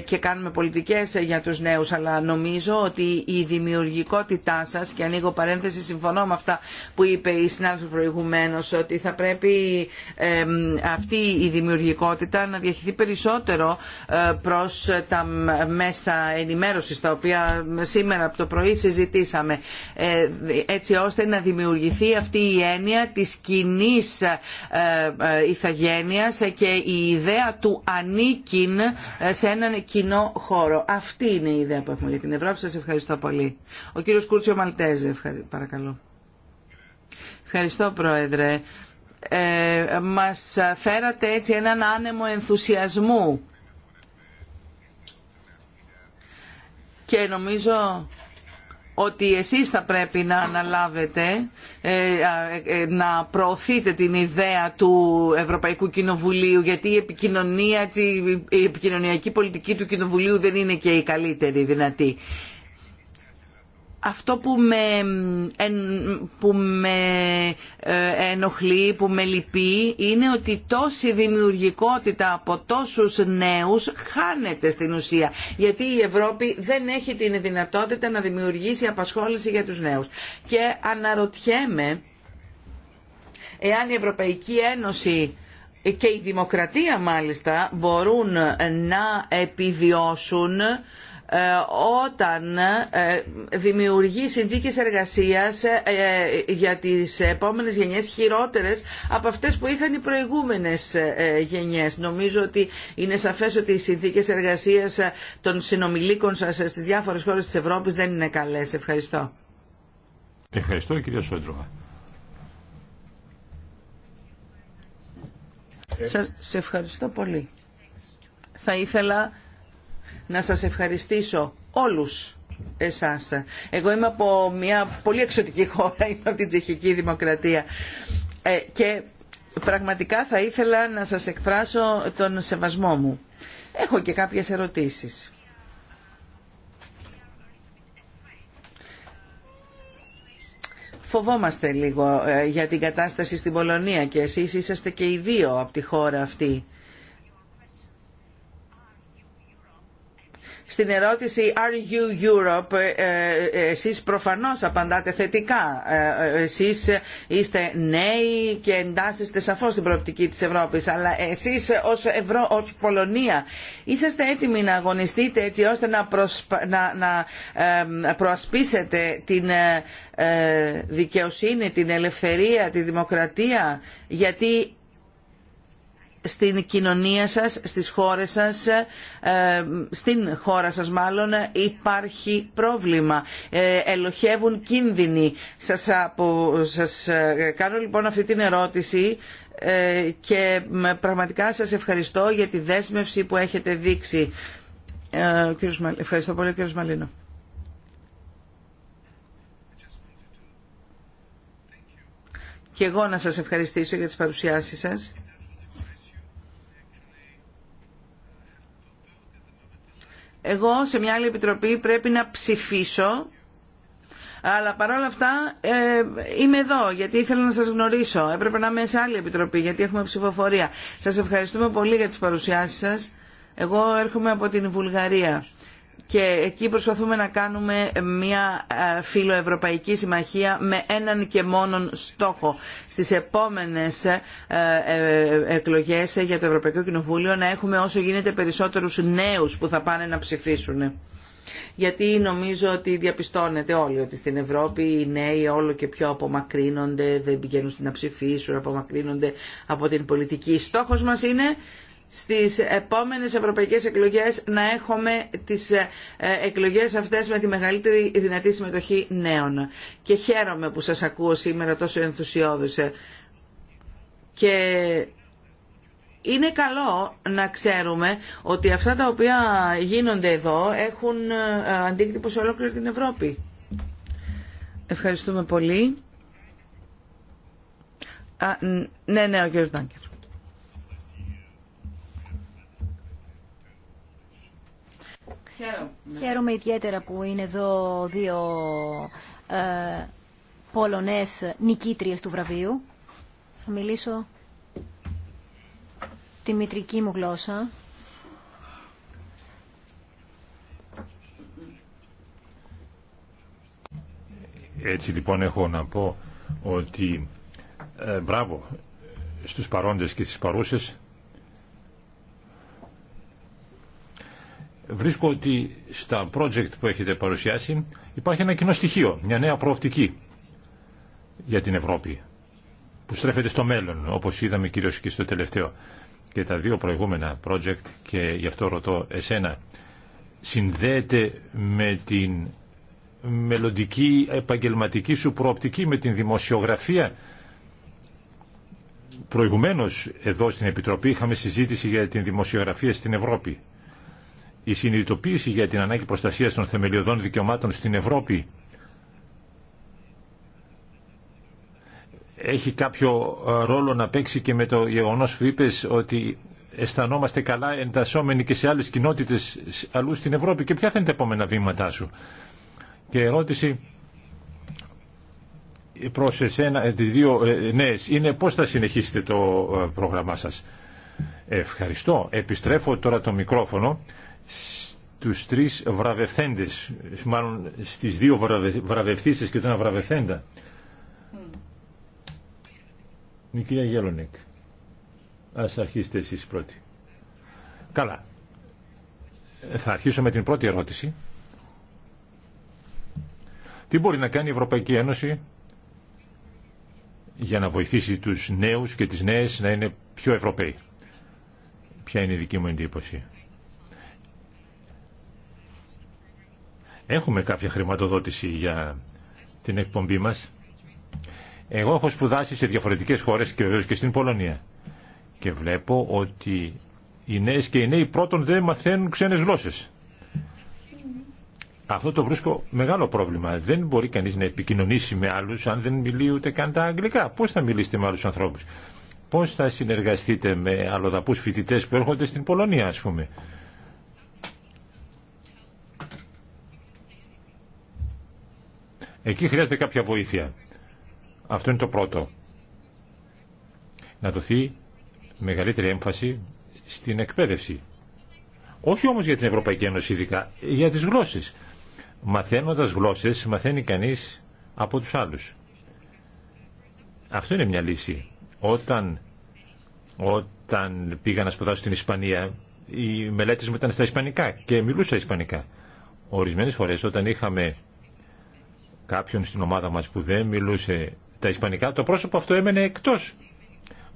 και κάνουμε πολιτικές για τους νέους αλλά νομίζω ότι η δημιουργικότητά σας και ανοίγω παρένθεση συμφωνώ με αυτά που είπε η συνάδελφη προηγουμένως ότι θα πρέπει αυτή η δημιουργικότητα να διαχειριστεί περισσότερο προς τα μέσα ενημέρωσης τα οποία σήμερα από το πρωί συζητήσαμε έτσι ώστε να δημιουργηθεί αυτή η έννοια της κοινή ε, ε, ηθαγένειας και η ιδέα του ανήκειν ε, σε έναν κοινό χώρο. Αυτή είναι η ιδέα που έχουμε για την Ευρώπη. Σας ευχαριστώ πολύ. Ο κύριος Κούρτσιο Μαλτέζε, παρακαλώ. Ευχαριστώ, Πρόεδρε. Ε, μας φέρατε έτσι έναν άνεμο ενθουσιασμού και νομίζω ότι εσείς θα πρέπει να αναλάβετε ε, ε, ε, να προωθείτε την ιδέα του Ευρωπαϊκού Κοινοβουλίου γιατί η, επικοινωνία, η επικοινωνιακή πολιτική του Κοινοβουλίου δεν είναι και η καλύτερη δυνατή αυτό που με, που με ε, ενοχλεί, που με λυπεί είναι ότι τόση δημιουργικότητα από τόσους νέους χάνεται στην ουσία. Γιατί η Ευρώπη δεν έχει την δυνατότητα να δημιουργήσει απασχόληση για τους νέους. Και αναρωτιέμαι εάν η Ευρωπαϊκή Ένωση και η Δημοκρατία μάλιστα μπορούν να επιβιώσουν ε, όταν ε, δημιουργεί συνθήκες εργασίας ε, για τις επόμενες γενιές χειρότερες από αυτές που είχαν οι προηγούμενες γενιές. Νομίζω ότι είναι σαφές ότι οι συνθήκες εργασίας των συνομιλίκων σας στις διάφορες χώρες της Ευρώπης δεν είναι καλές. Ευχαριστώ. Ευχαριστώ κυρία Σόντροβα. Σας ευχαριστώ πολύ. Θα ήθελα να σας ευχαριστήσω όλους εσάς. Εγώ είμαι από μια πολύ εξωτική (laughs) χώρα, είμαι από την Τσεχική Δημοκρατία ε, και πραγματικά θα ήθελα να σας εκφράσω τον σεβασμό μου. Έχω και κάποιες ερωτήσεις. Φοβόμαστε λίγο ε, για την κατάσταση στην Πολωνία και εσείς είσαστε και οι δύο από τη χώρα αυτή. Στην ερώτηση Are you Europe ε, ε, εσείς προφανώς απαντάτε θετικά. Ε, εσείς είστε νέοι και εντάσσεστε σαφώς στην προοπτική της Ευρώπης. Αλλά εσείς ως, ως Πολωνία είσαστε έτοιμοι να αγωνιστείτε έτσι ώστε να, να... να προασπίσετε την δικαιοσύνη, την ελευθερία, τη δημοκρατία γιατί στην κοινωνία σας, στις χώρες σας, ε, στην χώρα σας μάλλον υπάρχει πρόβλημα. Ε, ελοχεύουν κίνδυνοι. Σας, απο... σας ε, κάνω λοιπόν αυτή την ερώτηση και πραγματικά σας ευχαριστώ για τη δέσμευση που έχετε δείξει. Ευχαριστώ πολύ κύριο Μαλίνο. Και εγώ να σας ευχαριστήσω για τις παρουσιάσεις σας. Εγώ σε μια άλλη επιτροπή πρέπει να ψηφίσω αλλά παρόλα αυτά ε, είμαι εδώ γιατί ήθελα να σας γνωρίσω. Έπρεπε να είμαι σε άλλη επιτροπή γιατί έχουμε ψηφοφορία. Σας ευχαριστούμε πολύ για τις παρουσιάσεις σας. Εγώ έρχομαι από την Βουλγαρία και εκεί προσπαθούμε να κάνουμε μια ε, φιλοευρωπαϊκή συμμαχία με έναν και μόνον στόχο στις επόμενες ε, ε, εκλογές για το Ευρωπαϊκό Κοινοβούλιο να έχουμε όσο γίνεται περισσότερους νέους που θα πάνε να ψηφίσουν. Γιατί νομίζω ότι διαπιστώνεται όλοι ότι στην Ευρώπη οι νέοι όλο και πιο απομακρύνονται, δεν πηγαίνουν να ψηφίσουν, απομακρύνονται από την πολιτική. Στόχος μας είναι στις επόμενες ευρωπαϊκές εκλογές να έχουμε τις ε, εκλογές αυτές με τη μεγαλύτερη δυνατή συμμετοχή νέων. Και χαίρομαι που σας ακούω σήμερα τόσο ενθουσιώδησε. Και είναι καλό να ξέρουμε ότι αυτά τα οποία γίνονται εδώ έχουν ε, αντίκτυπο σε ολόκληρη την Ευρώπη. Ευχαριστούμε πολύ. ναι, ναι, ο Χαίρομαι. ιδιαίτερα που είναι εδώ δύο ε, Πολωνές νικήτριες του βραβείου. Θα μιλήσω τη μητρική μου γλώσσα. Έτσι λοιπόν έχω να πω ότι ε, μπράβο στους παρόντες και στις παρούσες βρίσκω ότι στα project που έχετε παρουσιάσει υπάρχει ένα κοινό στοιχείο, μια νέα προοπτική για την Ευρώπη που στρέφεται στο μέλλον, όπως είδαμε κυρίως και στο τελευταίο και τα δύο προηγούμενα project και γι' αυτό ρωτώ εσένα συνδέεται με την μελλοντική επαγγελματική σου προοπτική με την δημοσιογραφία προηγουμένως εδώ στην Επιτροπή είχαμε συζήτηση για την δημοσιογραφία στην Ευρώπη η συνειδητοποίηση για την ανάγκη προστασίας των θεμελιωδών δικαιωμάτων στην Ευρώπη έχει κάποιο ε, ρόλο να παίξει και με το γεγονός που είπε ότι αισθανόμαστε καλά εντασσόμενοι και σε άλλες κοινότητες αλλού στην Ευρώπη και ποια θα είναι τα επόμενα βήματά σου. Και ερώτηση προς εσένα, ε, τις δύο ε, νέε είναι πώς θα συνεχίσετε το πρόγραμμά σας. Ευχαριστώ. Επιστρέφω τώρα το μικρόφωνο στους τρεις βραβευθέντες, μάλλον στις δύο βραβευθύσεις και τον ένα βραβευθέντα. Mm. Η κυρία Γελονίκ ας αρχίσετε εσείς πρώτοι. Καλά. Θα αρχίσω με την πρώτη ερώτηση. Τι μπορεί να κάνει η Ευρωπαϊκή Ένωση για να βοηθήσει τους νέους και τις νέες να είναι πιο Ευρωπαίοι. Ποια είναι η δική μου εντύπωση. Έχουμε κάποια χρηματοδότηση για την εκπομπή μας. Εγώ έχω σπουδάσει σε διαφορετικές χώρες και βεβαίω και στην Πολωνία. Και βλέπω ότι οι νέε και οι νέοι πρώτον δεν μαθαίνουν ξένες γλώσσες. Αυτό το βρίσκω μεγάλο πρόβλημα. Δεν μπορεί κανεί να επικοινωνήσει με άλλου αν δεν μιλεί ούτε καν τα αγγλικά. Πώ θα μιλήσετε με άλλου ανθρώπου, Πώ θα συνεργαστείτε με αλλοδαπού φοιτητέ που έρχονται στην Πολωνία, α πούμε, Εκεί χρειάζεται κάποια βοήθεια. Αυτό είναι το πρώτο. Να δοθεί μεγαλύτερη έμφαση στην εκπαίδευση. Όχι όμως για την Ευρωπαϊκή Ένωση ειδικά, για τις γλώσσες. Μαθαίνοντας γλώσσες, μαθαίνει κανείς από τους άλλους. Αυτό είναι μια λύση. Όταν, όταν πήγα να σπουδάσω στην Ισπανία, οι μελέτες μου ήταν στα Ισπανικά και μιλούσα Ισπανικά. Ορισμένες φορές όταν είχαμε κάποιον στην ομάδα μας που δεν μιλούσε τα ισπανικά, το πρόσωπο αυτό έμενε εκτός.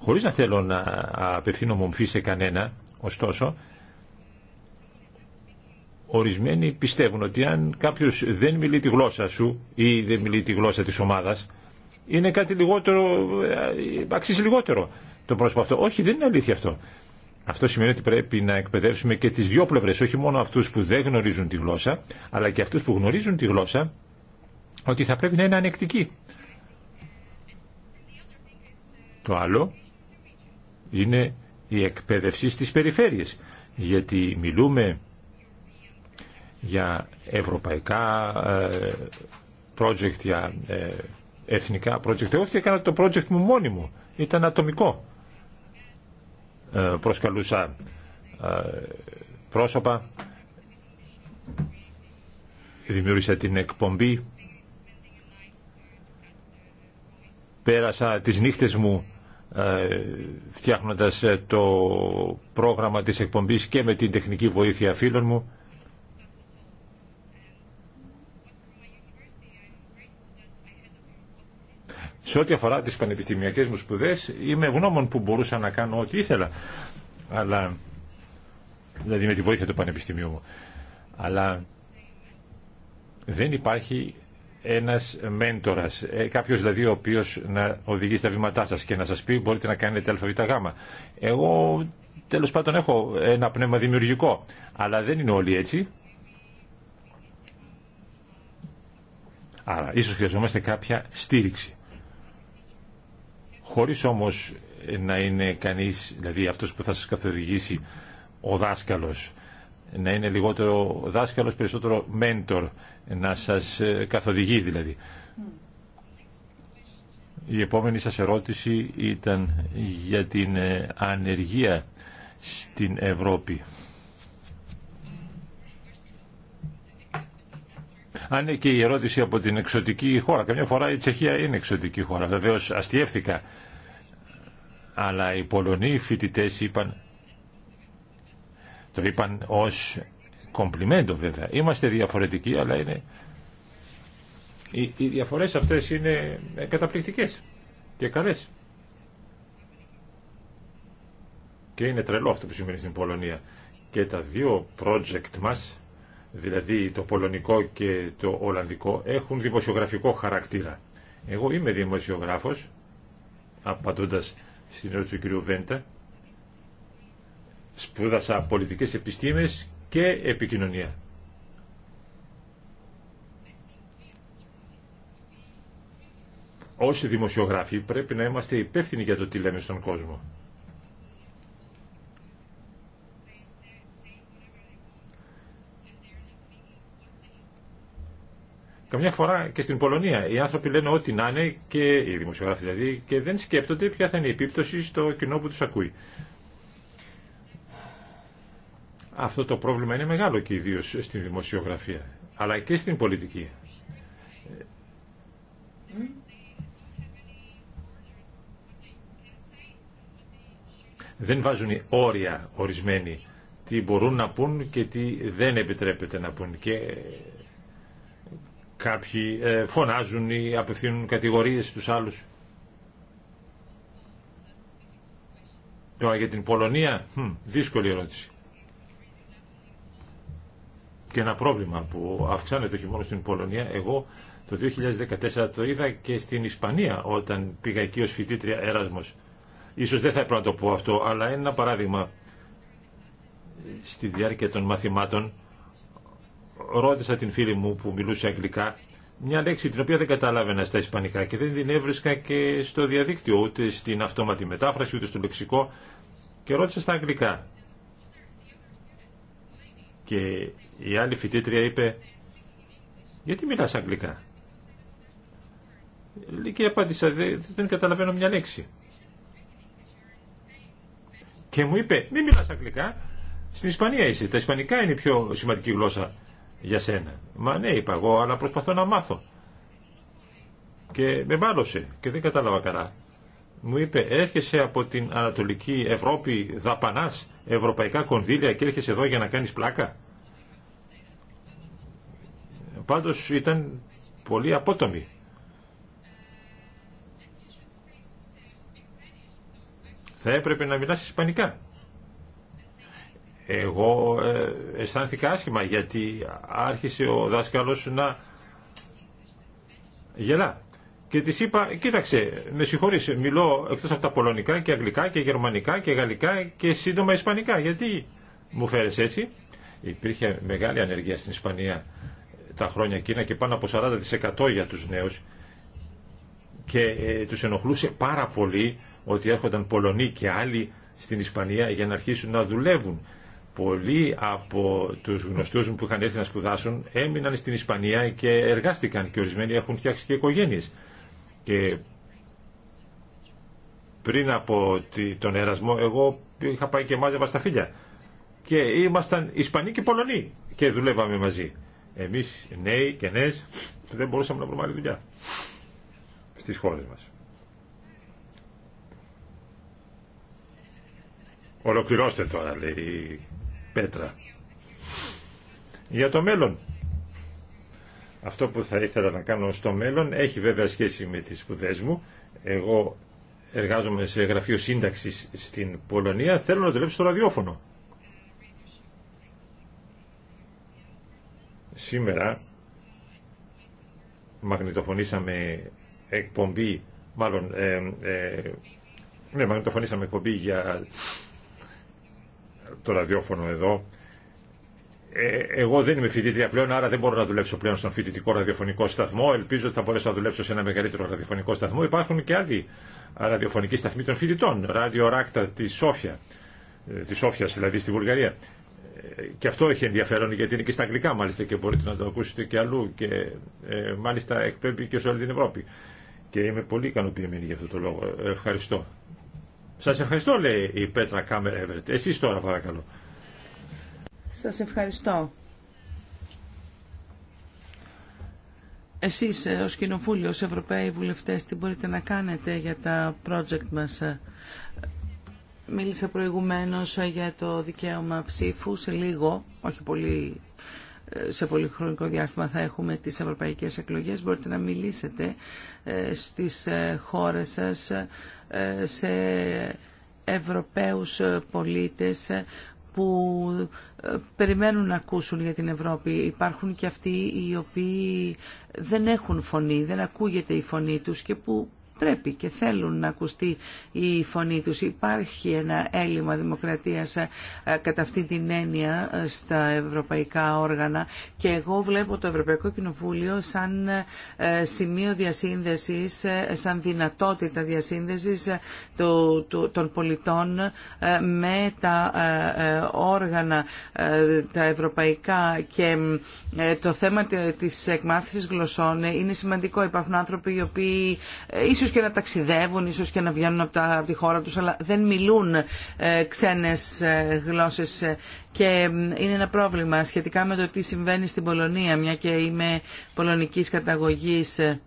Χωρίς να θέλω να απευθύνω μομφή σε κανένα, ωστόσο, ορισμένοι πιστεύουν ότι αν κάποιος δεν μιλεί τη γλώσσα σου ή δεν μιλεί τη γλώσσα της ομάδας, είναι κάτι λιγότερο, ε, αξίζει λιγότερο το πρόσωπο αυτό. Όχι, δεν είναι αλήθεια αυτό. Αυτό σημαίνει ότι πρέπει να εκπαιδεύσουμε και τις δυο πλευρές, όχι μόνο αυτούς που δεν γνωρίζουν τη γλώσσα, αλλά και αυτούς που γνωρίζουν τη γλώσσα ότι θα πρέπει να είναι ανεκτική. Το άλλο είναι η εκπαίδευση στις περιφέρειες, γιατί μιλούμε για ευρωπαϊκά ε, project, για ε, εθνικά project. Εγώ έκανα το project μου μόνη μου, ήταν ατομικό. Ε, προσκαλούσα πρόσωπα, δημιούργησα την εκπομπή Πέρασα τις νύχτες μου ε, φτιάχνοντας ε, το πρόγραμμα της εκπομπής και με την τεχνική βοήθεια φίλων μου. Σε ό,τι αφορά τις πανεπιστημιακές μου σπουδές είμαι γνώμων που μπορούσα να κάνω ό,τι ήθελα. Αλλά, δηλαδή με τη βοήθεια του πανεπιστημίου μου. Αλλά δεν υπάρχει ένας μέντορας, ε, κάποιος δηλαδή ο οποίος να οδηγεί στα βήματά σας και να σας πει μπορείτε να κάνετε ΑΒΓ. Εγώ τέλος πάντων έχω ένα πνεύμα δημιουργικό, αλλά δεν είναι όλοι έτσι. Άρα ίσως χρειαζόμαστε κάποια στήριξη. Χωρίς όμως να είναι κανείς, δηλαδή αυτός που θα σας καθοδηγήσει ο δάσκαλος, να είναι λιγότερο δάσκαλος, περισσότερο μέντορ, να σας ε, καθοδηγεί δηλαδή. Η επόμενη σας ερώτηση ήταν για την ε, ανεργία στην Ευρώπη. Αν είναι και η ερώτηση από την εξωτική χώρα. Καμιά φορά η Τσεχία είναι εξωτική χώρα. Βεβαίω αστείευτηκα. Αλλά οι Πολωνοί φοιτητέ είπαν το είπαν ως κομπλιμέντο βέβαια. Είμαστε διαφορετικοί αλλά είναι... Οι, διαφορέ διαφορές αυτές είναι καταπληκτικές και καλές. Και είναι τρελό αυτό που συμβαίνει στην Πολωνία. Και τα δύο project μας, δηλαδή το πολωνικό και το ολλανδικό, έχουν δημοσιογραφικό χαρακτήρα. Εγώ είμαι δημοσιογράφος, απαντώντας στην ερώτηση του κ. Βέντα, Σπούδασα πολιτικές επιστήμες και επικοινωνία. Όσοι δημοσιογράφοι πρέπει να είμαστε υπεύθυνοι για το τι λέμε στον κόσμο. Καμιά φορά και στην Πολωνία οι άνθρωποι λένε ό,τι να είναι και οι δημοσιογράφοι δηλαδή και δεν σκέπτονται ποια θα είναι η επίπτωση στο κοινό που τους ακούει αυτό το πρόβλημα είναι μεγάλο και ιδίω στην δημοσιογραφία, αλλά και στην πολιτική. Δεν βάζουν όρια ορισμένοι τι μπορούν να πούν και τι δεν επιτρέπεται να πούν. Και κάποιοι ε, φωνάζουν ή απευθύνουν κατηγορίες στους άλλους. Τώρα για την Πολωνία, δύσκολη ερώτηση και ένα πρόβλημα που αυξάνεται όχι μόνο στην Πολωνία. Εγώ το 2014 το είδα και στην Ισπανία όταν πήγα εκεί ως φοιτήτρια Έρασμος. Ίσως δεν θα έπρεπε να το πω αυτό, αλλά είναι ένα παράδειγμα. Στη διάρκεια των μαθημάτων ρώτησα την φίλη μου που μιλούσε αγγλικά μια λέξη την οποία δεν κατάλαβαινα στα ισπανικά και δεν την έβρισκα και στο διαδίκτυο, ούτε στην αυτόματη μετάφραση, ούτε στο λεξικό και ρώτησα στα αγγλικά. Και η άλλη φοιτήτρια είπε «Γιατί μιλάς αγγλικά» και απάντησα «Δεν καταλαβαίνω μια λέξη». Και μου είπε «Μην μιλάς αγγλικά, στην Ισπανία είσαι, τα Ισπανικά είναι η πιο σημαντική γλώσσα για σένα». «Μα ναι» είπα εγώ, αλλά προσπαθώ να μάθω. Και με μάλωσε και δεν κατάλαβα καλά. Μου είπε «Έρχεσαι από την Ανατολική Ευρώπη, δαπανάς ευρωπαϊκά κονδύλια και έρχεσαι εδώ για να κάνεις πλάκα». Πάντως ήταν πολύ απότομη. Θα έπρεπε να μιλάς ισπανικά. Εγώ ε, αισθάνθηκα άσχημα γιατί άρχισε ο δάσκαλος να γελά. Και τη είπα, κοίταξε, με συγχωρείς, μιλώ εκτός από τα πολωνικά και αγγλικά και γερμανικά και γαλλικά και σύντομα ισπανικά. Γιατί μου φέρες έτσι. Υπήρχε μεγάλη ανεργία στην Ισπανία τα χρόνια εκείνα και πάνω από 40% για τους νέους και ε, τους ενοχλούσε πάρα πολύ ότι έρχονταν Πολωνοί και άλλοι στην Ισπανία για να αρχίσουν να δουλεύουν. Πολλοί από τους γνωστούς μου που είχαν έρθει να σπουδάσουν έμειναν στην Ισπανία και εργάστηκαν και ορισμένοι έχουν φτιάξει και οικογένειες. Και πριν από τον ερασμό εγώ είχα πάει και μάζευα στα φίλια και ήμασταν Ισπανοί και Πολωνοί και δουλεύαμε μαζί. Εμεί νέοι και νέε δεν μπορούσαμε να βρούμε άλλη δουλειά στι χώρε μα. Ολοκληρώστε τώρα, λέει η Πέτρα. Για το μέλλον. Αυτό που θα ήθελα να κάνω στο μέλλον έχει βέβαια σχέση με τις σπουδέ μου. Εγώ εργάζομαι σε γραφείο σύνταξης στην Πολωνία. Θέλω να δουλέψω στο ραδιόφωνο. Σήμερα μαγνητοφωνήσαμε εκπομπή, μάλλον ε, ε, ναι, μαγνητοφωνήσαμε εκπομπή για το ραδιόφωνο εδώ. Ε, εγώ δεν είμαι φοιτητή πλέον, άρα δεν μπορώ να δουλέψω πλέον στον φοιτητικό ραδιοφωνικό σταθμό. Ελπίζω ότι θα μπορέσω να δουλέψω σε ένα μεγαλύτερο ραδιοφωνικό σταθμό. Υπάρχουν και άλλοι ραδιοφωνικοί σταθμοί των φοιτητών. Ράδιο Ράκτα τη Σόφια, τη Σόφια δηλαδή στη Βουλγαρία και αυτό έχει ενδιαφέρον γιατί είναι και στα αγγλικά μάλιστα και μπορείτε να το ακούσετε και αλλού και ε, μάλιστα εκπέμπει και σε όλη την Ευρώπη. Και είμαι πολύ ικανοποιημένη για αυτό το λόγο. Ευχαριστώ. Σας ευχαριστώ λέει η Πέτρα Κάμερ Εύερτ. Εσείς τώρα παρακαλώ. Σας ευχαριστώ. Εσείς ε, ως Κοινοβούλιο, ως Ευρωπαίοι Βουλευτές, τι μπορείτε να κάνετε για τα project μας. Μίλησα προηγουμένως ε, για το δικαίωμα ψήφου. Σε λίγο, όχι πολύ, ε, σε πολύ χρονικό διάστημα θα έχουμε τις ευρωπαϊκές εκλογές. Μπορείτε να μιλήσετε ε, στις χώρες σας σε Ευρωπαίους πολίτες που περιμένουν να ακούσουν για την Ευρώπη. Υπάρχουν και αυτοί οι οποίοι δεν έχουν φωνή, δεν ακούγεται η φωνή τους και που πρέπει και θέλουν να ακουστεί η φωνή τους. Υπάρχει ένα έλλειμμα δημοκρατίας ε, κατά αυτή την έννοια ε, στα ευρωπαϊκά όργανα και εγώ βλέπω το Ευρωπαϊκό Κοινοβούλιο σαν ε, σημείο διασύνδεσης, σαν δυνατότητα διασύνδεσης των πολιτών με τα όργανα τα ευρωπαϊκά και το θέμα της εκμάθησης γλωσσών είναι σημαντικό. Υπάρχουν άνθρωποι οι οποίοι ίσως και να ταξιδεύουν, ίσως και να βγαίνουν από, τη χώρα τους, αλλά δεν μιλούν ε, ξένες ε, γλώσσες ε, και είναι ένα πρόβλημα σχετικά με το τι συμβαίνει στην Πολωνία, μια και είμαι πολωνικής καταγωγής. Ε,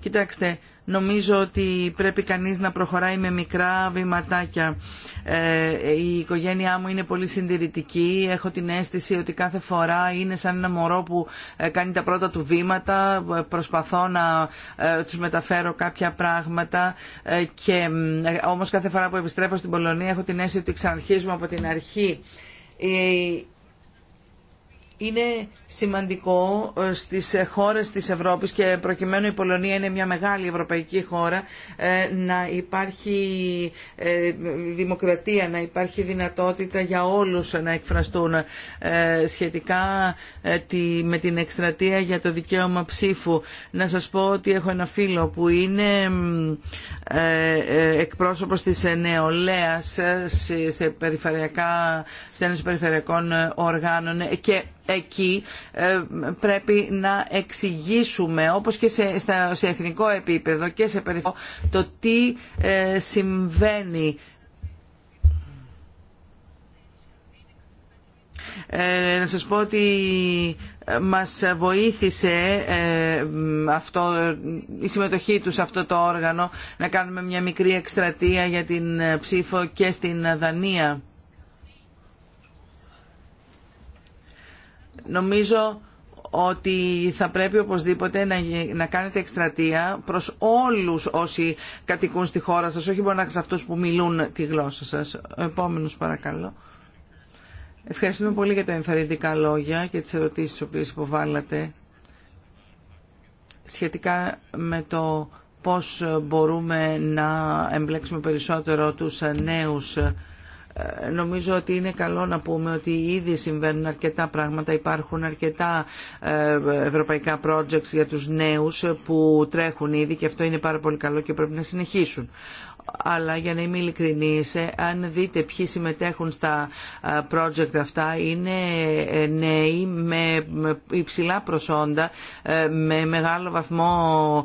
κοιτάξτε, Νομίζω ότι πρέπει κανείς να προχωράει με μικρά βηματάκια. Ε, η οικογένειά μου είναι πολύ συντηρητική. Έχω την αίσθηση ότι κάθε φορά είναι σαν ένα μωρό που ε, κάνει τα πρώτα του βήματα. Ε, προσπαθώ να τους μεταφέρω κάποια πράγματα. Και όμως κάθε φορά που επιστρέφω στην Πολωνία έχω την αίσθηση ότι ξαναρχίζουμε από την αρχή είναι σημαντικό ε, στις ε, χώρες της Ευρώπης και προκειμένου η Πολωνία είναι μια μεγάλη ευρωπαϊκή χώρα ε, να υπάρχει δημοκρατία, να υπάρχει δυνατότητα για όλους να εκφραστούν σχετικά με την εκστρατεία για το δικαίωμα ψήφου. Να σας πω ότι έχω ένα φίλο που είναι εκπρόσωπος της νεολαίας σε, περιφερειακά, σε περιφερειακών οργάνων και εκεί ε, πρέπει να εξηγήσουμε όπως και σε, εθνικό επίπεδο και σε περιφερειακό το τι ε, συμβαίνει ε, να σας πω ότι μας βοήθησε αυτό, η συμμετοχή του σε αυτό το όργανο να κάνουμε μια μικρή εκστρατεία για την ψήφο και στην Δανία. Νομίζω ότι θα πρέπει οπωσδήποτε να, να κάνετε εκστρατεία προς όλους όσοι κατοικούν στη χώρα σας, όχι μόνο σε αυτούς που μιλούν τη γλώσσα σας. Ο επόμενος παρακαλώ. Ευχαριστούμε πολύ για τα ενθαρρυντικά λόγια και τις ερωτήσεις που υποβάλλατε σχετικά με το πώς μπορούμε να εμπλέξουμε περισσότερο τους νέους νομίζω ότι είναι καλό να πούμε ότι ήδη συμβαίνουν αρκετά πράγματα, υπάρχουν αρκετά ε, ευρωπαϊκά projects για τους νέους που τρέχουν ήδη και αυτό είναι πάρα πολύ καλό και πρέπει να συνεχίσουν αλλά για να είμαι ειλικρινή, ε, αν δείτε ποιοι συμμετέχουν στα ε, project αυτά, είναι νέοι με υψηλά προσόντα, με μεγάλο βαθμό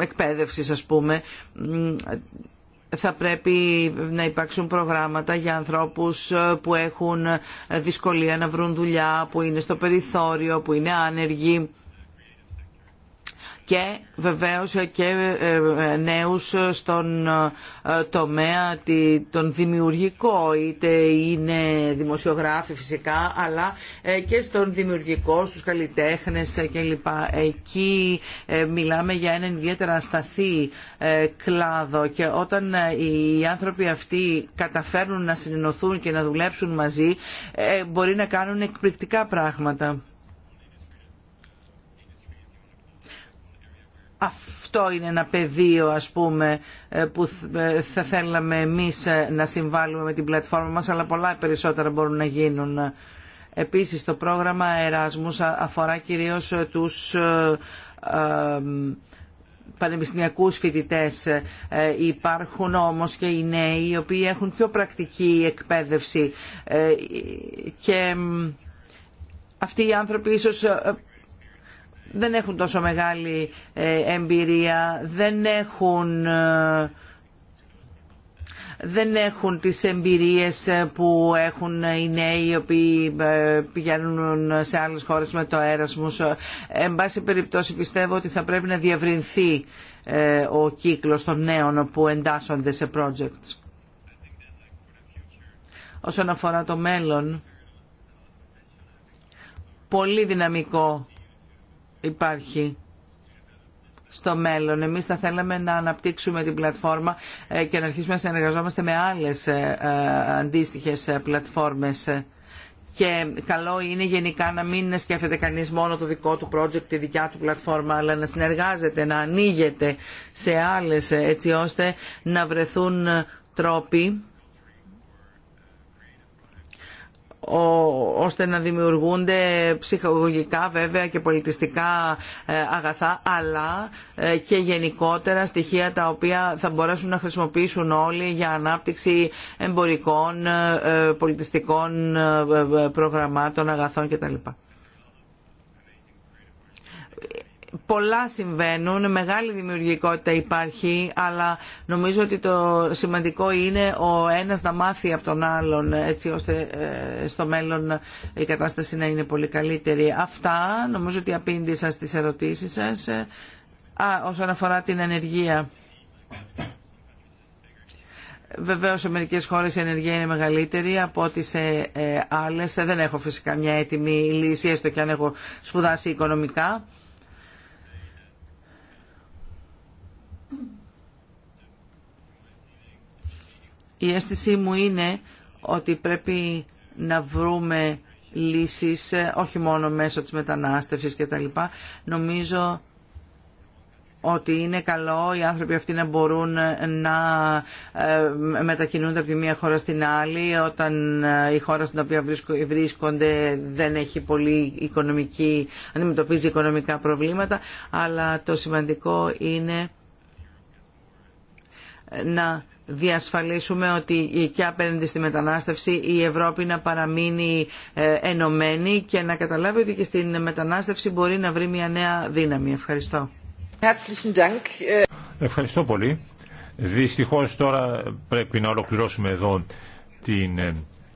εκπαίδευση, ας πούμε, θα πρέπει να υπάρξουν προγράμματα για ανθρώπους ε, που έχουν ε, δυσκολία να βρουν δουλειά, που είναι στο περιθώριο, που είναι άνεργοι και βεβαίως και ε, ε, νέους στον ε, τομέα τον δημιουργικό είτε είναι δημοσιογράφοι φυσικά αλλά και στον δημιουργικό, στους καλλιτέχνες κλπ. Εκεί μιλάμε για έναν ιδιαίτερα σταθή κλάδο και όταν οι άνθρωποι αυτοί καταφέρνουν να συνενωθούν και να δουλέψουν μαζί μπορεί να κάνουν εκπληκτικά πράγματα. αυτό είναι ένα πεδίο ας πούμε ε, που ε, θα θέλαμε εμείς ε, να συμβάλλουμε με την πλατφόρμα μας αλλά πολλά περισσότερα μπορούν να γίνουν. Επίσης το πρόγραμμα Εράσμους αφορά κυρίως τους πανεπιστημιακούς φοιτητές υπάρχουν όμως και οι νέοι οι οποίοι έχουν πιο πρακτική εκπαίδευση και αυτοί οι άνθρωποι ίσως δεν έχουν τόσο μεγάλη ε, εμπειρία, δεν έχουν ε, δεν έχουν τις εμπειρίες ε, που έχουν οι νέοι οι οποίοι πηγαίνουν σε άλλες χώρες με το αέρασμος. Εν πάση περιπτώσει πιστεύω ότι θα πρέπει να διευρυνθεί ο κύκλος των νέων που εντάσσονται σε projects. Όσον αφορά το μέλλον, πολύ δυναμικό υπάρχει στο μέλλον. Εμεί θα θέλαμε να αναπτύξουμε την πλατφόρμα ε, και να αρχίσουμε να συνεργαζόμαστε με άλλες ε, ε, αντίστοιχες πλατφόρμες. Και καλό είναι γενικά να μην σκέφτεται κανεί μόνο το δικό του project, τη δικιά του πλατφόρμα, αλλά να συνεργάζεται, να ανοίγεται σε άλλες, έτσι ώστε να βρεθούν τρόποι ώστε να δημιουργούνται ψυχολογικά βέβαια και πολιτιστικά ε, αγαθά αλλά ε, και γενικότερα στοιχεία τα οποία θα μπορέσουν να χρησιμοποιήσουν όλοι για ανάπτυξη εμπορικών, ε, πολιτιστικών προγραμμάτων, αγαθών κτλ πολλά συμβαίνουν, μεγάλη δημιουργικότητα υπάρχει, αλλά νομίζω ότι το σημαντικό είναι ο ένας να μάθει από τον άλλον, έτσι ώστε ε, στο μέλλον η κατάσταση να είναι πολύ καλύτερη. Αυτά νομίζω ότι απήντησα στις ερωτήσεις σας. Α, όσον αφορά την ενεργεία, Βεβαίως σε μερικές χώρες η ενεργεία είναι μεγαλύτερη από ό,τι σε ε, άλλες. Δεν έχω φυσικά μια έτοιμη λύση, έστω και αν έχω σπουδάσει οικονομικά Η αίσθησή μου είναι ότι πρέπει να βρούμε λύσεις, ε, όχι μόνο μέσω της μετανάστευσης λοιπά. Νομίζω ότι είναι καλό οι άνθρωποι αυτοί να μπορούν ε, να ε, μετακινούνται από τη μία χώρα στην άλλη όταν η χώρα στην οποία βρίσκονται δεν έχει πολύ οικονομική, αντιμετωπίζει οικονομικά προβλήματα, αλλά το σημαντικό είναι να διασφαλίσουμε ότι και απέναντι στη μετανάστευση η Ευρώπη να παραμείνει ε, ενωμένη και να καταλάβει ότι και στην μετανάστευση μπορεί να βρει μια νέα δύναμη. Ευχαριστώ. Ευχαριστώ πολύ. Δυστυχώς τώρα πρέπει να ολοκληρώσουμε εδώ την ε,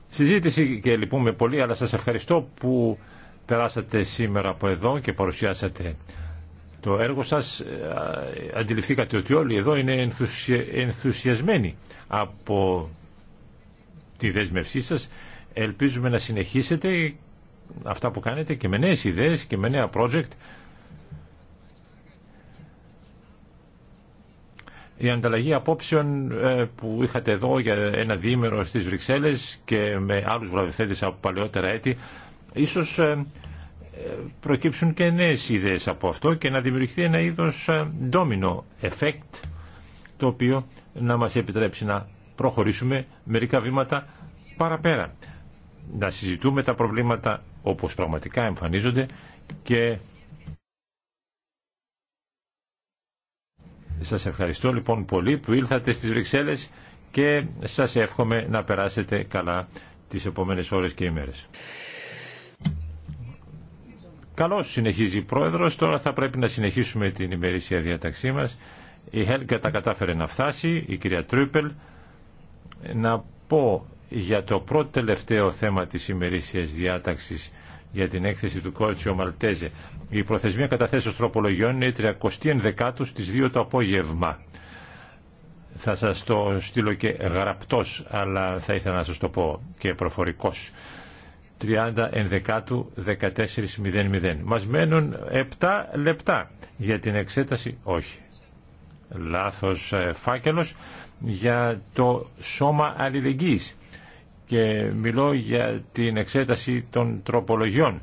συζήτηση και λυπούμε πολύ, αλλά σας ευχαριστώ που περάσατε σήμερα από εδώ και παρουσιάσατε το έργο σας ε, αντιληφθήκατε ότι όλοι εδώ είναι ενθουσιασμένοι από τη δέσμευσή σας. Ελπίζουμε να συνεχίσετε αυτά που κάνετε και με νέες ιδέες και με νέα project. Η ανταλλαγή απόψεων ε, που είχατε εδώ για ένα διήμερο στις Βρυξέλλες και με άλλους βραβευθέντες από παλαιότερα έτη, ίσως ε, προκύψουν και νέες ιδέες από αυτό και να δημιουργηθεί ένα είδος ε, ντόμινο effect το οποίο να μας επιτρέψει να προχωρήσουμε μερικά βήματα παραπέρα. Να συζητούμε τα προβλήματα όπως πραγματικά εμφανίζονται και σας ευχαριστώ λοιπόν πολύ που ήλθατε στις Βρυξέλλες και σας εύχομαι να περάσετε καλά τις επόμενες ώρες και ημέρες. Καλώ συνεχίζει η πρόεδρο, τώρα θα πρέπει να συνεχίσουμε την ημερήσια διαταξή μα. Η Χέλγκα τα κατάφερε να φτάσει, η κυρία Τρίπελ. Να πω για το πρώτο τελευταίο θέμα της ημερήσιας διάταξης για την έκθεση του Κόρτσιο Μαλτέζε. Η προθεσμία καταθέσεως τροπολογιών είναι 30 δεκάτου στι 2 το απόγευμα. Θα σας το στείλω και γραπτός, αλλά θα ήθελα να σας το πω και προφορικός. 30 ενδεκάτου 14.00. Μας μένουν 7 λεπτά για την εξέταση. Όχι. Λάθος ε, φάκελος για το σώμα αλληλεγγύης και μιλώ για την εξέταση των τροπολογιών.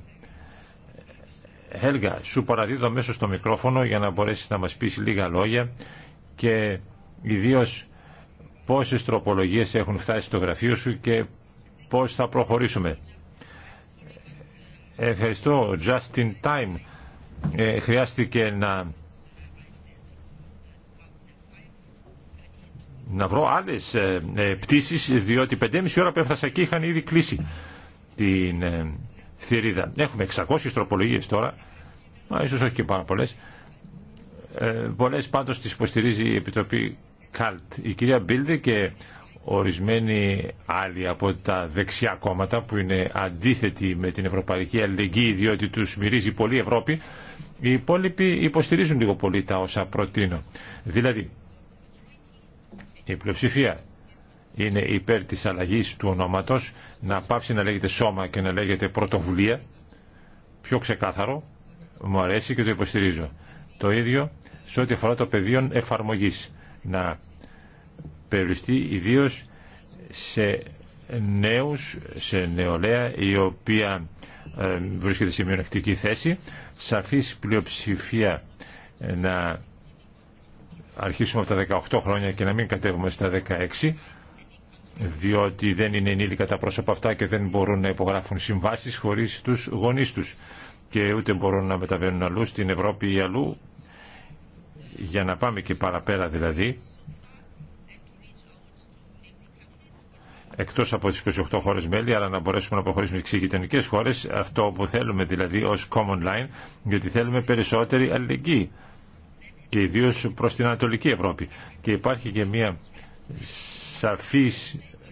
Έλγα, σου παραδίδω μέσω στο μικρόφωνο για να μπορέσεις να μας πεις λίγα λόγια και ιδίως πόσες τροπολογίες έχουν φτάσει στο γραφείο σου και πώς θα προχωρήσουμε. Ευχαριστώ. Just in time. Ε, χρειάστηκε να... να βρω άλλες ε, ε πτήσεις, διότι 5,5 ώρα που έφτασα εκεί είχαν ήδη κλείσει την ε, θηρίδα. Έχουμε 600 τροπολογίες τώρα, μα ίσως όχι και πάρα πολλές. Ε, πολλές πάντως τις υποστηρίζει η Επιτροπή Καλτ. Η κυρία Μπίλδη και ορισμένοι άλλοι από τα δεξιά κόμματα που είναι αντίθετοι με την ευρωπαϊκή αλληλεγγύη διότι τους μυρίζει πολύ η Ευρώπη, οι υπόλοιποι υποστηρίζουν λίγο πολύ τα όσα προτείνω. Δηλαδή, η πλειοψηφία είναι υπέρ της αλλαγής του ονόματος να πάψει να λέγεται σώμα και να λέγεται πρωτοβουλία, πιο ξεκάθαρο, μου αρέσει και το υποστηρίζω. Το ίδιο σε ό,τι αφορά το πεδίο εφαρμογής περιοριστεί ιδίω σε νέους, σε νεολαία η οποία ε, βρίσκεται σε μειονεκτική θέση, σαφής πλειοψηφία να αρχίσουμε από τα 18 χρόνια και να μην κατέβουμε στα 16, διότι δεν είναι ενήλικα τα πρόσωπα αυτά και δεν μπορούν να υπογράφουν συμβάσεις χωρίς τους γονείς τους και ούτε μπορούν να μεταβαίνουν αλλού στην Ευρώπη ή αλλού για να πάμε και παραπέρα δηλαδή εκτός από τις 28 χώρες μέλη, αλλά να μπορέσουμε να προχωρήσουμε στι γειτονικέ χώρες, αυτό που θέλουμε δηλαδή ως common line, γιατί θέλουμε περισσότερη αλληλεγγύη και ιδίω προ την Ανατολική Ευρώπη. Και υπάρχει και μια σαφή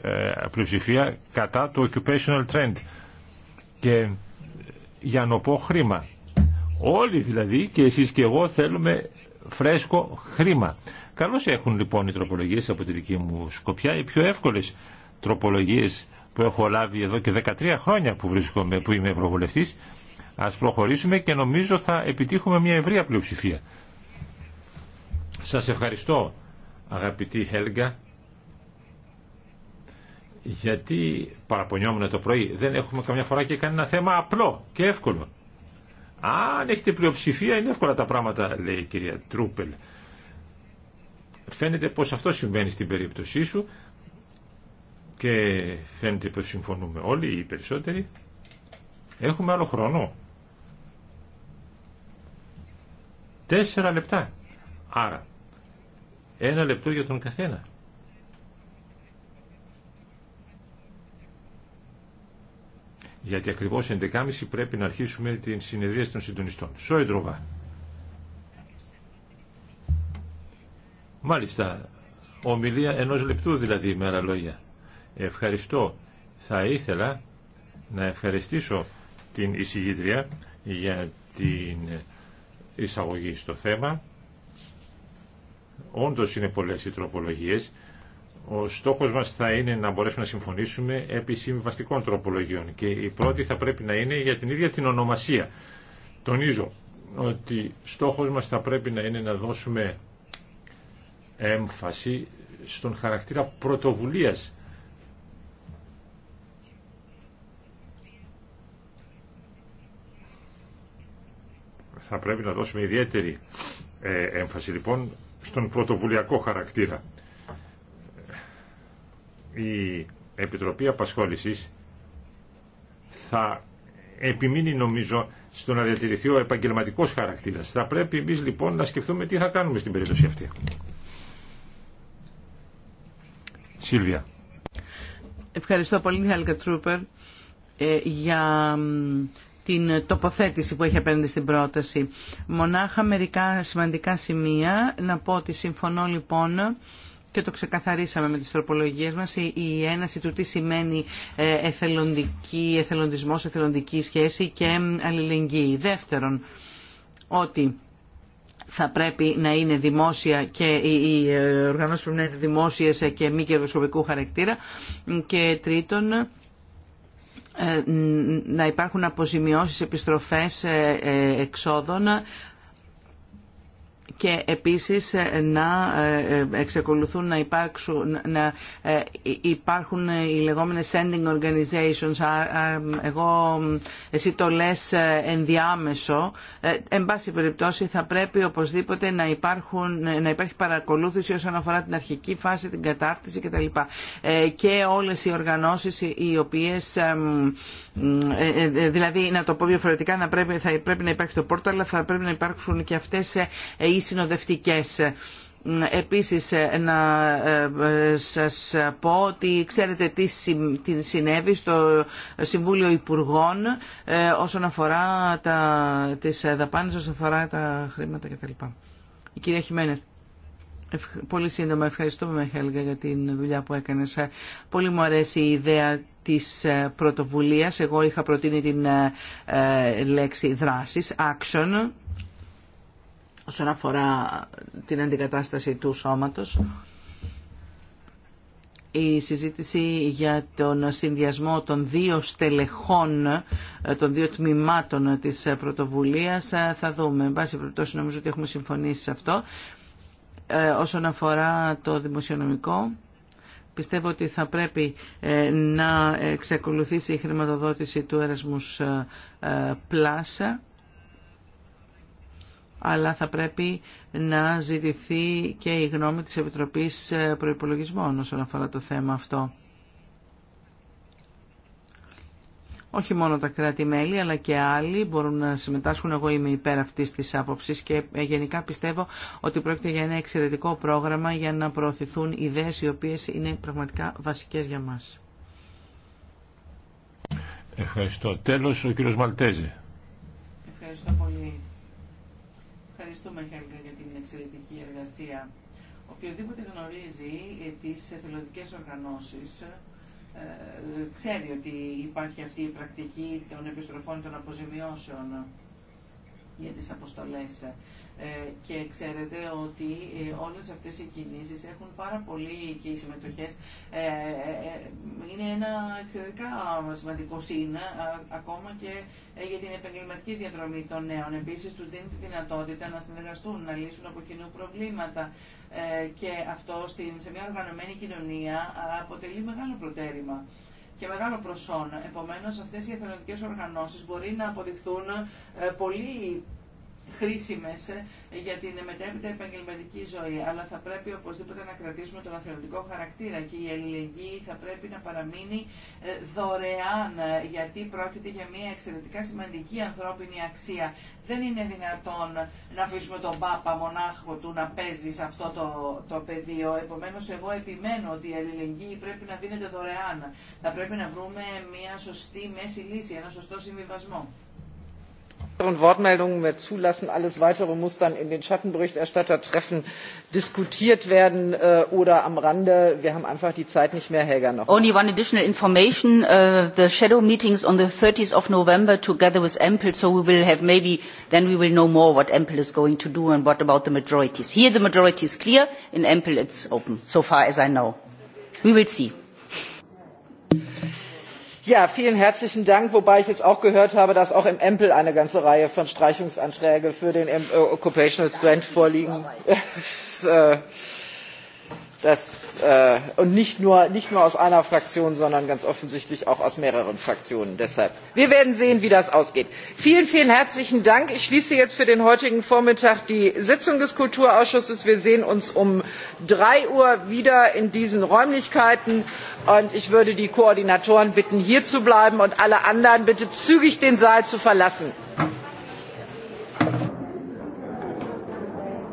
ε, πλειοψηφία κατά του occupational trend και για να πω χρήμα. Όλοι δηλαδή και εσείς και εγώ θέλουμε φρέσκο χρήμα. Καλώς έχουν λοιπόν οι τροπολογίες από τη δική μου σκοπιά οι πιο εύκολες τροπολογίες που έχω λάβει εδώ και 13 χρόνια που, βρίσκομαι, που είμαι ευρωβουλευτής, ας προχωρήσουμε και νομίζω θα επιτύχουμε μια ευρεία πλειοψηφία. Σας ευχαριστώ αγαπητή Χέλγκα, γιατί παραπονιόμουν το πρωί δεν έχουμε καμιά φορά και κανένα θέμα απλό και εύκολο. Αν έχετε πλειοψηφία είναι εύκολα τα πράγματα λέει η κυρία Τρούπελ. Φαίνεται πως αυτό συμβαίνει στην περίπτωσή σου και φαίνεται πως συμφωνούμε όλοι οι περισσότεροι έχουμε άλλο χρόνο τέσσερα λεπτά άρα ένα λεπτό για τον καθένα γιατί ακριβώς 11.30 πρέπει να αρχίσουμε την συνεδρία των συντονιστών Σόιντροβα Μάλιστα, ομιλία ενός λεπτού δηλαδή με άλλα λόγια. Ευχαριστώ. Θα ήθελα να ευχαριστήσω την εισηγήτρια για την εισαγωγή στο θέμα. Όντως είναι πολλές οι τροπολογίες. Ο στόχος μας θα είναι να μπορέσουμε να συμφωνήσουμε επί συμβαστικών τροπολογιών και η πρώτη θα πρέπει να είναι για την ίδια την ονομασία. Τονίζω ότι στόχος μας θα πρέπει να είναι να δώσουμε έμφαση στον χαρακτήρα πρωτοβουλίας Θα πρέπει να δώσουμε ιδιαίτερη ε, έμφαση λοιπόν στον πρωτοβουλιακό χαρακτήρα. Η Επιτροπή Απασχόλησης θα επιμείνει νομίζω στο να διατηρηθεί ο επαγγελματικός χαρακτήρας. Θα πρέπει εμείς λοιπόν να σκεφτούμε τι θα κάνουμε στην περίπτωση αυτή. Σίλβια. Ευχαριστώ πολύ, Χάλικα Τρούπερ, για την τοποθέτηση που έχει απέναντι στην πρόταση. Μονάχα μερικά σημαντικά σημεία. Να πω ότι συμφωνώ λοιπόν και το ξεκαθαρίσαμε με τις τροπολογίες μας, η έναση του τι σημαίνει ε, εθελοντική, εθελοντισμός, εθελοντική σχέση και αλληλεγγύη. Δεύτερον, ότι θα πρέπει να είναι δημόσια και οι ε, οργανώσεις πρέπει να είναι δημόσιες και μη κερδοσκοπικού χαρακτήρα. Και τρίτον, ε, να υπάρχουν αποζημιώσεις επιστροφές ε, ε, εξόδων και επίσης να ε, ε, εξακολουθούν να, υπάρξουν, να ε, υπάρχουν οι λεγόμενες sending organizations. Εγώ, εσύ το λες ενδιάμεσο. Εν πάση περιπτώσει θα πρέπει οπωσδήποτε να, υπάρχουν, να υπάρχει παρακολούθηση όσον αφορά την αρχική φάση, την κατάρτιση κτλ. Και όλες οι οργανώσεις οι οποίες, δηλαδή να το πω διαφορετικά, θα πρέπει να υπάρχει το πόρτο, αλλά θα πρέπει να υπάρξουν και αυτές οι συνοδευτικές. Επίσης να ε, σας πω ότι ξέρετε τι συνέβη στο Συμβούλιο Υπουργών ε, όσον αφορά τα, τις δαπάνες, όσον αφορά τα χρήματα κτλ. Η κυρία Χιμένερ. Πολύ σύντομα ευχαριστούμε Μεχέλγα για την δουλειά που έκανες. Πολύ μου αρέσει η ιδέα της ε, πρωτοβουλίας. Εγώ είχα προτείνει την λέξη δράσης, action, όσον αφορά την αντικατάσταση του σώματος. Η συζήτηση για τον συνδυασμό των δύο στελεχών, των δύο τμήματων της πρωτοβουλίας θα δούμε. Εν πάση περιπτώσει νομίζω ότι έχουμε συμφωνήσει σε αυτό. Ε, όσον αφορά το δημοσιονομικό, πιστεύω ότι θα πρέπει ε, να εξακολουθήσει η χρηματοδότηση του Erasmus ε, Plus αλλά θα πρέπει να ζητηθεί και η γνώμη της Επιτροπής ε, Προϋπολογισμών όσον αφορά το θέμα αυτό. όχι μόνο τα κράτη-μέλη αλλά και άλλοι μπορούν να συμμετάσχουν. Εγώ είμαι υπέρ αυτή τη άποψη και ε, γενικά πιστεύω ότι πρόκειται για ένα εξαιρετικό πρόγραμμα για να προωθηθούν ιδέε οι οποίε είναι πραγματικά βασικέ για μα. Ευχαριστώ. Τέλο, ο κύριο Μαλτέζη. Ευχαριστώ πολύ. Ευχαριστούμε, για την εξαιρετική εργασία. Οποιοδήποτε γνωρίζει ε, τις εθελοντικές οργανώσεις, ε, ξέρει ότι υπάρχει αυτή η πρακτική των επιστροφών των αποζημιώσεων για τις αποστολές. Ε, και ξέρετε ότι ε, όλες αυτές οι κινήσεις έχουν πάρα πολύ και οι συμμετοχές ε, είναι ένα εξαιρετικά σημαντικό σύν ακόμα και για την επαγγελματική διαδρομή των νέων. Επίσης τους δίνει τη δυνατότητα να συνεργαστούν, να λύσουν από κοινού προβλήματα και αυτό στην, σε μια οργανωμένη κοινωνία αποτελεί μεγάλο προτέρημα και μεγάλο προσόν. Επομένως, αυτές οι εθελοντικές οργανώσεις μπορεί να αποδειχθούν πολύ χρήσιμες ε, για την μετέπειτα επαγγελματική ζωή. Αλλά θα πρέπει οπωσδήποτε να κρατήσουμε τον αθλητικό χαρακτήρα και η ελληνική θα πρέπει να παραμείνει ε, δωρεάν ε, γιατί πρόκειται για μια εξαιρετικά σημαντική ανθρώπινη αξία. Δεν είναι δυνατόν να αφήσουμε τον Πάπα μονάχο του να παίζει σε αυτό το, το πεδίο. Επομένω, εγώ επιμένω ότι η αλληλεγγύη πρέπει να δίνεται δωρεάν. Θα πρέπει να βρούμε μια σωστή μέση λύση, ένα σωστό συμβιβασμό weiteren Wortmeldungen mehr zulassen. Alles Weitere muss dann in den Schattenberichterstattertreffen diskutiert werden oder am Rande. Wir haben einfach die Zeit nicht mehr, Helga noch. Only one additional information. The shadow meetings on the 30th of November together with EMPL, so we will have maybe, then we will know more what EMPL is going to do and what about the majorities. Here the majority is clear, in EMPL it's open, so far as I know. We will see. Ja, vielen herzlichen Dank, wobei ich jetzt auch gehört habe, dass auch im Empel eine ganze Reihe von Streichungsanträgen für den Occupational Strength vorliegen. Das und nicht nur aus einer fraktion sondern ganz offensichtlich auch aus mehreren fraktionen. deshalb wir werden sehen wie das ausgeht. vielen vielen herzlichen dank! ich schließe jetzt für den heutigen vormittag die sitzung des kulturausschusses. wir sehen uns um drei uhr wieder in diesen räumlichkeiten und ich würde die koordinatoren bitten hier zu bleiben und alle anderen bitte zügig den saal zu verlassen.